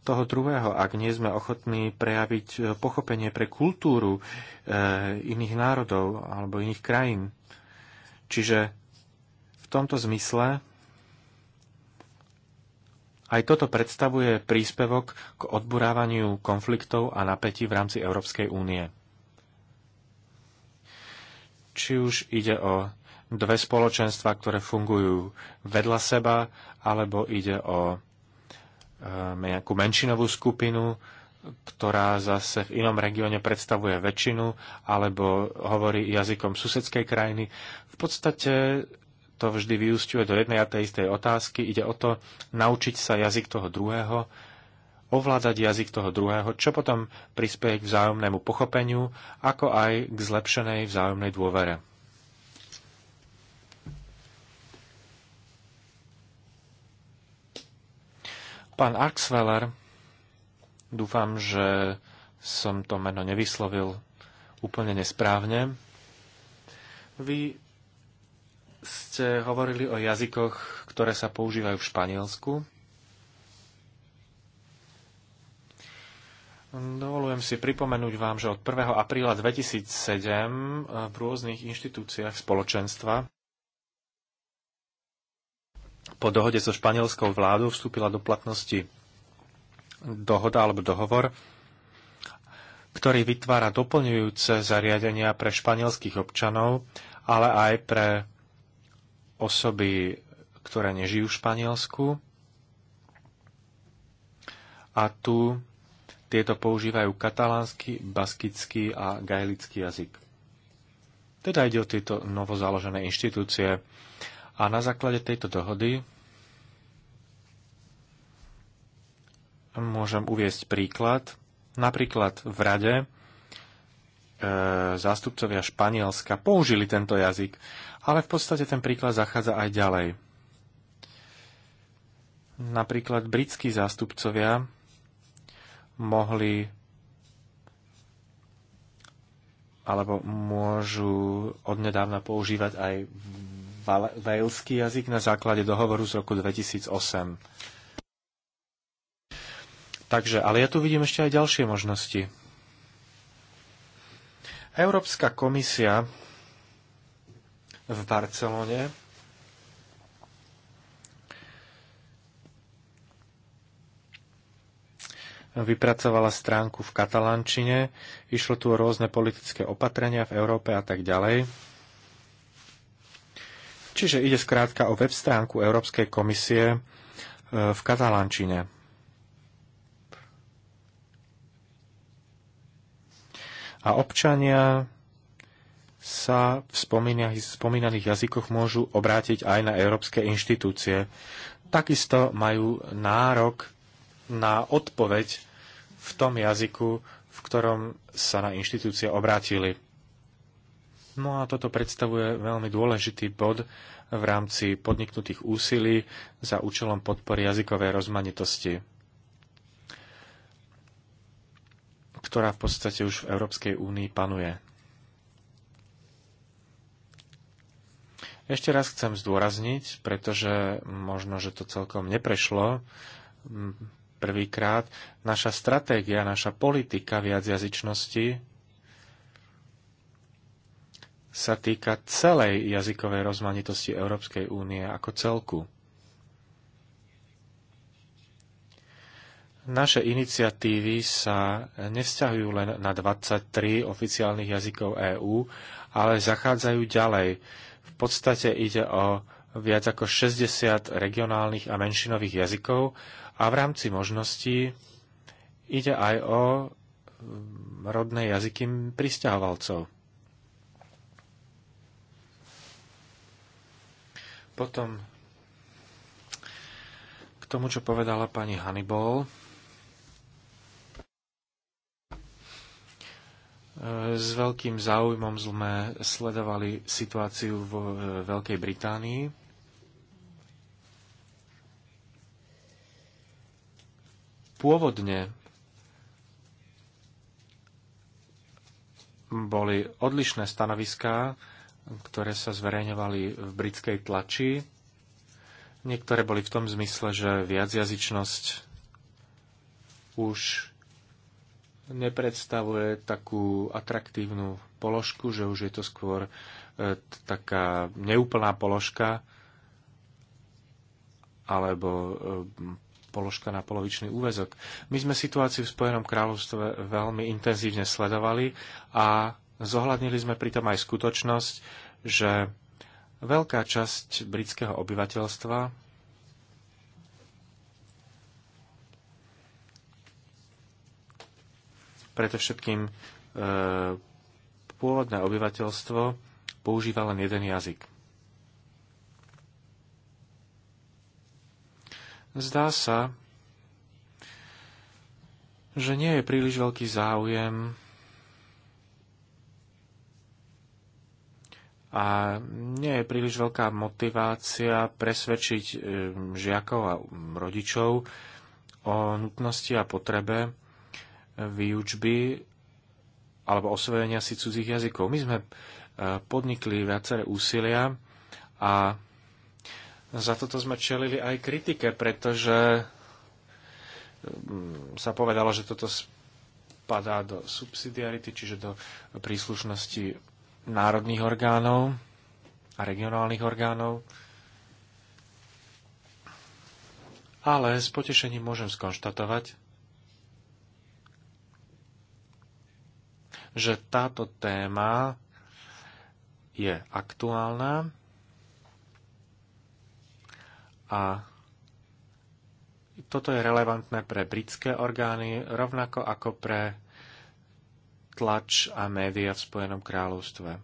toho druhého, ak nie sme ochotní prejaviť e, pochopenie pre kultúru e, iných národov alebo iných krajín. Čiže tomto zmysle aj toto predstavuje príspevok k odburávaniu konfliktov a napätí v rámci Európskej únie. Či už ide o dve spoločenstva, ktoré fungujú vedľa seba, alebo ide o e, nejakú menšinovú skupinu, ktorá zase v inom regióne predstavuje väčšinu alebo hovorí jazykom susedskej krajiny. V podstate to vždy vyústiuje do jednej a tej istej otázky. Ide o to naučiť sa jazyk toho druhého, ovládať jazyk toho druhého, čo potom prispieje k vzájomnému pochopeniu, ako aj k zlepšenej vzájomnej dôvere. Pán Axweller, dúfam, že som to meno nevyslovil úplne nesprávne. Vy ste hovorili o jazykoch, ktoré sa používajú v Španielsku. Dovolujem si pripomenúť vám, že od 1. apríla 2007 v rôznych inštitúciách spoločenstva po dohode so španielskou vládou vstúpila do platnosti dohoda alebo dohovor, ktorý vytvára doplňujúce zariadenia pre španielských občanov, ale aj pre osoby, ktoré nežijú v Španielsku. A tu tieto používajú katalánsky, baskický a gaelický jazyk. Teda ide o tieto novozaložené inštitúcie. A na základe tejto dohody môžem uviesť príklad. Napríklad v Rade E, zástupcovia Španielska použili tento jazyk, ale v podstate ten príklad zachádza aj ďalej. Napríklad britskí zástupcovia mohli alebo môžu odnedávna používať aj waleský jazyk na základe dohovoru z roku 2008. Takže, ale ja tu vidím ešte aj ďalšie možnosti. Európska komisia v Barcelone vypracovala stránku v Katalánčine. išlo tu o rôzne politické opatrenia v Európe a tak ďalej. Čiže ide skrátka o web stránku Európskej komisie e, v Katalánčine. a občania sa v spomínaných jazykoch môžu obrátiť aj na európske inštitúcie. Takisto majú nárok na odpoveď v tom jazyku, v ktorom sa na inštitúcie obrátili. No a toto predstavuje veľmi dôležitý bod v rámci podniknutých úsilí za účelom podpory jazykovej rozmanitosti. ktorá v podstate už v Európskej únii panuje. Ešte raz chcem zdôrazniť, pretože možno, že to celkom neprešlo prvýkrát, naša stratégia, naša politika viac jazyčnosti sa týka celej jazykovej rozmanitosti Európskej únie ako celku. Naše iniciatívy sa nevzťahujú len na 23 oficiálnych jazykov EÚ, ale zachádzajú ďalej. V podstate ide o viac ako 60 regionálnych a menšinových jazykov a v rámci možností ide aj o mm, rodné jazyky pristahovalcov. Potom k tomu, čo povedala pani Hannibal, S veľkým záujmom sme sledovali situáciu v Veľkej Británii. Pôvodne boli odlišné stanoviská, ktoré sa zverejňovali v britskej tlači. Niektoré boli v tom zmysle, že viacjazyčnosť už nepredstavuje takú atraktívnu položku, že už je to skôr e, taká neúplná položka alebo e, položka na polovičný úvezok. My sme situáciu v Spojenom kráľovstve veľmi intenzívne sledovali a zohľadnili sme pritom aj skutočnosť, že veľká časť britského obyvateľstva všetkým e, pôvodné obyvateľstvo používa len jeden jazyk. Zdá sa, že nie je príliš veľký záujem a nie je príliš veľká motivácia presvedčiť e, žiakov a rodičov o nutnosti a potrebe výučby alebo osvojenia si cudzích jazykov. My sme e, podnikli viaceré úsilia a za toto sme čelili aj kritike, pretože mm, sa povedalo, že toto spadá do subsidiarity, čiže do príslušnosti národných orgánov a regionálnych orgánov. Ale s potešením môžem skonštatovať, že táto téma je aktuálna a toto je relevantné pre britské orgány, rovnako ako pre tlač a média v Spojenom kráľovstve.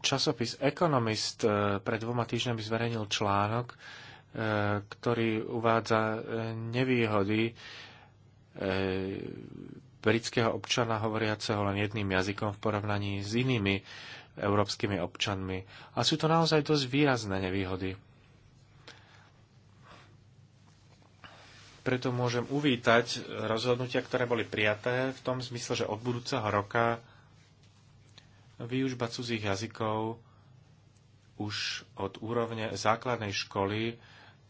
Časopis Economist e, pred dvoma týždňami zverejnil článok, e, ktorý uvádza e, nevýhody britského občana hovoriaceho len jedným jazykom v porovnaní s inými európskymi občanmi. A sú to naozaj dosť výrazné nevýhody. Preto môžem uvítať rozhodnutia, ktoré boli prijaté v tom zmysle, že od budúceho roka Výužba cudzích jazykov už od úrovne základnej školy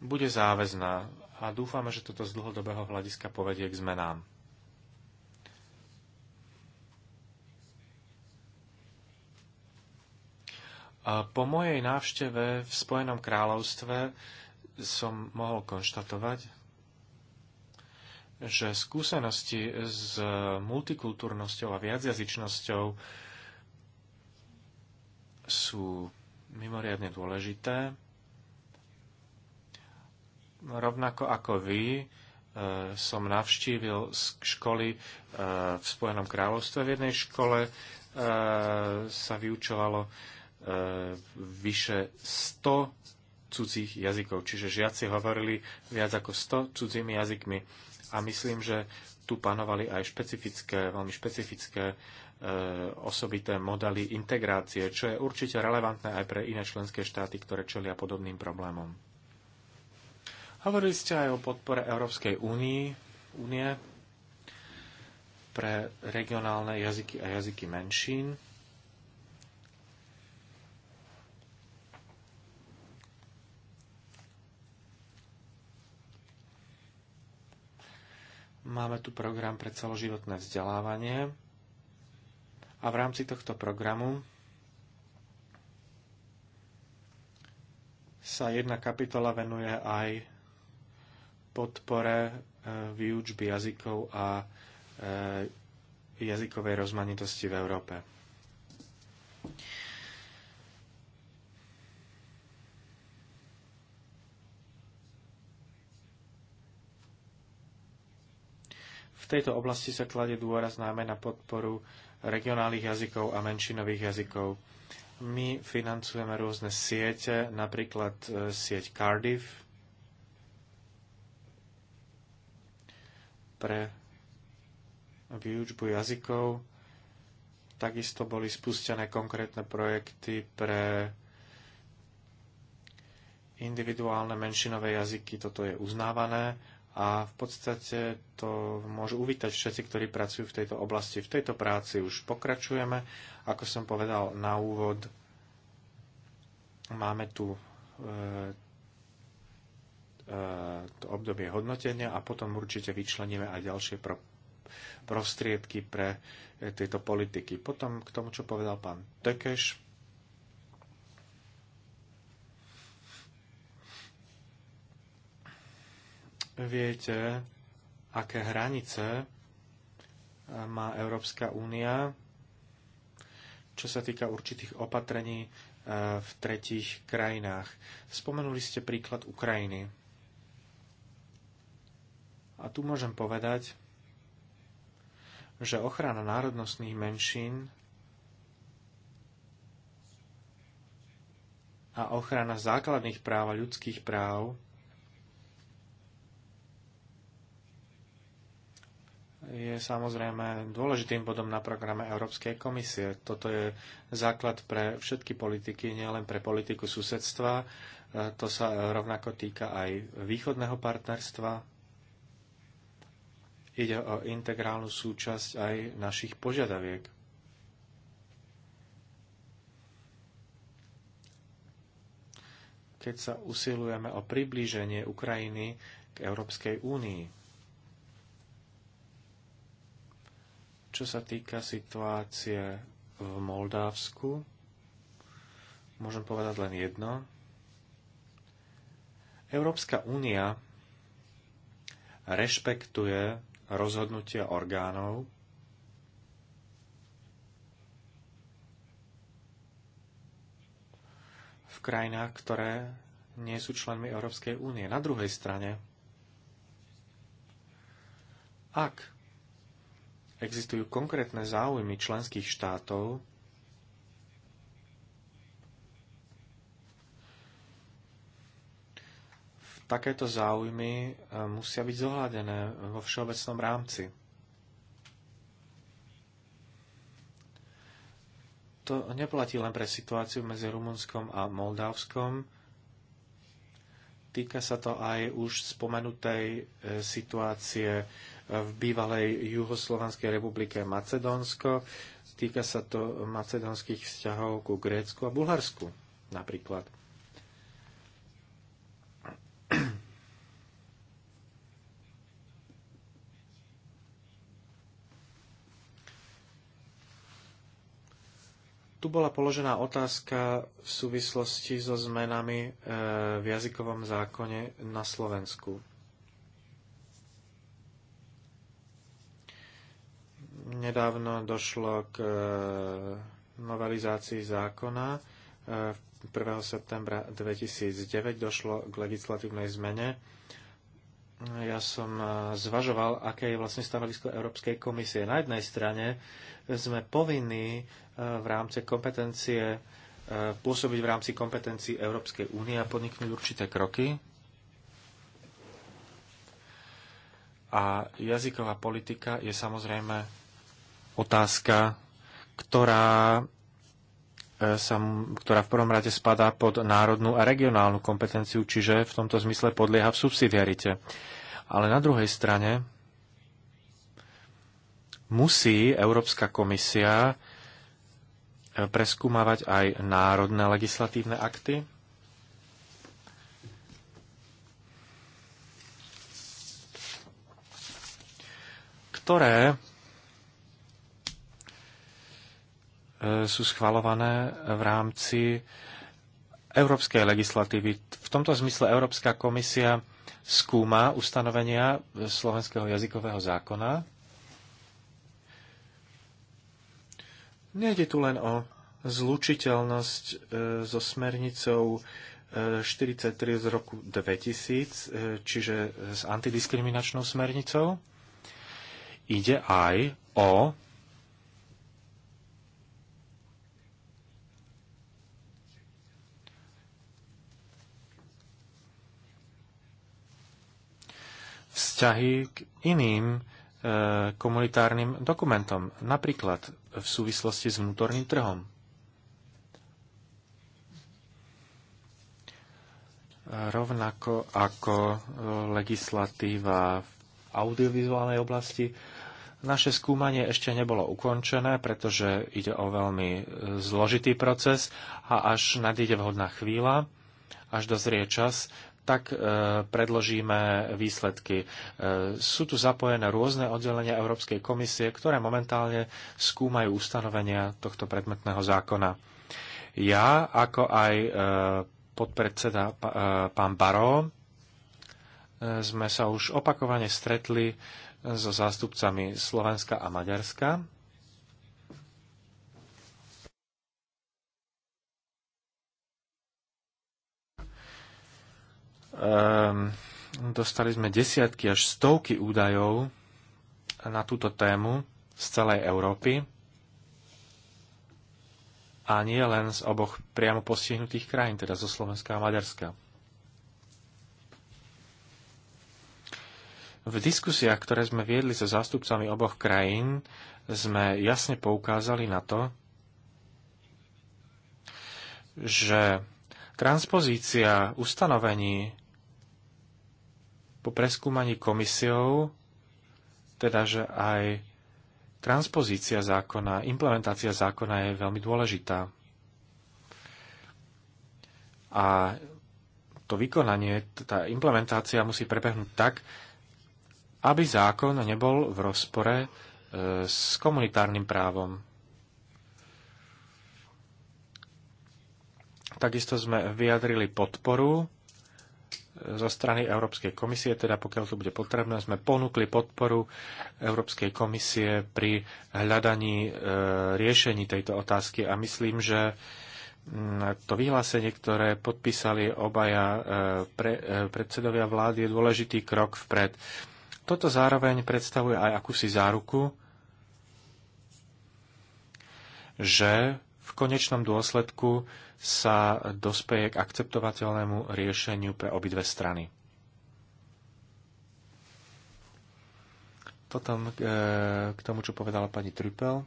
bude záväzná a dúfame, že toto z dlhodobého hľadiska povedie k zmenám. Po mojej návšteve v Spojenom kráľovstve som mohol konštatovať, že skúsenosti s multikultúrnosťou a viacjazyčnosťou sú mimoriadne dôležité. Rovnako ako vy, e, som navštívil školy e, v Spojenom kráľovstve. V jednej škole e, sa vyučovalo vyše 100 cudzích jazykov, čiže žiaci hovorili viac ako 100 cudzími jazykmi. A myslím, že tu panovali aj špecifické, veľmi špecifické E, osobité modely integrácie, čo je určite relevantné aj pre iné členské štáty, ktoré čelia podobným problémom. Hovorili ste aj o podpore Európskej únie, únie pre regionálne jazyky a jazyky menšín. Máme tu program pre celoživotné vzdelávanie a v rámci tohto programu sa jedna kapitola venuje aj podpore e, výučby jazykov a e, jazykovej rozmanitosti v Európe. V tejto oblasti sa kladie dôraz najmä na podporu regionálnych jazykov a menšinových jazykov. My financujeme rôzne siete, napríklad e, sieť Cardiff pre výučbu jazykov. Takisto boli spustené konkrétne projekty pre individuálne menšinové jazyky, toto je uznávané a v podstate to môžu uvítať všetci, ktorí pracujú v tejto oblasti. V tejto práci už pokračujeme. Ako som povedal na úvod, máme tu e, e, to obdobie hodnotenia a potom určite vyčleníme aj ďalšie pro, prostriedky pre e, tieto politiky. Potom k tomu, čo povedal pán Tekeš, Viete, aké hranice eh, má Európska únia, čo sa týka určitých opatrení eh, v tretích krajinách. Spomenuli ste príklad Ukrajiny. A tu môžem povedať, že ochrana národnostných menšín a ochrana základných práv a ľudských práv je samozrejme dôležitým bodom na programe Európskej komisie. Toto je základ pre všetky politiky, nielen pre politiku susedstva. E, to sa rovnako týka aj východného partnerstva. Ide o integrálnu súčasť aj našich požiadaviek. Keď sa usilujeme o priblíženie Ukrajiny k Európskej únii, Čo sa týka situácie v Moldávsku, môžem povedať len jedno. Európska únia rešpektuje rozhodnutia orgánov, v krajinách, ktoré nie sú členmi Európskej únie. Na druhej strane, ak existujú konkrétne záujmy členských štátov, takéto záujmy e, musia byť zohľadené vo všeobecnom rámci. To neplatí len pre situáciu medzi Rumunskom a Moldavskom. Týka sa to aj už spomenutej e, situácie v bývalej Juhoslovanskej republike Macedónsko. Týka sa to macedónskych vzťahov ku Grécku a Bulharsku napríklad. Tu bola položená otázka v súvislosti so zmenami eh, v jazykovom zákone na Slovensku. Nedávno došlo k e, novelizácii zákona. 1. E, septembra 2009 došlo k legislatívnej zmene. Ja som e, zvažoval, aké je vlastne stanovisko Európskej komisie. Na jednej strane sme povinní v rámci kompetencie pôsobiť v rámci kompetencií Európskej únie a podniknúť určité kroky. A jazyková politika je samozrejme otázka, ktorá, e, sa, ktorá v prvom rade spadá pod národnú a regionálnu kompetenciu, čiže v tomto zmysle podlieha v subsidiarite. Ale na druhej strane musí Európska komisia e, preskúmavať aj národné legislatívne akty. ktoré sú schvalované v rámci európskej legislatívy. V tomto zmysle Európska komisia skúma ustanovenia slovenského jazykového zákona. Nejde tu len o zlučiteľnosť e, so smernicou 43 e, z roku 2000, e, čiže s antidiskriminačnou smernicou. Ide aj o vzťahy k iným e, komunitárnym dokumentom, napríklad v súvislosti s vnútorným trhom. Rovnako ako e, legislatíva v audiovizuálnej oblasti, naše skúmanie ešte nebolo ukončené, pretože ide o veľmi e, zložitý proces a až nadíde vhodná chvíľa, až dozrie čas, tak e, predložíme výsledky. E, sú tu zapojené rôzne oddelenia Európskej komisie, ktoré momentálne skúmajú ustanovenia tohto predmetného zákona. Ja, ako aj e, podpredseda pán Baro, sme sa už opakovane stretli so zástupcami Slovenska a Maďarska Ehm, dostali sme desiatky až stovky údajov na túto tému z celej Európy a nie len z oboch priamo postihnutých krajín, teda zo Slovenska a Maďarska. V diskusiách, ktoré sme viedli so zástupcami oboch krajín, sme jasne poukázali na to, že transpozícia ustanovení po preskúmaní komisiou, teda že aj transpozícia zákona, implementácia zákona je veľmi dôležitá. A to vykonanie, tá implementácia musí prebehnúť tak, aby zákon nebol v rozpore e, s komunitárnym právom. Takisto sme vyjadrili podporu zo strany Európskej komisie, teda pokiaľ to bude potrebné, sme ponúkli podporu Európskej komisie pri hľadaní e, riešení tejto otázky a myslím, že mm, to vyhlásenie, ktoré podpísali obaja e, pre, e, predsedovia vlády, je dôležitý krok vpred. Toto zároveň predstavuje aj akúsi záruku, že v konečnom dôsledku sa dospeje k akceptovateľnému riešeniu pre obidve strany. Potom e, k tomu, čo povedala pani Trupel.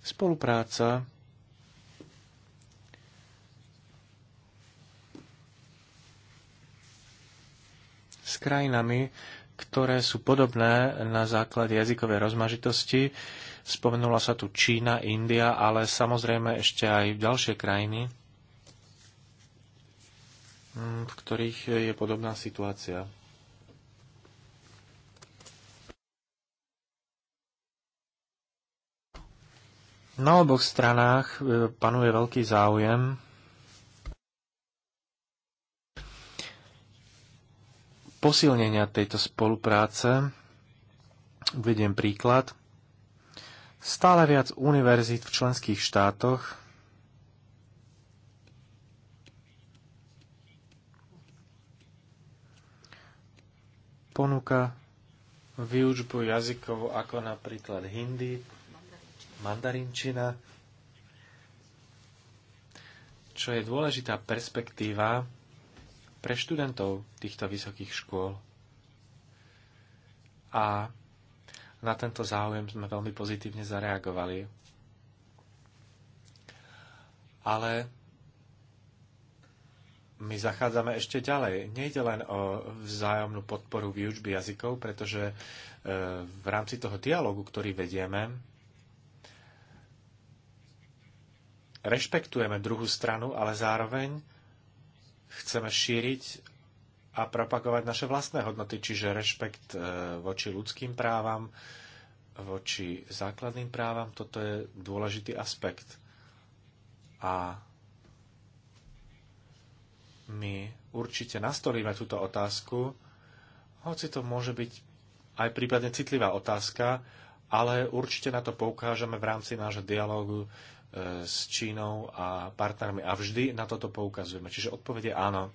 Spolupráca s krajinami, ktoré sú podobné na základe jazykovej rozmažitosti. Spomenula sa tu Čína, India, ale samozrejme ešte aj ďalšie krajiny, mm, v ktorých je podobná situácia. Na oboch stranách e, panuje veľký záujem posilnenia tejto spolupráce. Uvediem príklad. Stále viac univerzít v členských štátoch ponúka výučbu jazykov ako napríklad hindi, mandarinčina, čo je dôležitá perspektíva pre študentov týchto vysokých škôl. A na tento záujem sme veľmi pozitívne zareagovali. Ale my zachádzame ešte ďalej. Nejde len o vzájomnú podporu výučby jazykov, pretože e, v rámci toho dialogu, ktorý vedieme, rešpektujeme druhú stranu, ale zároveň chceme šíriť a propagovať naše vlastné hodnoty, čiže rešpekt e, voči ľudským právam, voči základným právam, toto je dôležitý aspekt. A my určite nastolíme túto otázku, hoci to môže byť aj prípadne citlivá otázka, ale určite na to poukážeme v rámci nášho dialógu E, s Čínou a partnermi a vždy na toto poukazujeme. Čiže odpovede áno.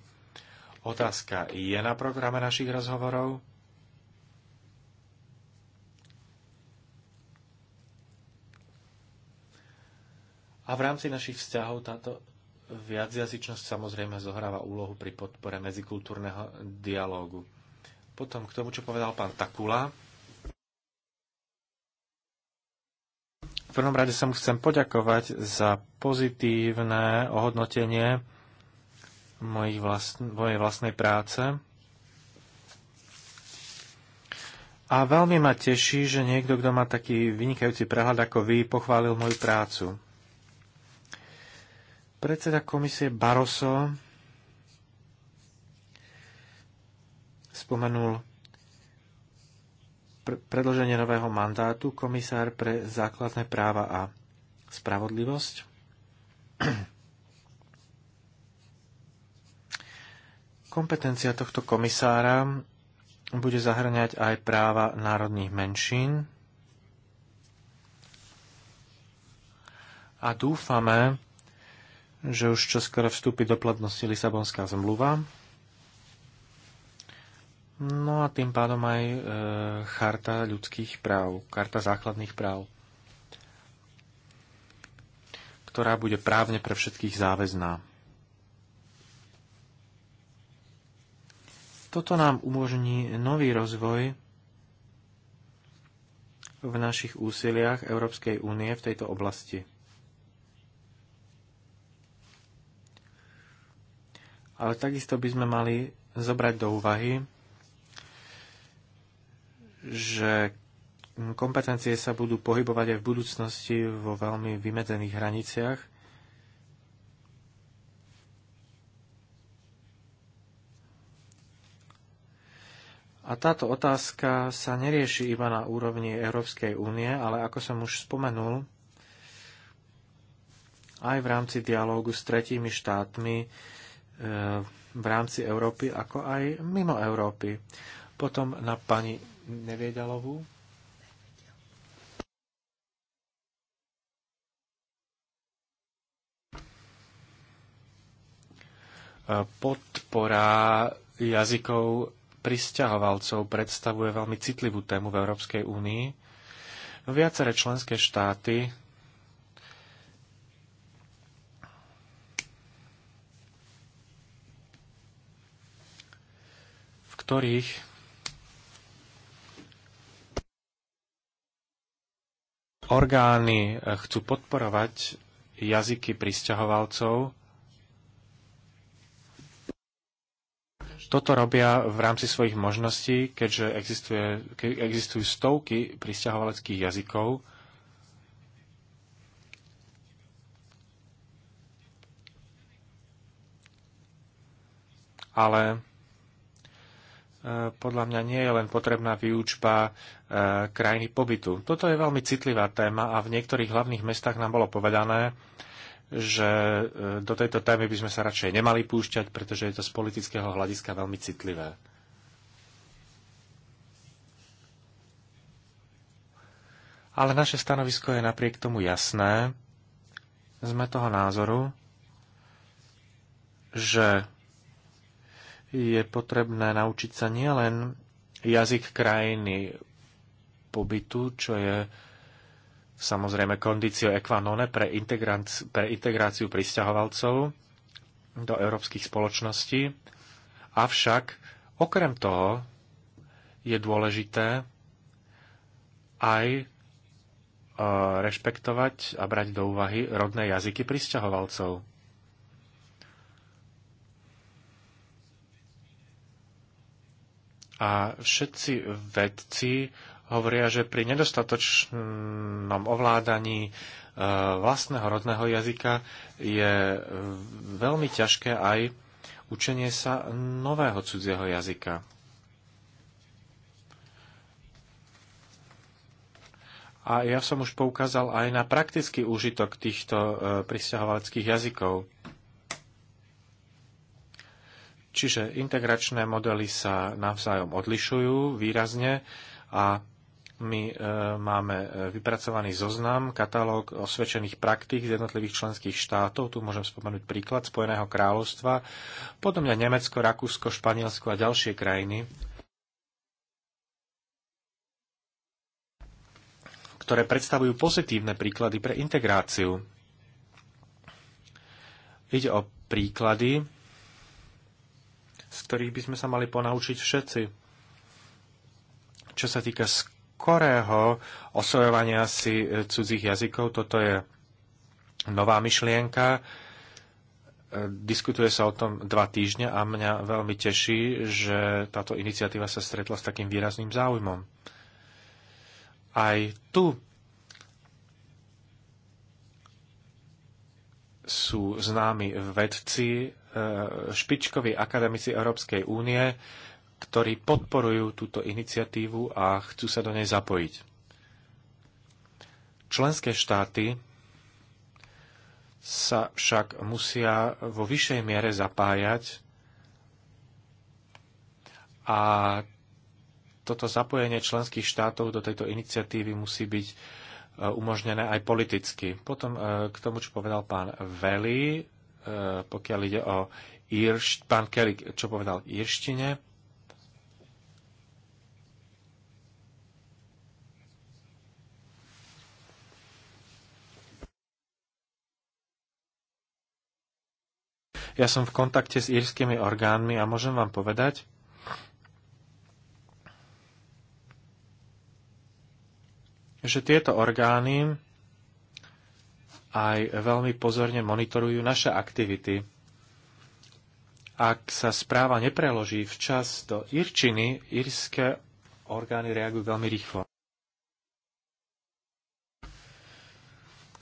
Otázka je na programe našich rozhovorov. A v rámci našich vzťahov táto viacjazyčnosť samozrejme zohráva úlohu pri podpore medzikultúrneho dialógu. Potom k tomu, čo povedal pán Takula. V prvom rade sa mu chcem poďakovať za pozitívne ohodnotenie vlastn- mojej vlastnej práce. A veľmi ma teší, že niekto, kto má taký vynikajúci prehľad ako vy, pochválil moju prácu. Predseda komisie Barroso spomenul pr- predloženie nového mandátu komisár pre základné práva a spravodlivosť. Kompetencia tohto komisára bude zahrňať aj práva národných menšín a dúfame, že už čoskoro vstúpi do platnosti Lisabonská zmluva, No a tým pádom aj e, charta ľudských práv, karta základných práv, ktorá bude právne pre všetkých záväzná. Toto nám umožní nový rozvoj v našich úsiliach Európskej únie v tejto oblasti. Ale takisto by sme mali zobrať do úvahy že kompetencie sa budú pohybovať aj v budúcnosti vo veľmi vymedzených hraniciach. A táto otázka sa nerieši iba na úrovni Európskej únie, ale ako som už spomenul, aj v rámci dialógu s tretími štátmi e, v rámci Európy, ako aj mimo Európy. Potom na pani Neviedalovú. Podpora jazykov pristahovalcov predstavuje veľmi citlivú tému v Európskej únii. Viaceré členské štáty ktorých orgány eh, chcú podporovať jazyky pristahovalcov. Toto robia v rámci svojich možností, keďže existuje, ke, existujú stovky pristahovaleckých jazykov. Ale Eh, podľa mňa nie je len potrebná výučba eh, krajiny pobytu. Toto je veľmi citlivá téma a v niektorých hlavných mestách nám bolo povedané, že eh, do tejto témy by sme sa radšej nemali púšťať, pretože je to z politického hľadiska veľmi citlivé. Ale naše stanovisko je napriek tomu jasné. Sme toho názoru, že je potrebné naučiť sa nielen jazyk krajiny pobytu, čo je samozrejme kondicio equanone pre, pre integráciu pristahovalcov do európskych spoločností. Avšak okrem toho je dôležité aj e, rešpektovať a brať do úvahy rodné jazyky pristahovalcov. A všetci vedci hovoria, že pri nedostatočnom ovládaní e, vlastného rodného jazyka je veľmi ťažké aj učenie sa nového cudzieho jazyka. A ja som už poukázal aj na praktický úžitok týchto e, pristahovaleckých jazykov. Čiže integračné modely sa navzájom odlišujú výrazne a my e, máme e, vypracovaný zoznam, katalóg osvedčených praktík z jednotlivých členských štátov. Tu môžem spomenúť príklad Spojeného kráľovstva, podľa mňa Nemecko, Rakúsko, Španielsko a ďalšie krajiny, ktoré predstavujú pozitívne príklady pre integráciu. Ide o príklady, z ktorých by sme sa mali ponaučiť všetci. Čo sa týka skorého osvojovania si e, cudzích jazykov, toto je nová myšlienka. E, diskutuje sa o tom dva týždne a mňa veľmi teší, že táto iniciatíva sa stretla s takým výrazným záujmom. Aj tu sú známi vedci E, špičkoví akademici Európskej únie, ktorí podporujú túto iniciatívu a chcú sa do nej zapojiť. Členské štáty sa však musia vo vyššej miere zapájať a toto zapojenie členských štátov do tejto iniciatívy musí byť e, umožnené aj politicky. Potom e, k tomu, čo povedal pán Veli, Eh, pokiaľ ide o Irš, pán Kelly, čo povedal irštine. Ja som v kontakte s írskymi orgánmi a môžem vám povedať, že tieto orgány aj veľmi pozorne monitorujú naše aktivity. Ak sa správa nepreloží včas do Irčiny, írske orgány reagujú veľmi rýchlo.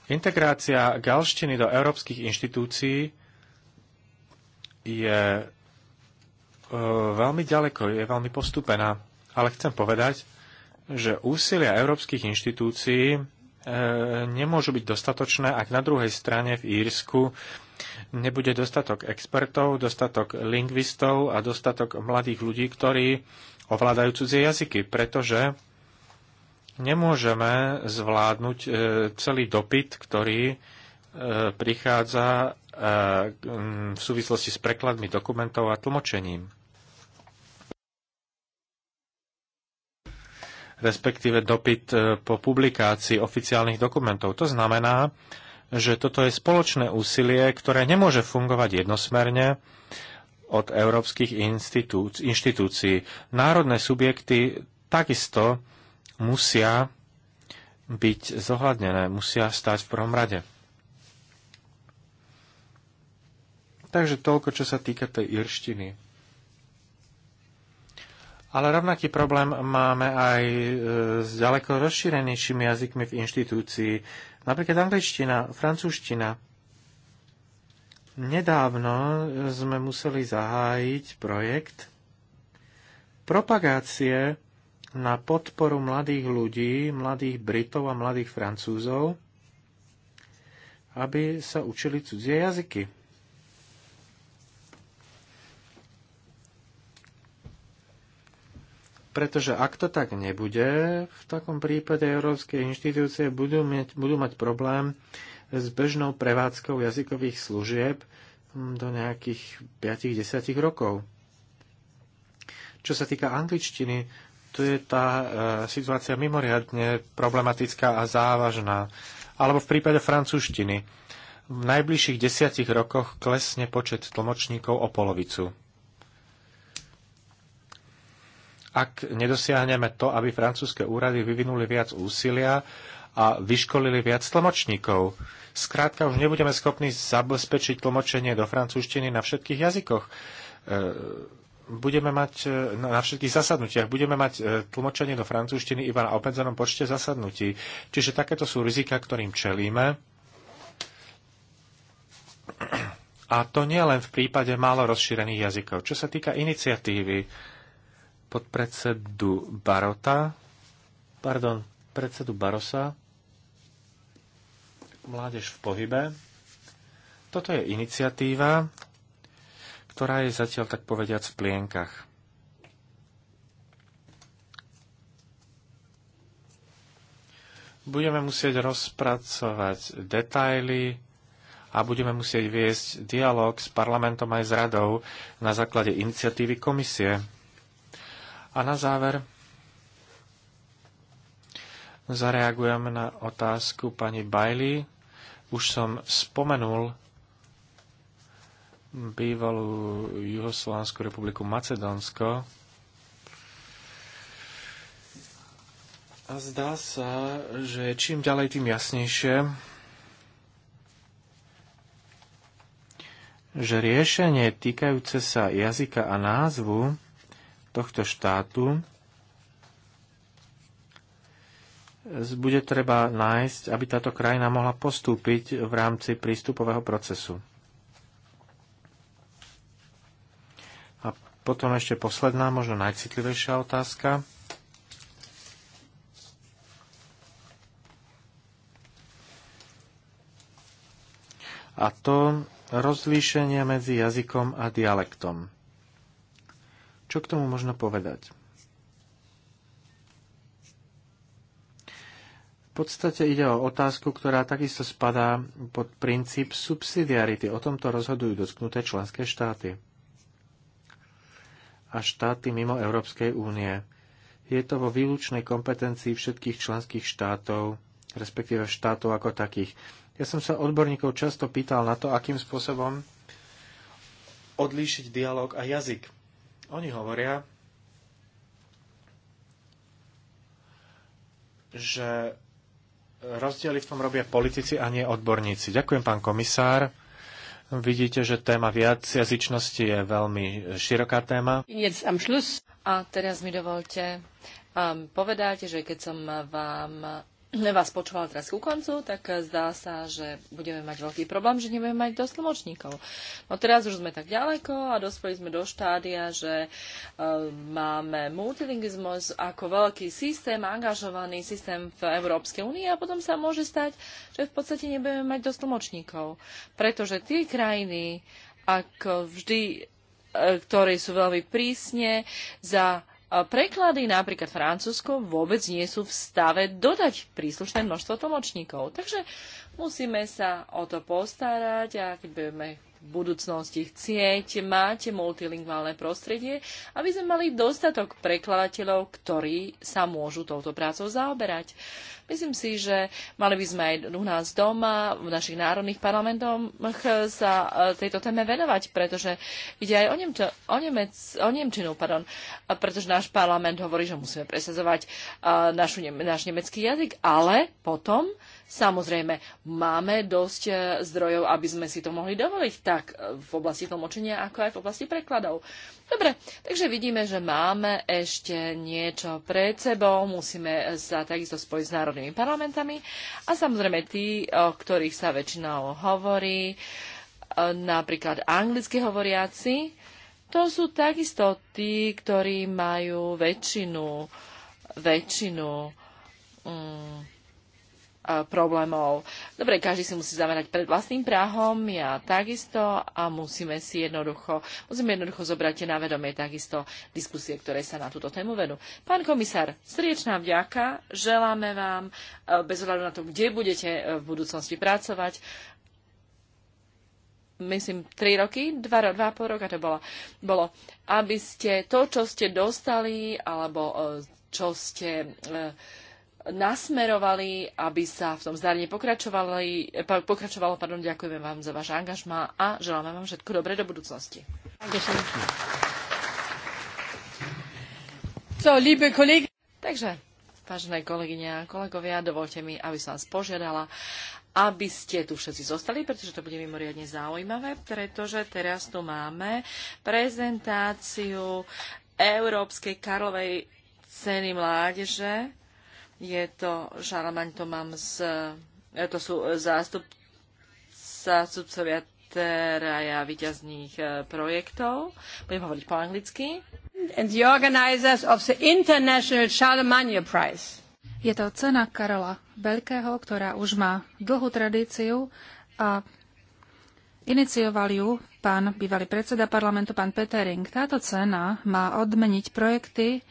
Integrácia galštiny do európskych inštitúcií je e, veľmi ďaleko, je veľmi postupená. Ale chcem povedať, že úsilia európskych inštitúcií E, nemôžu byť dostatočné, ak na druhej strane v Írsku nebude dostatok expertov, dostatok lingvistov a dostatok mladých ľudí, ktorí ovládajú cudzie jazyky, pretože nemôžeme zvládnuť e, celý dopyt, ktorý e, prichádza v súvislosti s prekladmi dokumentov a tlmočením. respektíve dopyt e, po publikácii oficiálnych dokumentov. To znamená, že toto je spoločné úsilie, ktoré nemôže fungovať jednosmerne od európskych inštitúcií. Národné subjekty takisto musia byť zohľadnené, musia stať v prvom rade. Takže toľko, čo sa týka tej irštiny. Ale rovnaký problém máme aj e, s ďaleko rozšírenejšími jazykmi v inštitúcii. Napríklad angličtina, francúzština. Nedávno sme museli zahájiť projekt propagácie na podporu mladých ľudí, mladých Britov a mladých Francúzov, aby sa učili cudzie jazyky. pretože ak to tak nebude, v takom prípade európske inštitúcie budú mať, budú mať problém s bežnou prevádzkou jazykových služieb mm, do nejakých 5-10 rokov. Čo sa týka angličtiny, tu je tá e, situácia mimoriadne problematická a závažná. Alebo v prípade francúzštiny. V najbližších desiatich rokoch klesne počet tlmočníkov o polovicu. ak nedosiahneme to, aby francúzske úrady vyvinuli viac úsilia a vyškolili viac tlmočníkov. Skrátka, už nebudeme schopní zabezpečiť tlmočenie do francúzštiny na všetkých jazykoch. E, budeme mať e, na všetkých zasadnutiach, budeme mať e, tlmočenie do francúzštiny iba na obmedzenom počte zasadnutí. Čiže takéto sú rizika, ktorým čelíme. A to nie len v prípade málo rozšírených jazykov. Čo sa týka iniciatívy, podpredsedu Barota, pardon, predsedu Barosa, Mládež v pohybe. Toto je iniciatíva, ktorá je zatiaľ tak povediac v plienkach. Budeme musieť rozpracovať detaily a budeme musieť viesť dialog s parlamentom aj s radou na základe iniciatívy komisie. A na záver zareagujem na otázku pani Bailey. Už som spomenul bývalú Juhoslovanskú republiku Macedónsko. A zdá sa, že čím ďalej, tým jasnejšie, že riešenie týkajúce sa jazyka a názvu tohto štátu bude treba nájsť, aby táto krajina mohla postúpiť v rámci prístupového procesu. A potom ešte posledná, možno najcitlivejšia otázka. A to rozlíšenie medzi jazykom a dialektom. Čo k tomu možno povedať? V podstate ide o otázku, ktorá takisto spadá pod princíp subsidiarity. O tomto rozhodujú dotknuté členské štáty a štáty mimo Európskej únie. Je to vo výlučnej kompetencii všetkých členských štátov, respektíve štátov ako takých. Ja som sa odborníkov často pýtal na to, akým spôsobom odlíšiť dialog a jazyk. Oni hovoria, že rozdiely v tom robia politici a nie odborníci. Ďakujem, pán komisár. Vidíte, že téma viac jazyčnosti je veľmi široká téma. A teraz mi dovolte um, povedať, že keď som vám Hm, vás počúvala teraz ku koncu, tak eh, zdá sa, že budeme mať veľký problém, že nebudeme mať dosť tlmočníkov. No teraz už sme tak ďaleko a dospeli sme do štádia, že e, máme multilingvizmus ako veľký systém, angažovaný systém v Európskej únii a potom sa môže stať, že v podstate nebudeme mať dosť tlmočníkov. Pretože tie krajiny, ako vždy, e, ktoré sú veľmi prísne za preklady napríklad Francúzsko vôbec nie sú v stave dodať príslušné množstvo tlmočníkov. Takže musíme sa o to postarať a keď budeme v budúcnosti chcieť mať multilingválne prostredie, aby sme mali dostatok prekladateľov, ktorí sa môžu touto prácou zaoberať. Myslím si, že mali by sme aj u nás doma, v našich národných parlamentoch sa e, tejto téme venovať, pretože ide aj o, Nemčo, o, Nemec, o Nemčinu, pardon, pretože náš parlament hovorí, že musíme presazovať e, našu, náš nemecký jazyk, ale potom Samozrejme, máme dosť e, zdrojov, aby sme si to mohli dovoliť, tak e, v oblasti tlmočenia, ako aj v oblasti prekladov. Dobre, takže vidíme, že máme ešte niečo pred sebou, musíme sa takisto spojiť s národnými parlamentami a samozrejme tí, o ktorých sa väčšinou hovorí, e, napríklad anglicky hovoriaci, to sú takisto tí, ktorí majú väčšinu, väčšinu mm, problémov. Dobre, každý si musí zamerať pred vlastným práhom, ja takisto a musíme si jednoducho, musíme jednoducho zobrať na vedomie takisto diskusie, ktoré sa na túto tému vedú. Pán komisár, srdečná vďaka, želáme vám, bez ohľadu na to, kde budete v budúcnosti pracovať, myslím, 3 roky, dva dva pol roka to bolo, bolo, aby ste to, čo ste dostali, alebo čo ste nasmerovali, aby sa v tom zdarne pokračovalo. Pardon, ďakujeme vám za váš angažma a želáme vám všetko dobré do budúcnosti. So, liebe kolegy... Takže, vážené kolegyne a kolegovia, dovolte mi, aby som vás požiadala, aby ste tu všetci zostali, pretože to bude mimoriadne zaujímavé, pretože teraz tu máme prezentáciu Európskej Karlovej ceny mládeže je to, Šaramaň to mám z, e, to sú zástup, zástupcovia traja výťazných e, projektov. Budem hovoriť po anglicky. And the organizers of the International Charlemagne Prize. Je to cena Karola Veľkého, ktorá už má dlhú tradíciu a Inicioval ju pán bývalý predseda parlamentu, pán Petering. Táto cena má odmeniť projekty,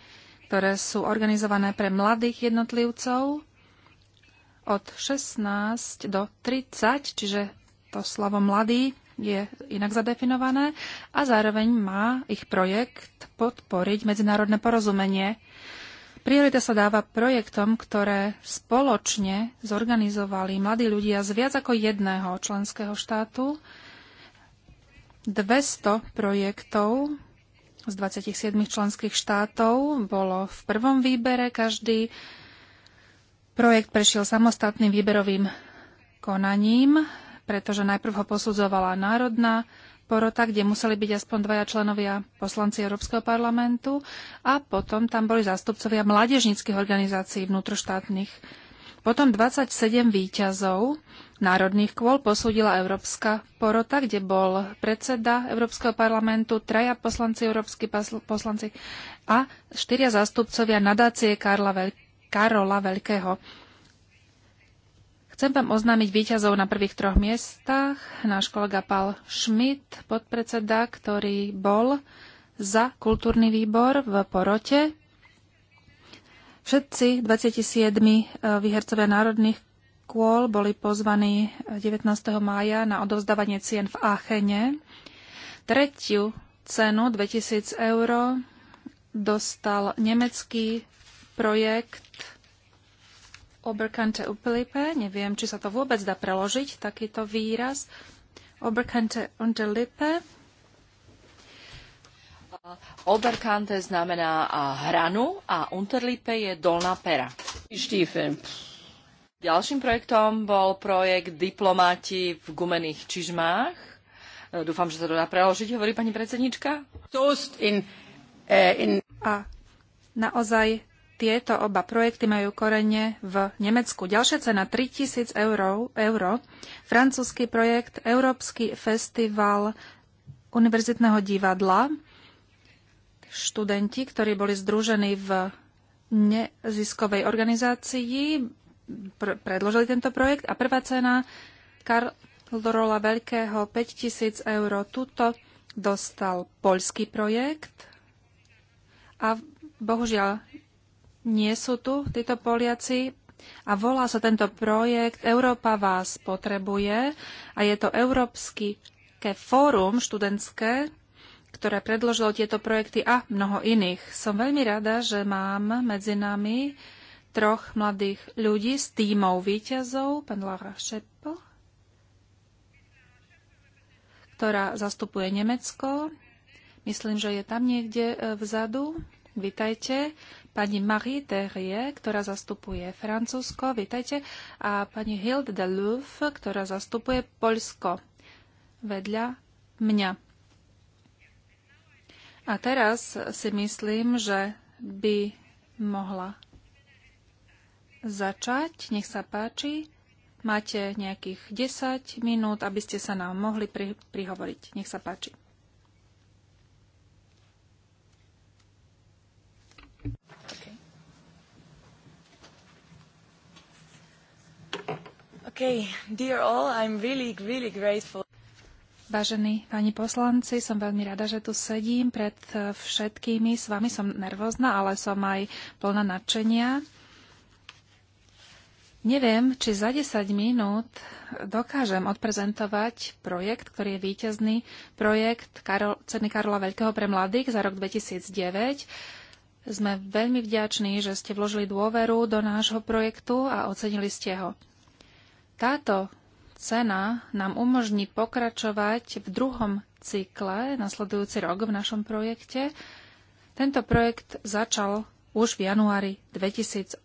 ktoré sú organizované pre mladých jednotlivcov od 16 do 30, čiže to slovo mladý je inak zadefinované a zároveň má ich projekt podporiť medzinárodné porozumenie. Priorita sa dáva projektom, ktoré spoločne zorganizovali mladí ľudia z viac ako jedného členského štátu. 200 projektov z 27 členských štátov bolo v prvom výbere. Každý projekt prešiel samostatným výberovým konaním, pretože najprv ho posudzovala národná porota, kde museli byť aspoň dvaja členovia poslanci Európskeho parlamentu a potom tam boli zástupcovia mládežnických organizácií vnútroštátnych potom 27 výťazov národných kôl posúdila Európska porota, kde bol predseda Európskeho parlamentu, traja poslanci, európsky poslanci a štyria zástupcovia nadácie Karla Veľ- Karola Veľkého. Chcem vám oznámiť výťazov na prvých troch miestach. Náš kolega Pal Schmidt, podpredseda, ktorý bol za kultúrny výbor v porote, Všetci 27 e, výhercovia národných škôl boli pozvaní 19. mája na odovzdávanie cien v Achene. Tretiu cenu 2000 eur dostal nemecký projekt Oberkante Upelipe. Neviem, či sa to vôbec dá preložiť, takýto výraz. Oberkante Unterlippe Oberkante znamená hranu a Unterlippe je dolná pera. Ďalším projektom bol projekt diplomáti v gumených čižmách. E, dúfam, že sa to dá preložiť, hovorí pani predsednička. Toast in, eh, in... A naozaj tieto oba projekty majú korene v Nemecku. Ďalšia cena 3000 eur, euro. Francúzsky projekt Európsky festival univerzitného divadla študenti, ktorí boli združení v neziskovej organizácii, pr- predložili tento projekt a prvá cena Karlorola Veľkého 5000 eur. Tuto dostal poľský projekt a bohužiaľ nie sú tu títo Poliaci a volá sa tento projekt Európa vás potrebuje a je to Európsky fórum študentské, ktoré predložilo tieto projekty a mnoho iných. Som veľmi rada, že mám medzi nami troch mladých ľudí s týmov výťazov, pán Laura Šepo, ktorá zastupuje Nemecko. Myslím, že je tam niekde e, vzadu. Vítajte. Pani Marie Terrie, ktorá zastupuje Francúzsko. Vítajte. A pani Hilde de Louvre, ktorá zastupuje Polsko. Vedľa mňa. A teraz si myslím, že by mohla začať. Nech sa páči. Máte nejakých 10 minút, aby ste sa nám mohli pri- prihovoriť. Nech sa páči. Okay. okay, dear all, I'm really, really grateful. Vážení páni poslanci, som veľmi rada, že tu sedím pred e, všetkými. S vami som nervózna, ale som aj plná nadšenia. Neviem, či za 10 minút dokážem odprezentovať projekt, ktorý je víťazný projekt Karol, Ceny Karola Veľkého pre mladých za rok 2009. Sme veľmi vďační, že ste vložili dôveru do nášho projektu a ocenili ste ho. Táto cena nám umožní pokračovať v druhom cykle nasledujúci rok v našom projekte. Tento projekt začal už v januári 2008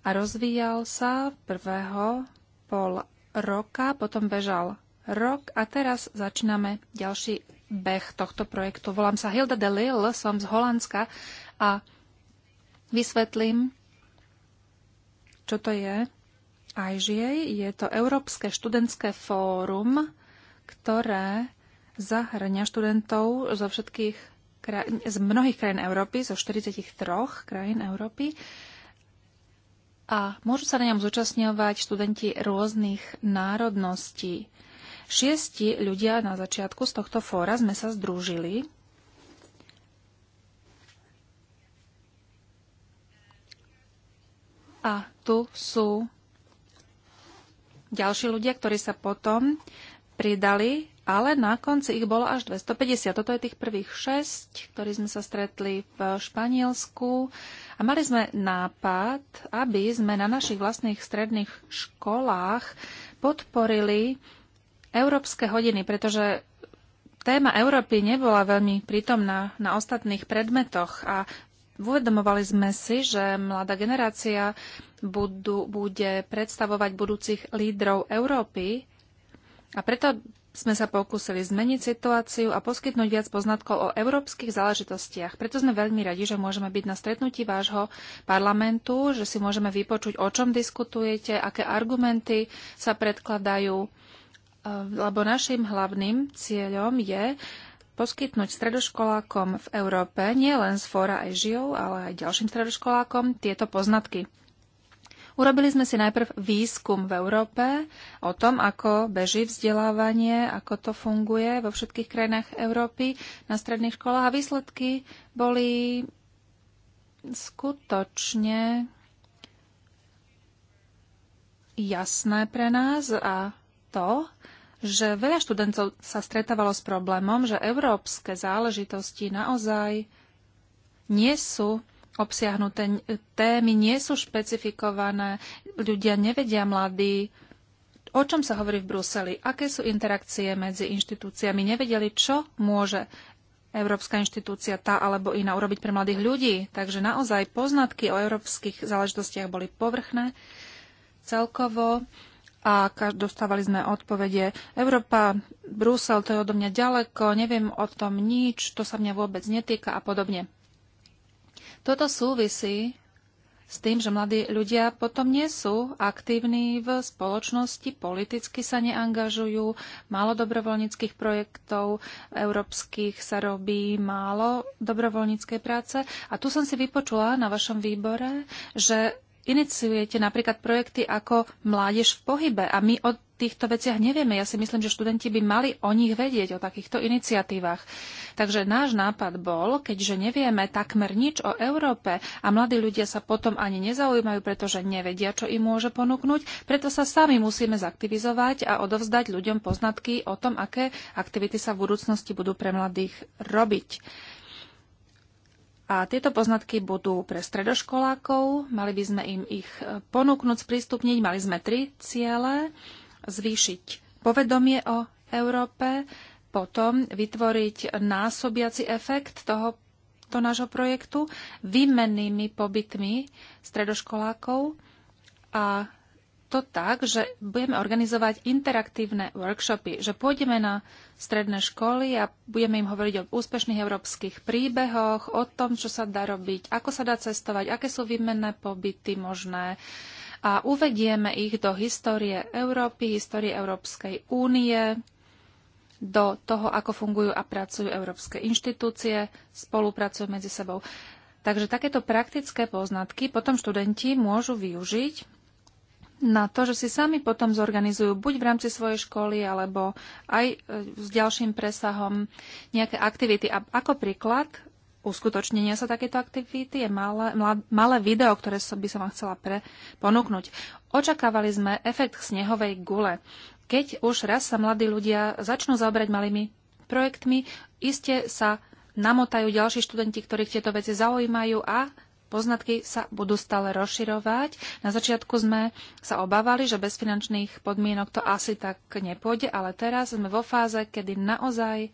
a rozvíjal sa prvého pol roka, potom bežal rok a teraz začíname ďalší beh tohto projektu. Volám sa Hilda de Lille, som z Holandska a vysvetlím, čo to je IGA. Je to Európske študentské fórum, ktoré zahrňa študentov zo všetkých z mnohých krajín Európy, zo 43 krajín Európy. A môžu sa na ňom zúčastňovať študenti rôznych národností. Šiesti ľudia na začiatku z tohto fóra sme sa združili. A tu sú ďalší ľudia, ktorí sa potom pridali, ale na konci ich bolo až 250. Toto je tých prvých 6, ktorí sme sa stretli v Španielsku. A mali sme nápad, aby sme na našich vlastných stredných školách podporili európske hodiny, pretože téma Európy nebola veľmi prítomná na ostatných predmetoch a Uvedomovali sme si, že mladá generácia budú, bude predstavovať budúcich lídrov Európy a preto sme sa pokúsili zmeniť situáciu a poskytnúť viac poznatkov o európskych záležitostiach. Preto sme veľmi radi, že môžeme byť na stretnutí vášho parlamentu, že si môžeme vypočuť, o čom diskutujete, aké argumenty sa predkladajú, lebo našim hlavným cieľom je poskytnúť stredoškolákom v Európe, nie len z Fóra Ežio, ale aj ďalším stredoškolákom, tieto poznatky. Urobili sme si najprv výskum v Európe o tom, ako beží vzdelávanie, ako to funguje vo všetkých krajinách Európy na stredných školách a výsledky boli skutočne jasné pre nás a to, že veľa študentov sa stretávalo s problémom, že európske záležitosti naozaj nie sú obsiahnuté, témy nie sú špecifikované, ľudia nevedia mladí, o čom sa hovorí v Bruseli, aké sú interakcie medzi inštitúciami, nevedeli, čo môže Európska inštitúcia tá alebo iná urobiť pre mladých ľudí. Takže naozaj poznatky o európskych záležitostiach boli povrchné. Celkovo a dostávali sme odpovede Európa, Brusel, to je odo mňa ďaleko, neviem o tom nič, to sa mňa vôbec netýka a podobne. Toto súvisí s tým, že mladí ľudia potom nie sú aktívni v spoločnosti, politicky sa neangažujú, málo dobrovoľníckých projektov európskych sa robí, málo dobrovoľníckej práce. A tu som si vypočula na vašom výbore, že iniciujete napríklad projekty ako Mládež v pohybe a my o týchto veciach nevieme. Ja si myslím, že študenti by mali o nich vedieť, o takýchto iniciatívach. Takže náš nápad bol, keďže nevieme takmer nič o Európe a mladí ľudia sa potom ani nezaujímajú, pretože nevedia, čo im môže ponúknuť, preto sa sami musíme zaktivizovať a odovzdať ľuďom poznatky o tom, aké aktivity sa v budúcnosti budú pre mladých robiť. A tieto poznatky budú pre stredoškolákov. Mali by sme im ich e, ponúknuť, sprístupniť. Mali sme tri ciele. Zvýšiť povedomie o Európe, potom vytvoriť násobiaci efekt toho to nášho projektu výmennými pobytmi stredoškolákov a to tak, že budeme organizovať interaktívne workshopy, že pôjdeme na stredné školy a budeme im hovoriť o úspešných európskych príbehoch, o tom, čo sa dá robiť, ako sa dá cestovať, aké sú výmenné pobyty možné. A uvedieme ich do histórie Európy, histórie Európskej únie, do toho, ako fungujú a pracujú európske inštitúcie, spolupracujú medzi sebou. Takže takéto praktické poznatky potom študenti môžu využiť na to, že si sami potom zorganizujú buď v rámci svojej školy, alebo aj e, s ďalším presahom nejaké aktivity. A ako príklad uskutočnenia sa takéto aktivity je malé, malé video, ktoré by som vám chcela pre, ponúknuť. Očakávali sme efekt snehovej gule. Keď už raz sa mladí ľudia začnú zaoberať malými projektmi, iste sa namotajú ďalší študenti, ktorých tieto veci zaujímajú a poznatky sa budú stále rozširovať. Na začiatku sme sa obávali, že bez finančných podmienok to asi tak nepôjde, ale teraz sme vo fáze, kedy naozaj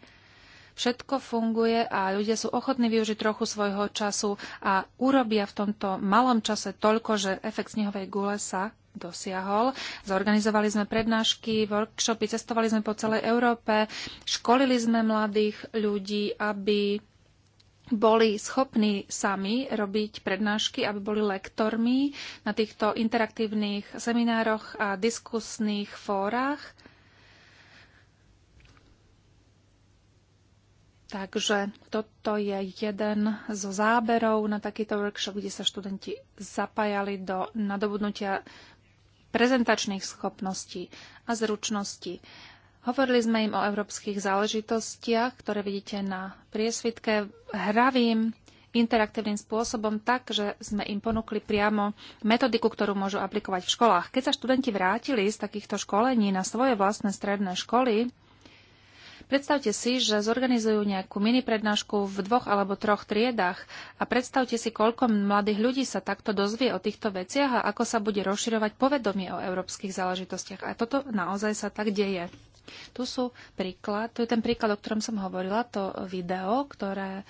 všetko funguje a ľudia sú ochotní využiť trochu svojho času a urobia v tomto malom čase toľko, že efekt snehovej gule sa dosiahol. Zorganizovali sme prednášky, workshopy, cestovali sme po celej Európe, školili sme mladých ľudí, aby boli schopní sami robiť prednášky, aby boli lektormi na týchto interaktívnych seminároch a diskusných fórach. Takže toto je jeden zo záberov na takýto workshop, kde sa študenti zapájali do nadobudnutia prezentačných schopností a zručností. Hovorili sme im o európskych záležitostiach, ktoré vidíte na priesvitke hravým interaktívnym spôsobom tak, že sme im ponúkli priamo metodiku, ktorú môžu aplikovať v školách. Keď sa študenti vrátili z takýchto školení na svoje vlastné stredné školy, Predstavte si, že zorganizujú nejakú mini prednášku v dvoch alebo troch triedách a predstavte si, koľko mladých ľudí sa takto dozvie o týchto veciach a ako sa bude rozširovať povedomie o európskych záležitostiach. A toto naozaj sa tak deje. Tu sú príklad, tu je ten príklad, o ktorom som hovorila, to video, ktoré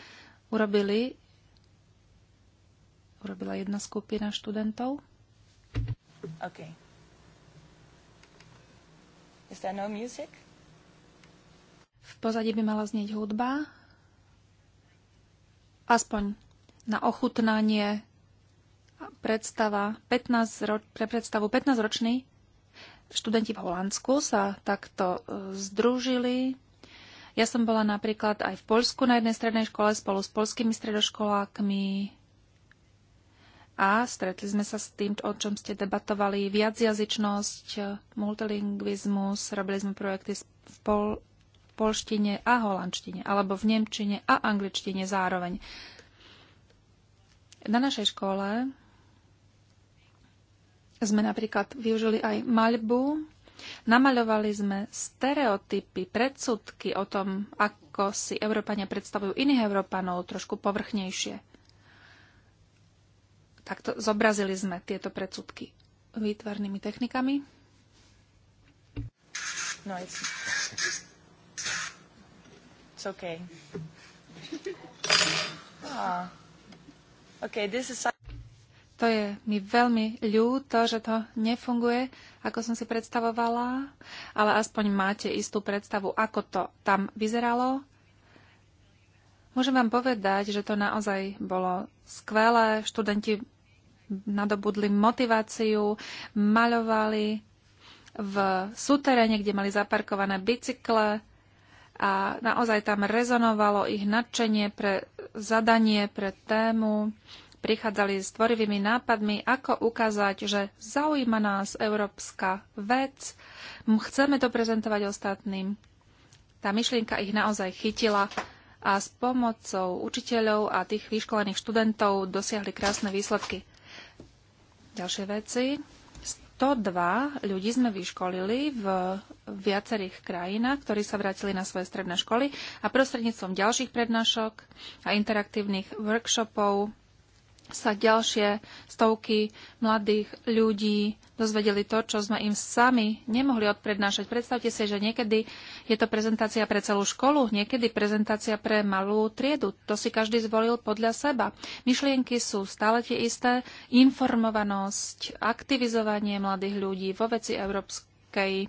urobili urobila jedna skupina študentov. OK. Is there no music? V pozadí by mala znieť hudba. Aspoň na ochutnanie predstava 15 roč, pre predstavu 15-ročný Študenti v Holandsku sa takto e, združili. Ja som bola napríklad aj v Poľsku na jednej strednej škole spolu s polskými stredoškolákmi a stretli sme sa s tým, o čom ste debatovali, viacjazyčnosť, multilingvizmus, robili sme projekty v pol, polštine a holandštine, alebo v nemčine a angličtine zároveň. Na našej škole sme napríklad využili aj maľbu. Namaľovali sme stereotypy, predsudky o tom, ako si Európania predstavujú iných Európanov trošku povrchnejšie. Takto zobrazili sme tieto predsudky výtvarnými technikami. No, it's, it's okay. Ah. Okay, this is... To je mi veľmi ľúto, že to nefunguje, ako som si predstavovala, ale aspoň máte istú predstavu, ako to tam vyzeralo. Môžem vám povedať, že to naozaj bolo skvelé. Študenti nadobudli motiváciu, maľovali v súteréne, kde mali zaparkované bicykle a naozaj tam rezonovalo ich nadšenie pre zadanie, pre tému prichádzali s tvorivými nápadmi, ako ukázať, že zaujíma nás európska vec, chceme to prezentovať ostatným. Tá myšlienka ich naozaj chytila a s pomocou učiteľov a tých vyškolených študentov dosiahli krásne výsledky. Ďalšie veci. 102 ľudí sme vyškolili v viacerých krajinách, ktorí sa vrátili na svoje stredné školy a prostredníctvom ďalších prednášok a interaktívnych workshopov sa ďalšie stovky mladých ľudí dozvedeli to, čo sme im sami nemohli odprednášať. Predstavte si, že niekedy je to prezentácia pre celú školu, niekedy prezentácia pre malú triedu. To si každý zvolil podľa seba. Myšlienky sú stále tie isté. Informovanosť, aktivizovanie mladých ľudí vo veci európskej,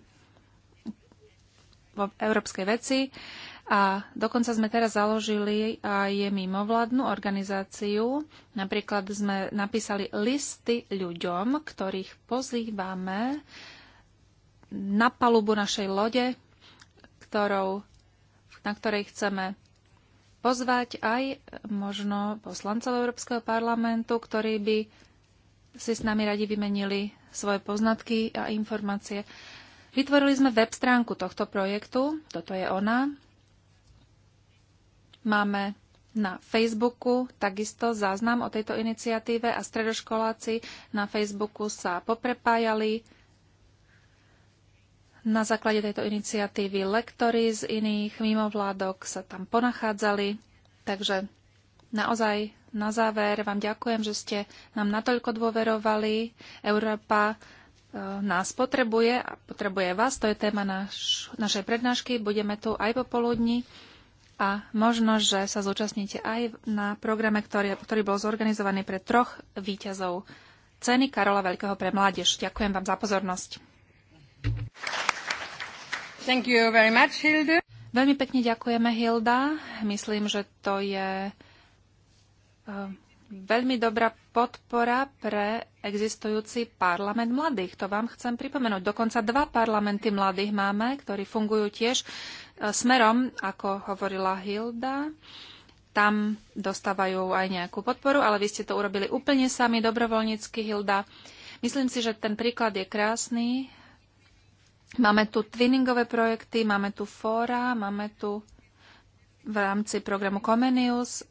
vo európskej veci a dokonca sme teraz založili aj mimovládnu organizáciu. Napríklad sme napísali listy ľuďom, ktorých pozývame na palubu našej lode, ktorou, na ktorej chceme pozvať aj možno poslancov Európskeho parlamentu, ktorí by si s nami radi vymenili svoje poznatky a informácie. Vytvorili sme web stránku tohto projektu, toto je ona, Máme na Facebooku takisto záznam o tejto iniciatíve a stredoškoláci na Facebooku sa poprepájali. Na základe tejto iniciatívy lektory z iných mimovládok sa tam ponachádzali. Takže naozaj na záver vám ďakujem, že ste nám natoľko dôverovali. Európa e, nás potrebuje a potrebuje vás. To je téma naš, našej prednášky. Budeme tu aj popoludní a možno, že sa zúčastníte aj na programe, ktorý, ktorý bol zorganizovaný pre troch výťazov ceny Karola Veľkého pre mládež. Ďakujem vám za pozornosť. Thank you very much, Hilde. Veľmi pekne ďakujeme, Hilda. Myslím, že to je eh, veľmi dobrá podpora pre existujúci parlament mladých. To vám chcem pripomenúť. Dokonca dva parlamenty mladých máme, ktorí fungujú tiež e, smerom, ako hovorila Hilda. Tam dostávajú aj nejakú podporu, ale vy ste to urobili úplne sami, dobrovoľnícky, Hilda. Myslím si, že ten príklad je krásny. Máme tu twinningové projekty, máme tu fóra, máme tu v rámci programu Comenius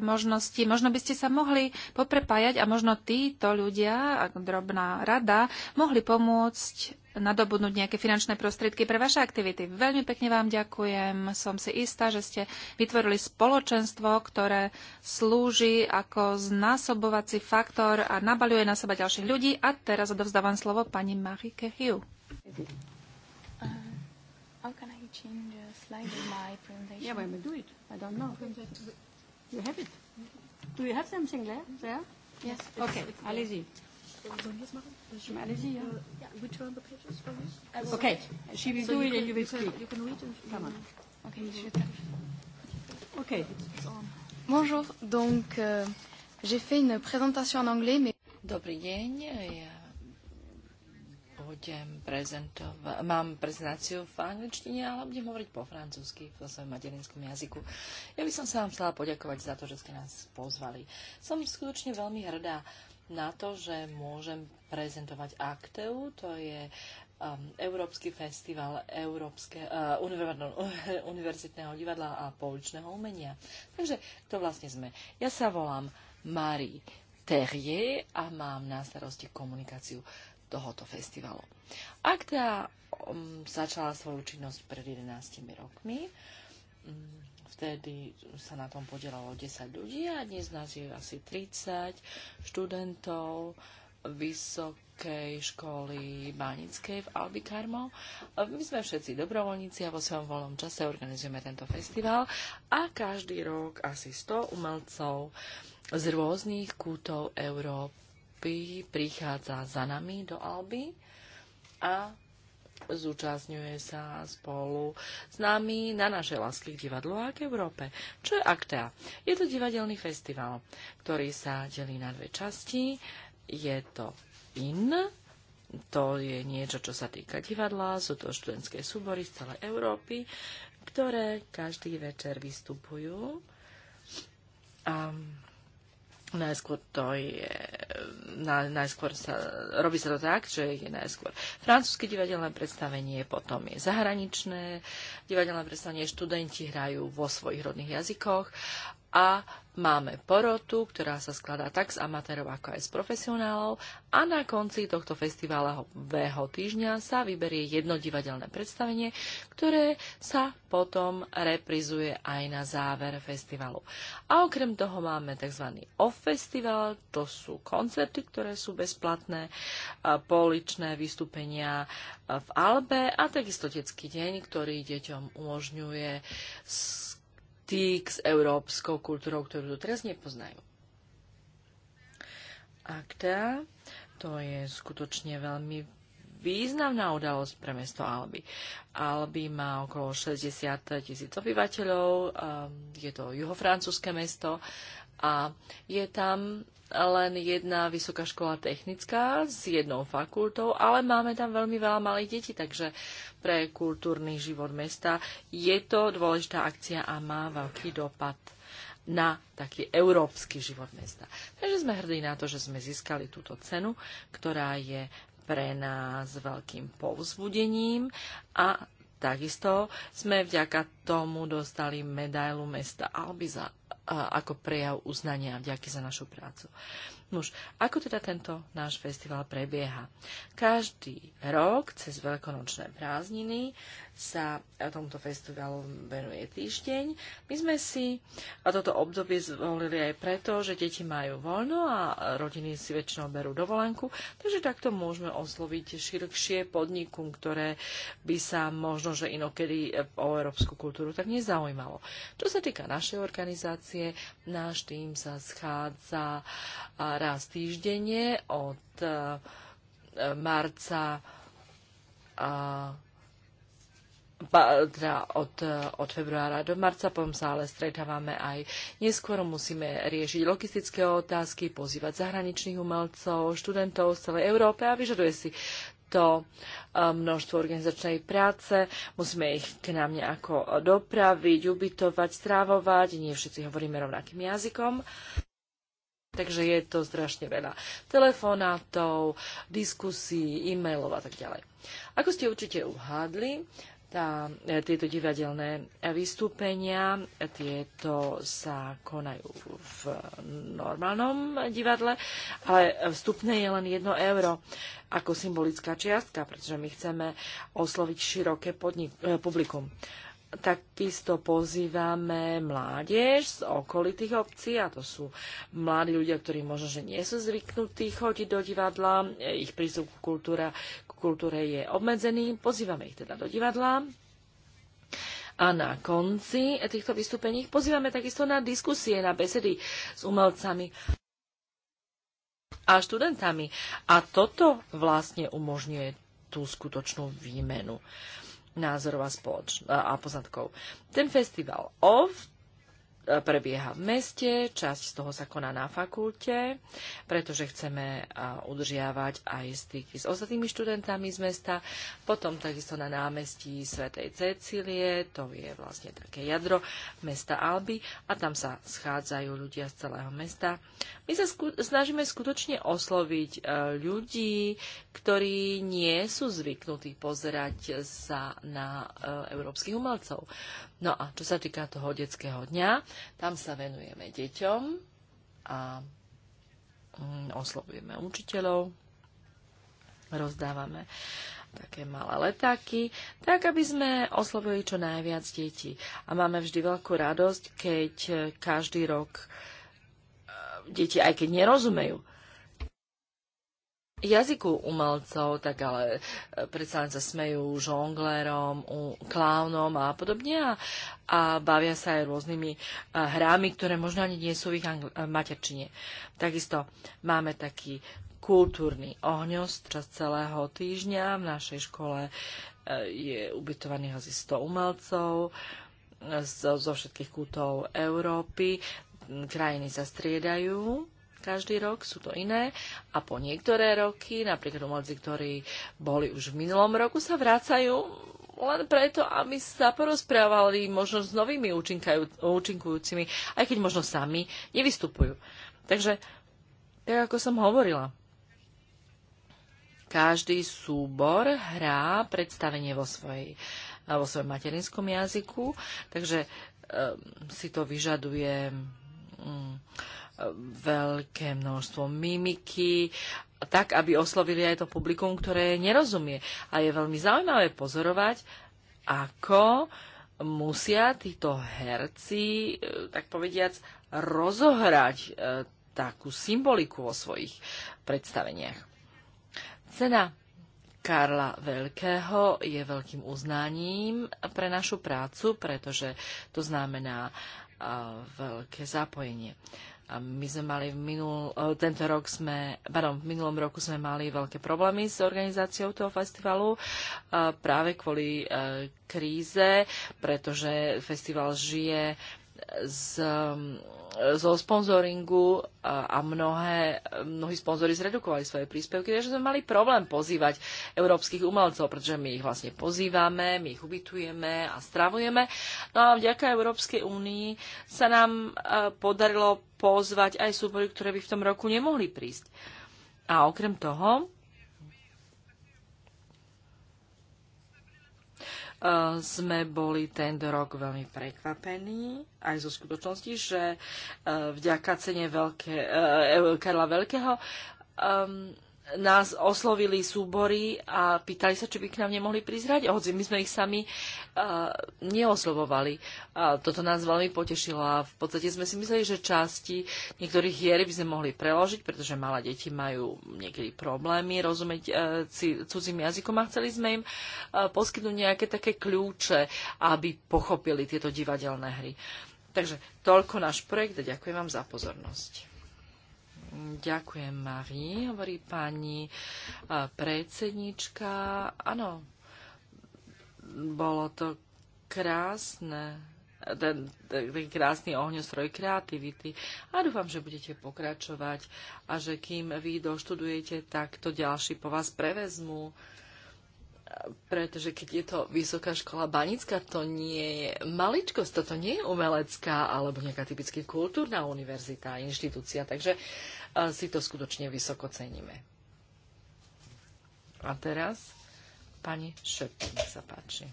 možnosti. Možno by ste sa mohli poprepájať a možno títo ľudia, drobná rada, mohli pomôcť nadobudnúť nejaké finančné prostriedky pre vaše aktivity. Veľmi pekne vám ďakujem. Som si istá, že ste vytvorili spoločenstvo, ktoré slúži ako znásobovací faktor a nabaľuje na seba ďalších ľudí. A teraz odovzdávam slovo pani Marike Hugh. Uh, uh, know. You have it. Do you have something there? there? Yes. Okay, allez-y. Sollen wir es machen? Allez-y, ja. We turn the pages from you. Uh, okay, she will so do it can, and you will speak. You can read it. Come on. Okay, je okay. Bonjour, donc euh, j'ai fait une présentation en anglais, mais... Dobrý deň, ja budem prezentovať, mám prezentáciu v angličtine, ale budem hovoriť po francúzsky, v svojom materinskom jazyku. Ja by som sa vám chcela poďakovať za to, že ste nás pozvali. Som skutočne veľmi hrdá na to, že môžem prezentovať Akteu, to je um, Európsky festival Európske, uh, univerzitného divadla a pouličného umenia. Takže to vlastne sme. Ja sa volám Marie Terrier a mám na starosti komunikáciu tohoto festivalu. Akta teda, um, začala svoju činnosť pred 11 rokmi. Mm, vtedy sa na tom podielalo 10 ľudí a dnes nás je asi 30 študentov Vysokej školy Bánickej v Albikarmo. My sme všetci dobrovoľníci a vo svojom voľnom čase organizujeme tento festival a každý rok asi 100 umelcov z rôznych kútov Európy Európy prichádza za nami do Alby a zúčastňuje sa spolu s nami na našej láske v divadlu a k Európe. Čo je Aktea? Je to divadelný festival, ktorý sa delí na dve časti. Je to IN, to je niečo, čo sa týka divadla, sú to študentské súbory z celej Európy, ktoré každý večer vystupujú. A Najskôr to je, na, najskôr sa, robí sa to tak, že je najskôr francúzske divadelné predstavenie, potom je zahraničné divadelné predstavenie, študenti hrajú vo svojich rodných jazykoch a máme porotu, ktorá sa skladá tak z amatérov ako aj z profesionálov a na konci tohto vého týždňa sa vyberie jedno divadelné predstavenie, ktoré sa potom reprizuje aj na záver festivalu. A okrem toho máme tzv. off festival, to sú koncerty, ktoré sú bezplatné, e, poličné vystúpenia e, v Albe a takisto detský deň, ktorý deťom umožňuje styk s európskou kultúrou, ktorú tu teraz nepoznajú. Akta, to je skutočne veľmi významná udalosť pre mesto Alby. Alby má okolo 60 tisíc obyvateľov, um, je to juhofrancúzske mesto a je tam len jedna vysoká škola technická s jednou fakultou, ale máme tam veľmi veľa malých detí, takže pre kultúrny život mesta je to dôležitá akcia a má veľký dopad na taký európsky život mesta. Takže sme hrdí na to, že sme získali túto cenu, ktorá je pre nás veľkým povzbudením a Takisto sme vďaka tomu dostali medailu mesta Alby za, ako prejav uznania a vďaky za našu prácu. Nuž, ako teda tento náš festival prebieha? Každý rok cez veľkonočné prázdniny sa tomuto festivalu venuje týždeň. My sme si toto obdobie zvolili aj preto, že deti majú voľno a rodiny si väčšinou berú dovolenku, takže takto môžeme osloviť širšie podniku, ktoré by sa možno, že inokedy e, o európsku kultúru tak nezaujímalo. Čo sa týka našej organizácie, náš tým sa schádza raz týždenne od e, marca teda od, od februára do marca, potom sa ale stretávame aj neskôr, musíme riešiť logistické otázky, pozývať zahraničných umelcov, študentov z celej Európe a vyžaduje si to eh, množstvo organizačnej práce. Musíme ich k nám nejako dopraviť, ubytovať, strávovať. Nie všetci hovoríme rovnakým jazykom. Takže je to strašne veľa telefonátov, diskusí, e-mailov a tak ďalej. Ako ste určite uhádli, tá, e, tieto divadelné vystúpenia, tieto sa konajú v normálnom divadle, ale vstupné je len 1 euro ako symbolická čiastka, pretože my chceme osloviť široké podnik, e, publikum takisto pozývame mládež z okolitých obcí, a to sú mladí ľudia, ktorí možno, že nie sú zvyknutí chodiť do divadla, ich prístup k kultúre, k kultúre je obmedzený, pozývame ich teda do divadla. A na konci týchto vystúpení pozývame takisto na diskusie, na besedy s umelcami a študentami. A toto vlastne umožňuje tú skutočnú výmenu názorov a, spoloč- a poznatkov. Ten festival OVT prebieha v meste, časť z toho sa koná na fakulte, pretože chceme udržiavať aj styky s ostatnými študentami z mesta. Potom takisto na námestí Svetej Cecílie, to je vlastne také jadro mesta Alby a tam sa schádzajú ľudia z celého mesta. My sa sku- snažíme skutočne osloviť e, ľudí, ktorí nie sú zvyknutí pozerať sa na e, európskych umelcov. No a čo sa týka toho detského dňa, tam sa venujeme deťom a mm, oslovujeme učiteľov, rozdávame také malé letáky, tak aby sme oslovili čo najviac detí. A máme vždy veľkú radosť, keď eh, každý rok eh, deti, aj keď nerozumejú jazyku umelcov, tak ale e, predsa len sa smejú žonglérom, klaunom a podobne a, a bavia sa aj rôznymi e, hrámi, ktoré možno ani nie sú v ich e, materčine. Takisto máme taký kultúrny ohňos čas celého týždňa. V našej škole je ubytovaných asi 100 umelcov zo, zo všetkých kútov Európy. Krajiny sa striedajú každý rok, sú to iné. A po niektoré roky, napríklad umelci, ktorí boli už v minulom roku, sa vracajú len preto, aby sa porozprávali možno s novými účinkujúcimi, aj keď možno sami nevystupujú. Takže, tak ako som hovorila, každý súbor hrá predstavenie vo, svojej, vo svojom materinskom jazyku, takže um, si to vyžaduje um, veľké množstvo mimiky, tak, aby oslovili aj to publikum, ktoré nerozumie. A je veľmi zaujímavé pozorovať, ako musia títo herci, e, tak povediac, rozohrať e, takú symboliku vo svojich predstaveniach. Cena Karla Veľkého je veľkým uznaním pre našu prácu, pretože to znamená e, veľké zapojenie. A my sme mali v minul, e, tento rok sme, pardon, v minulom roku sme mali veľké problémy s organizáciou toho festivalu e, práve kvôli e, kríze, pretože festival žije z, um, zo sponzoringu uh, a mnohé, mnohí sponzori zredukovali svoje príspevky, takže sme mali problém pozývať európskych umelcov, pretože my ich vlastne pozývame, my ich ubytujeme a stravujeme. No a vďaka Európskej únii sa nám uh, podarilo pozvať aj súbory, ktoré by v tom roku nemohli prísť. A okrem toho, Eh, sme boli tento rok veľmi prekvapení aj zo skutočnosti, že eh, vďaka cene veľké, eh, Karla Veľkého um, nás oslovili súbory a pýtali sa, či by k nám nemohli prizrať, hoci my sme ich sami uh, neoslovovali. A toto nás veľmi potešilo a v podstate sme si mysleli, že časti niektorých hier by sme mohli preložiť, pretože malé deti majú niekedy problémy rozumieť uh, cudzím jazykom a chceli sme im uh, poskytnúť nejaké také kľúče, aby pochopili tieto divadelné hry. Takže toľko náš projekt a ďakujem vám za pozornosť. Ďakujem, Marie, hovorí pani predsednička. Áno, bolo to krásne ten, ten krásny ohňostroj kreativity a dúfam, že budete pokračovať a že kým vy doštudujete, tak to ďalší po vás prevezmú pretože keď je to Vysoká škola Banická, to nie je maličkosť, toto nie je umelecká alebo nejaká typicky kultúrna univerzita, inštitúcia, takže e, si to skutočne vysoko ceníme. A teraz pani Šepka, nech sa páči.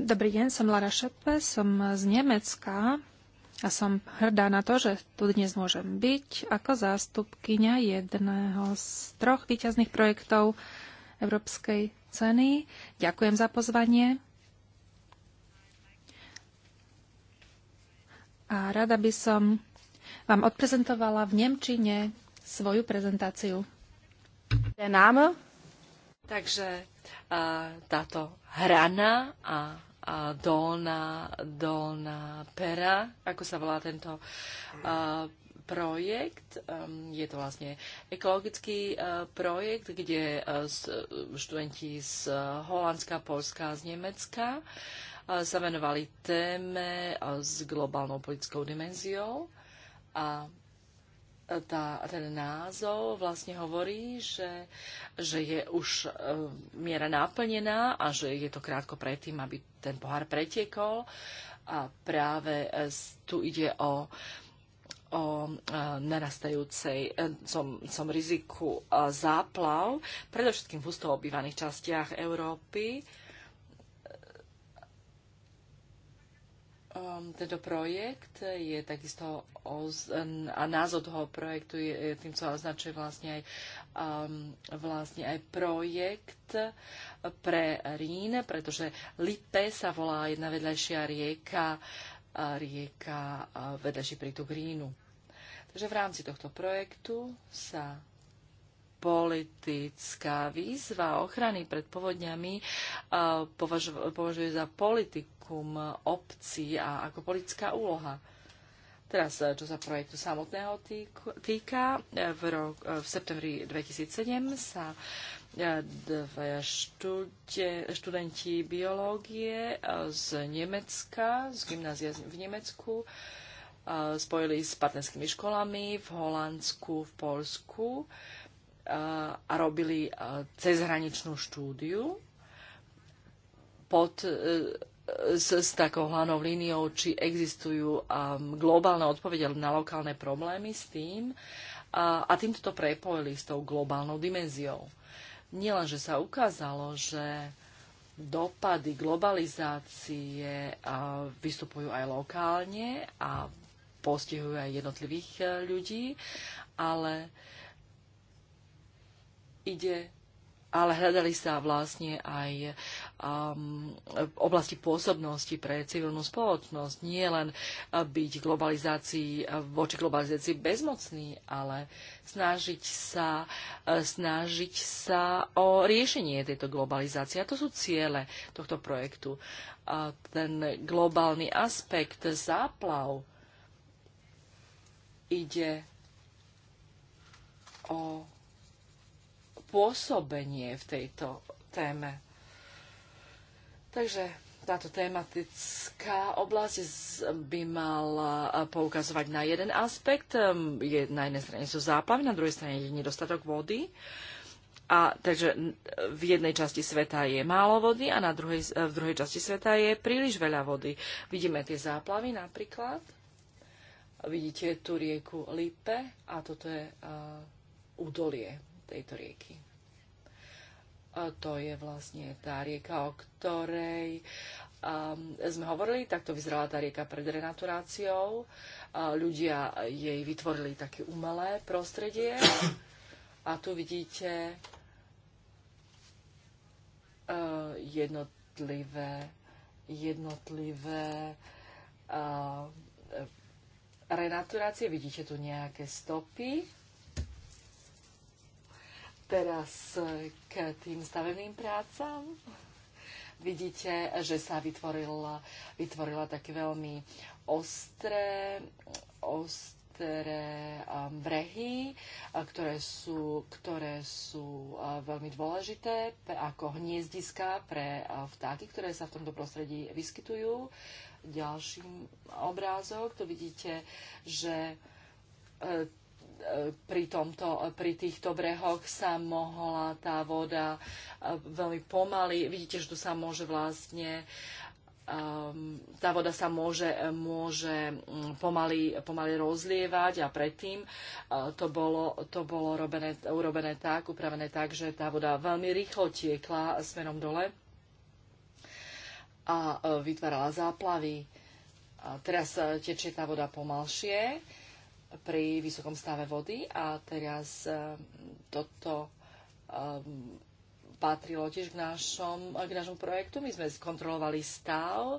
Dobrý deň, som Lara Šepe, som z Nemecka a som hrdá na to, že tu dnes môžem byť ako zástupkyňa jedného z troch výťazných projektov Európskej ceny. Ďakujem za pozvanie. A rada by som vám odprezentovala v Nemčine svoju prezentáciu. Takže táto hrana a Dona, Dona Pera, ako sa volá tento uh, projekt. Um, je to vlastne ekologický uh, projekt, kde uh, študenti z Holandska, Polska a z Nemecka e, sa venovali téme s globálnou politickou dimenziou a tá, ten názov vlastne hovorí, že, že je už e, miera naplnená a že je to krátko predtým, aby ten pohár pretiekol. A práve e, tu ide o, o e, narastajúcej e, som, som riziku e, záplav, predovšetkým v husto obývaných častiach Európy Um, tento projekt je takisto oz, a názov toho projektu je, tým co označuje vlastne aj, um, vlastne aj projekt pre Rín, pretože Lipe sa volá jedna vedľajšia rieka, rieka vedľajší prítok Rínu. Takže v rámci tohto projektu sa politická výzva ochrany pred povodňami považuje za politiku prieskum obcí a ako politická úloha. Teraz, eh, čo sa projektu samotného týka, eh, v, rok, eh, v septembri 2007 sa dvaja študenti biológie z Nemecka, z gymnázia v Nemecku, spojili s partnerskými školami v Holandsku, v Polsku a robili cezhraničnú štúdiu pod s, s takou hlavnou líniou, či existujú um, globálne odpovede na lokálne problémy s tým a, a týmto to prepojili s tou globálnou dimenziou. Nielenže sa ukázalo, že dopady globalizácie a, vystupujú aj lokálne a postihujú aj jednotlivých e, ľudí, ale ide ale hľadali sa vlastne aj um, oblasti pôsobnosti pre civilnú spoločnosť. Nie len eh, byť globalizácii, eh, voči globalizácii bezmocný, ale snažiť sa, eh, snažiť sa o riešenie tejto globalizácie. A to sú ciele tohto projektu. A ten globálny aspekt záplav ide o pôsobenie v tejto téme. Takže táto tematická oblasť by mala poukazovať na jeden aspekt. Ehm, je, na jednej strane sú záplavy, na druhej strane je nedostatok vody. A takže v jednej časti sveta je málo vody a na druhej, e, v druhej časti sveta je príliš veľa vody. Vidíme tie záplavy napríklad. Vidíte tú rieku Lipe a toto je uh, údolie tejto rieky. To je vlastne tá rieka, o ktorej um, sme hovorili, takto vyzerala tá rieka pred renaturáciou. A ľudia jej vytvorili také umelé prostredie. A tu vidíte uh, jednotlivé, jednotlivé uh, renaturácie. Vidíte tu nejaké stopy Teraz k tým stavebným prácam. Vidíte, že sa vytvorila, vytvorila také veľmi ostré, ostré brehy, ktoré sú, ktoré sú veľmi dôležité ako hniezdiska pre vtáky, ktoré sa v tomto prostredí vyskytujú. Ďalší obrázok, tu vidíte, že e, pri, tomto, pri týchto brehoch sa mohla tá voda e, veľmi pomaly, vidíte, že tu sa môže vlastne ehm, tá voda sa môže, môže mm, pomaly, pomaly rozlievať a predtým e, to bolo, to bolo robené, urobené tak, upravené tak, že tá voda veľmi rýchlo tiekla smerom dole a e, vytvárala záplavy. A teraz tečie tá voda pomalšie pri vysokom stave vody a teraz e, toto um, patrilo tiež k, našom, k našom projektu. My sme skontrolovali stav,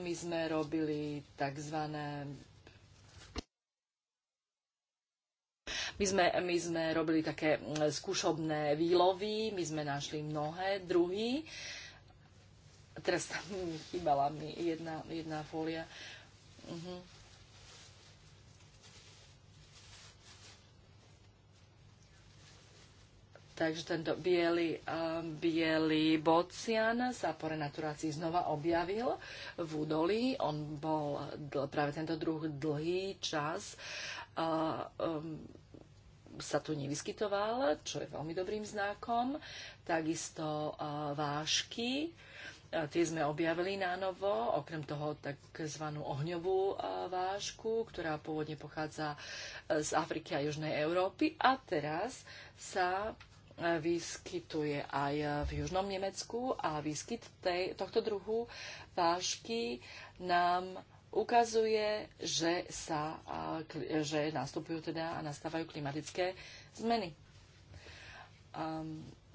my sme robili tzv. My sme, my sme robili také skúšobné výlovy, my sme našli mnohé druhy. Teraz tam chýbala mi jedna, jedna fólia. Uh-huh mhm. Takže tento biely, eh, biely bocian sa po renaturácii znova objavil v údolí. On bol práve tento druh dlhý čas Uh, um, sa tu nevyskytoval, čo je veľmi dobrým znakom. Takisto uh, vášky, eh, tie sme objavili na novo, okrem toho tzv. ohňovú vášku, ktorá pôvodne pochádza z Afriky a Južnej Európy. A teraz sa vyskytuje aj v južnom Nemecku a výskyt tej, tohto druhu vážky nám ukazuje, že, sa, že nastupujú teda a nastávajú klimatické zmeny.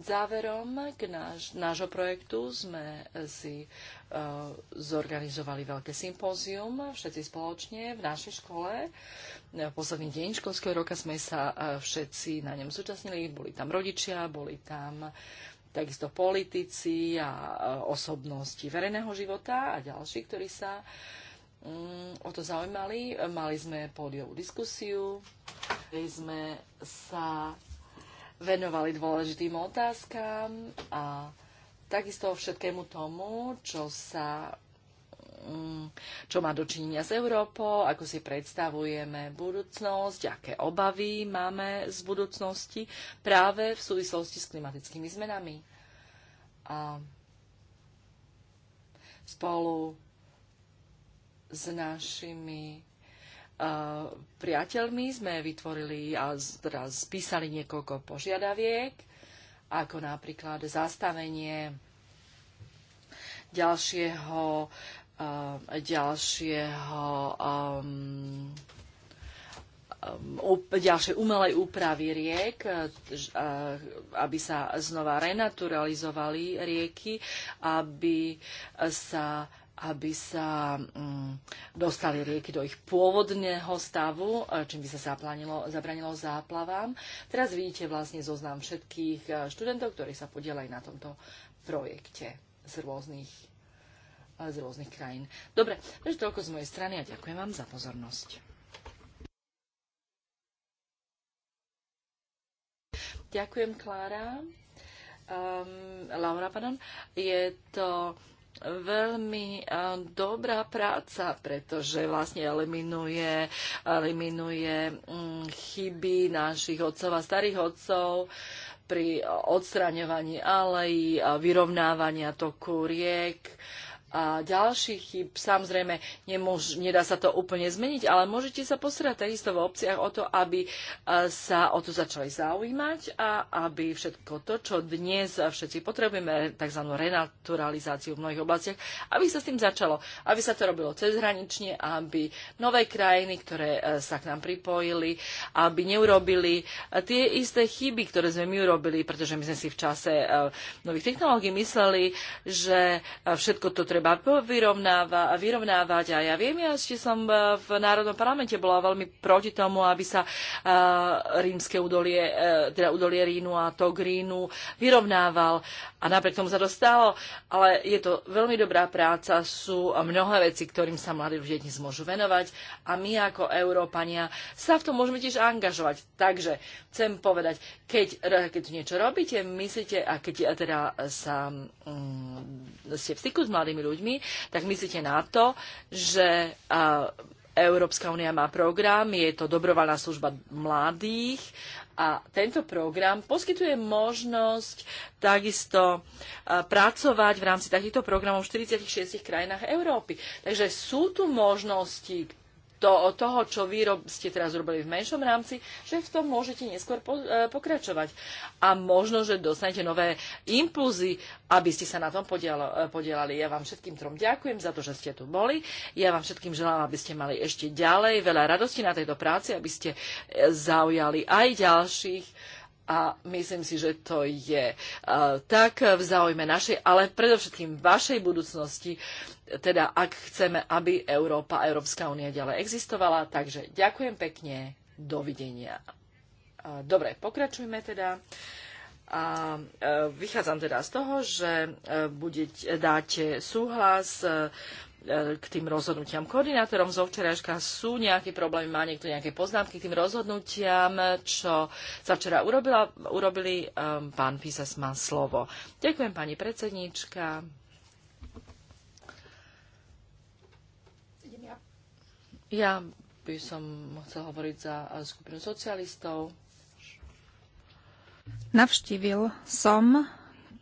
Záverom k náš, nášho projektu sme si uh, zorganizovali veľké sympózium, všetci spoločne v našej škole. V e, Posledný deň školského roka sme sa uh, všetci na ňom zúčastnili. Boli tam rodičia, boli tam takisto politici a uh, osobnosti verejného života a ďalší, ktorí sa um, o to zaujímali. Mali sme pódiovú diskusiu, kde sme sa venovali dôležitým otázkam a takisto všetkému tomu, čo sa mm, čo má dočinenia s Európou, ako si predstavujeme budúcnosť, aké obavy máme z budúcnosti práve v súvislosti s klimatickými zmenami. A spolu s našimi E, priateľmi sme vytvorili a teda spísali niekoľko požiadaviek, ako napríklad zastavenie ďalšieho, e, ďalšieho um, ďalšej umelej úpravy riek, e, aby sa znova renaturalizovali rieky, aby sa aby sa mm, dostali rieky do ich pôvodného stavu, čím by sa zaplanilo, zabranilo záplavám. Teraz vidíte vlastne zoznam všetkých e, študentov, ktorí sa podielajú na tomto projekte z rôznych, e, z rôznych krajín. Dobre, takže toľko z mojej strany a ďakujem vám za pozornosť. Ďakujem, Klára. Um, Laura, pardon. Je to veľmi eh, dobrá práca, pretože vlastne eliminuje, eliminuje mm, chyby našich otcov a starých otcov pri odstraňovaní alejí, vyrovnávania toku riek, a ďalších chyb. Samozrejme, nemôž, nedá sa to úplne zmeniť, ale môžete sa posrať takisto v obciach o to, aby e, sa o to začali zaujímať a aby všetko to, čo dnes všetci potrebujeme, tzv. renaturalizáciu v mnohých oblastiach, aby sa s tým začalo, aby sa to robilo cezhranične, aby nové krajiny, ktoré e, sa k nám pripojili, aby neurobili e, tie isté chyby, ktoré sme my urobili, pretože my sme si v čase nových technológií mysleli, že všetko to treba treba vyrovnáva, vyrovnávať. A ja viem, ja ešte som e, v Národnom parlamente bola veľmi proti tomu, aby sa e, rímske udolie, e, teda udolie Rínu a to Rínu vyrovnával. A napriek tomu sa dostalo. Ale je to veľmi dobrá práca. Sú mnohé veci, ktorým sa mladí ľudia dnes môžu venovať. A my ako Európania sa v tom môžeme tiež angažovať. Takže chcem povedať, keď, keď niečo robíte, myslíte, a keď teda sa um, ste v styku s mladými ľuďmi, ľuďmi, tak myslíte na to, že Európska únia má program, je to dobrovoľná služba mladých a tento program poskytuje možnosť takisto pracovať v rámci takýchto programov v 46 krajinách Európy. Takže sú tu možnosti, to, toho, čo vy rob, ste teraz robili v menšom rámci, že v tom môžete neskôr po, e, pokračovať. A možno, že dostanete nové impulzy, aby ste sa na tom e, podielali. Ja vám všetkým trom ďakujem za to, že ste tu boli. Ja vám všetkým želám, aby ste mali ešte ďalej veľa radosti na tejto práci, aby ste e, zaujali aj ďalších a myslím si, že to je uh, tak v záujme našej, ale predovšetkým vašej budúcnosti, teda ak chceme, aby Európa a Európska únia ďalej existovala. Takže ďakujem pekne, dovidenia. Dobre, pokračujme teda. A e, vychádzam teda z toho, že e, budete, dáte súhlas e, k tým rozhodnutiam koordinátorom zo včerajška. Sú nejaké problémy, má niekto nejaké poznámky k tým rozhodnutiam, čo sa včera urobila, urobili. Ehm, pán Písas má slovo. Ďakujem, pani predsedníčka. Ja by som chcel hovoriť za skupinu socialistov. Navštívil som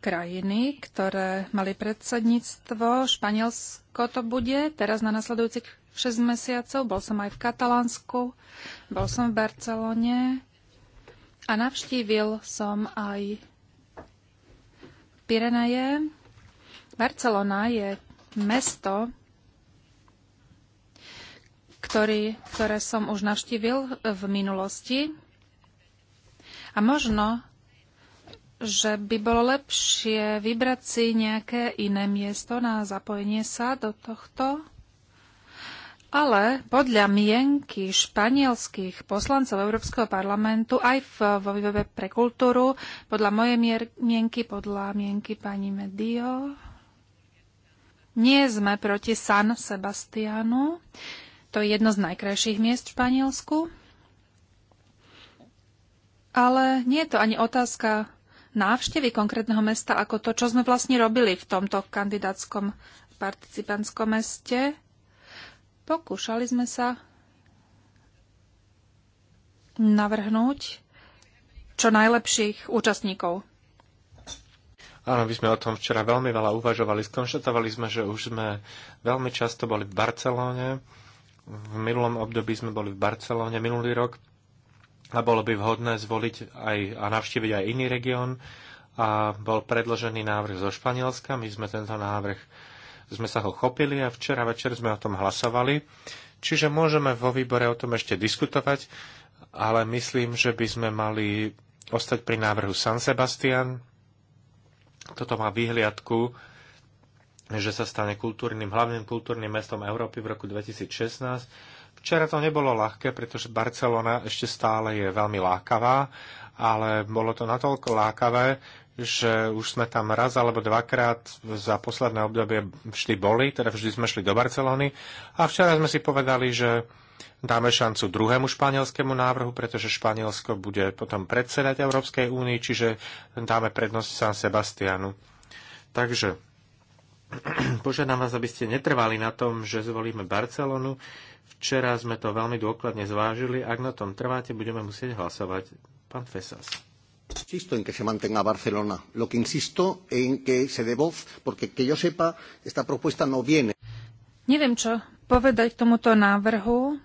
krajiny, ktoré mali predsedníctvo. Španielsko to bude teraz na nasledujúcich 6 mesiacov. Bol som aj v Katalánsku, bol som v Barcelone a navštívil som aj Pireneje. Barcelona je mesto, ktorý, ktoré som už navštívil v minulosti. A možno, že by bolo lepšie vybrať si nejaké iné miesto na zapojenie sa do tohto. Ale podľa mienky španielských poslancov Európskeho parlamentu aj v, vo výbore pre kultúru, podľa mojej mier, mienky, podľa mienky pani Medio, nie sme proti San Sebastianu. To je jedno z najkrajších miest v Španielsku. Ale nie je to ani otázka návštevy konkrétneho mesta, ako to, čo sme vlastne robili v tomto kandidátskom participantskom meste. Pokúšali sme sa navrhnúť čo najlepších účastníkov. Áno, my sme o tom včera veľmi veľa uvažovali. Skonštatovali sme, že už sme veľmi často boli v Barcelóne v minulom období sme boli v Barcelóne minulý rok a bolo by vhodné zvoliť aj a navštíviť aj iný región a bol predložený návrh zo Španielska. My sme tento návrh, sme sa ho chopili a včera večer sme o tom hlasovali. Čiže môžeme vo výbore o tom ešte diskutovať, ale myslím, že by sme mali ostať pri návrhu San Sebastian. Toto má výhliadku že sa stane kultúrnym, hlavným kultúrnym mestom Európy v roku 2016. Včera to nebolo ľahké, pretože Barcelona ešte stále je veľmi lákavá, ale bolo to natoľko lákavé, že už sme tam raz alebo dvakrát za posledné obdobie vždy boli, teda vždy sme šli do Barcelony a včera sme si povedali, že dáme šancu druhému španielskému návrhu, pretože Španielsko bude potom predsedať Európskej únii, čiže dáme prednosť San Sebastianu. Takže Požiadam vás, aby ste netrvali na tom, že zvolíme Barcelonu. Včera sme to veľmi dôkladne zvážili. Ak na tom trváte, budeme musieť hlasovať. Pán Fesas. Insisto en que se mantenga Barcelona. Lo que insisto en que se dé voz, porque que yo sepa, esta propuesta no viene. Neviem, čo povedať k tomuto návrhu.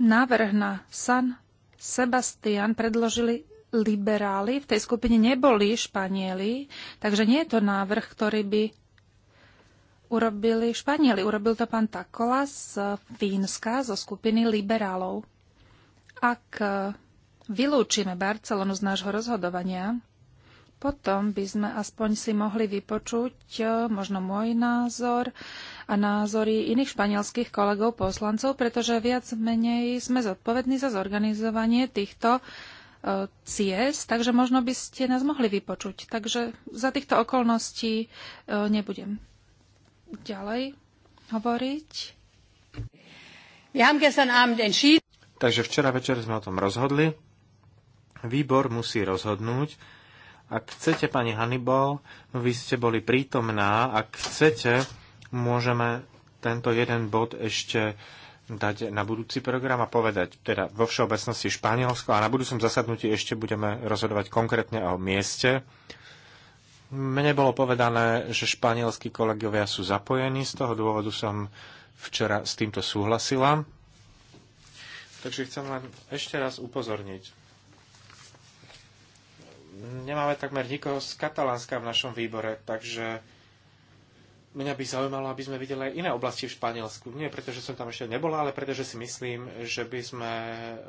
Návrh na San Sebastian predložili liberáli v tej skupine neboli Španieli, takže nie je to návrh, ktorý by urobili Španieli. Urobil to pán Takola z Fínska, zo skupiny liberálov. Ak vylúčime Barcelonu z nášho rozhodovania, potom by sme aspoň si mohli vypočuť eh, možno môj názor a názory iných španielských kolegov poslancov, pretože viac menej sme zodpovední za zorganizovanie týchto E, ciest, takže možno by ste nás mohli vypočuť. Takže za týchto okolností e, nebudem ďalej hovoriť. Takže včera večer sme o tom rozhodli. Výbor musí rozhodnúť. Ak chcete, pani Hannibal, vy ste boli prítomná, ak chcete, môžeme tento jeden bod ešte uh, dať na budúci program a povedať, teda vo všeobecnosti Španielsko a na budúcom zasadnutí ešte budeme rozhodovať konkrétne o mieste. Mne bolo povedané, že španielskí kolegovia sú zapojení, z toho dôvodu som včera s týmto súhlasila. Takže chcem len ešte raz upozorniť. Nemáme takmer nikoho z Katalánska v našom výbore, takže Mňa by zaujímalo, aby sme videli aj iné oblasti v Španielsku. Nie preto, že som tam ešte nebola, ale preto, že si myslím, že by sme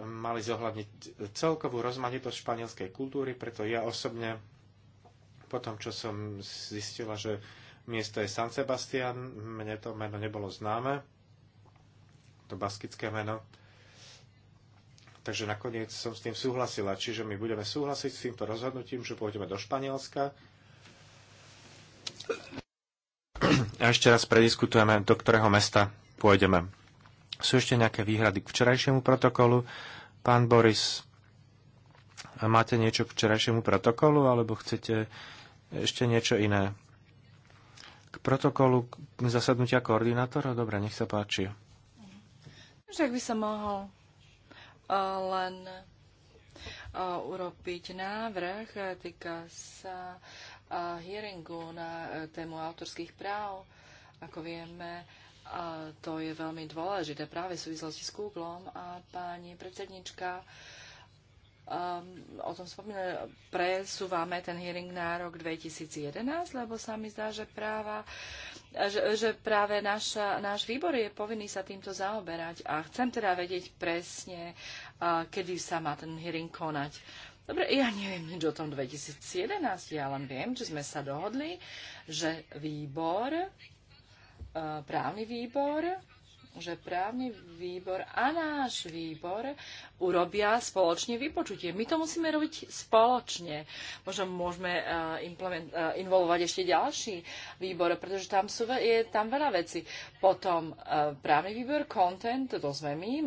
mali zohľadniť celkovú rozmanitosť španielskej kultúry. Preto ja osobne, po tom, čo som zistila, že miesto je San Sebastian, mne to meno nebolo známe, to baskické meno. Takže nakoniec som s tým súhlasila. Čiže my budeme súhlasiť s týmto rozhodnutím, že pôjdeme do Španielska ešte raz prediskutujeme, do ktorého mesta pôjdeme. Sú ešte nejaké výhrady k včerajšiemu protokolu? Pán Boris, máte niečo k včerajšiemu protokolu, alebo chcete ešte niečo iné? K protokolu k zasadnutia koordinátora? Dobre, nech sa páči. Však by som mohol eh, len eh, urobiť návrh, eh, týka sa hearingu na e, tému autorských práv. Ako vieme, a to je veľmi dôležité práve v súvislosti s Googlom a pani predsednička um, o tom spomínala, presúvame ten hearing na rok 2011, lebo sa mi zdá, že, práva, že, že práve naša, náš výbor je povinný sa týmto zaoberať a chcem teda vedieť presne, uh, kedy sa má ten hearing konať. Dobre, ja neviem nič o tom 2011, ja len viem, že sme sa dohodli, že výbor, e, právny výbor, že právny výbor a náš výbor urobia spoločne vypočutie. My to musíme robiť spoločne. Možno môžeme e, e, involovať ešte ďalší výbor, pretože tam sú, je tam veľa vecí. Potom právny výbor, content, to sme my,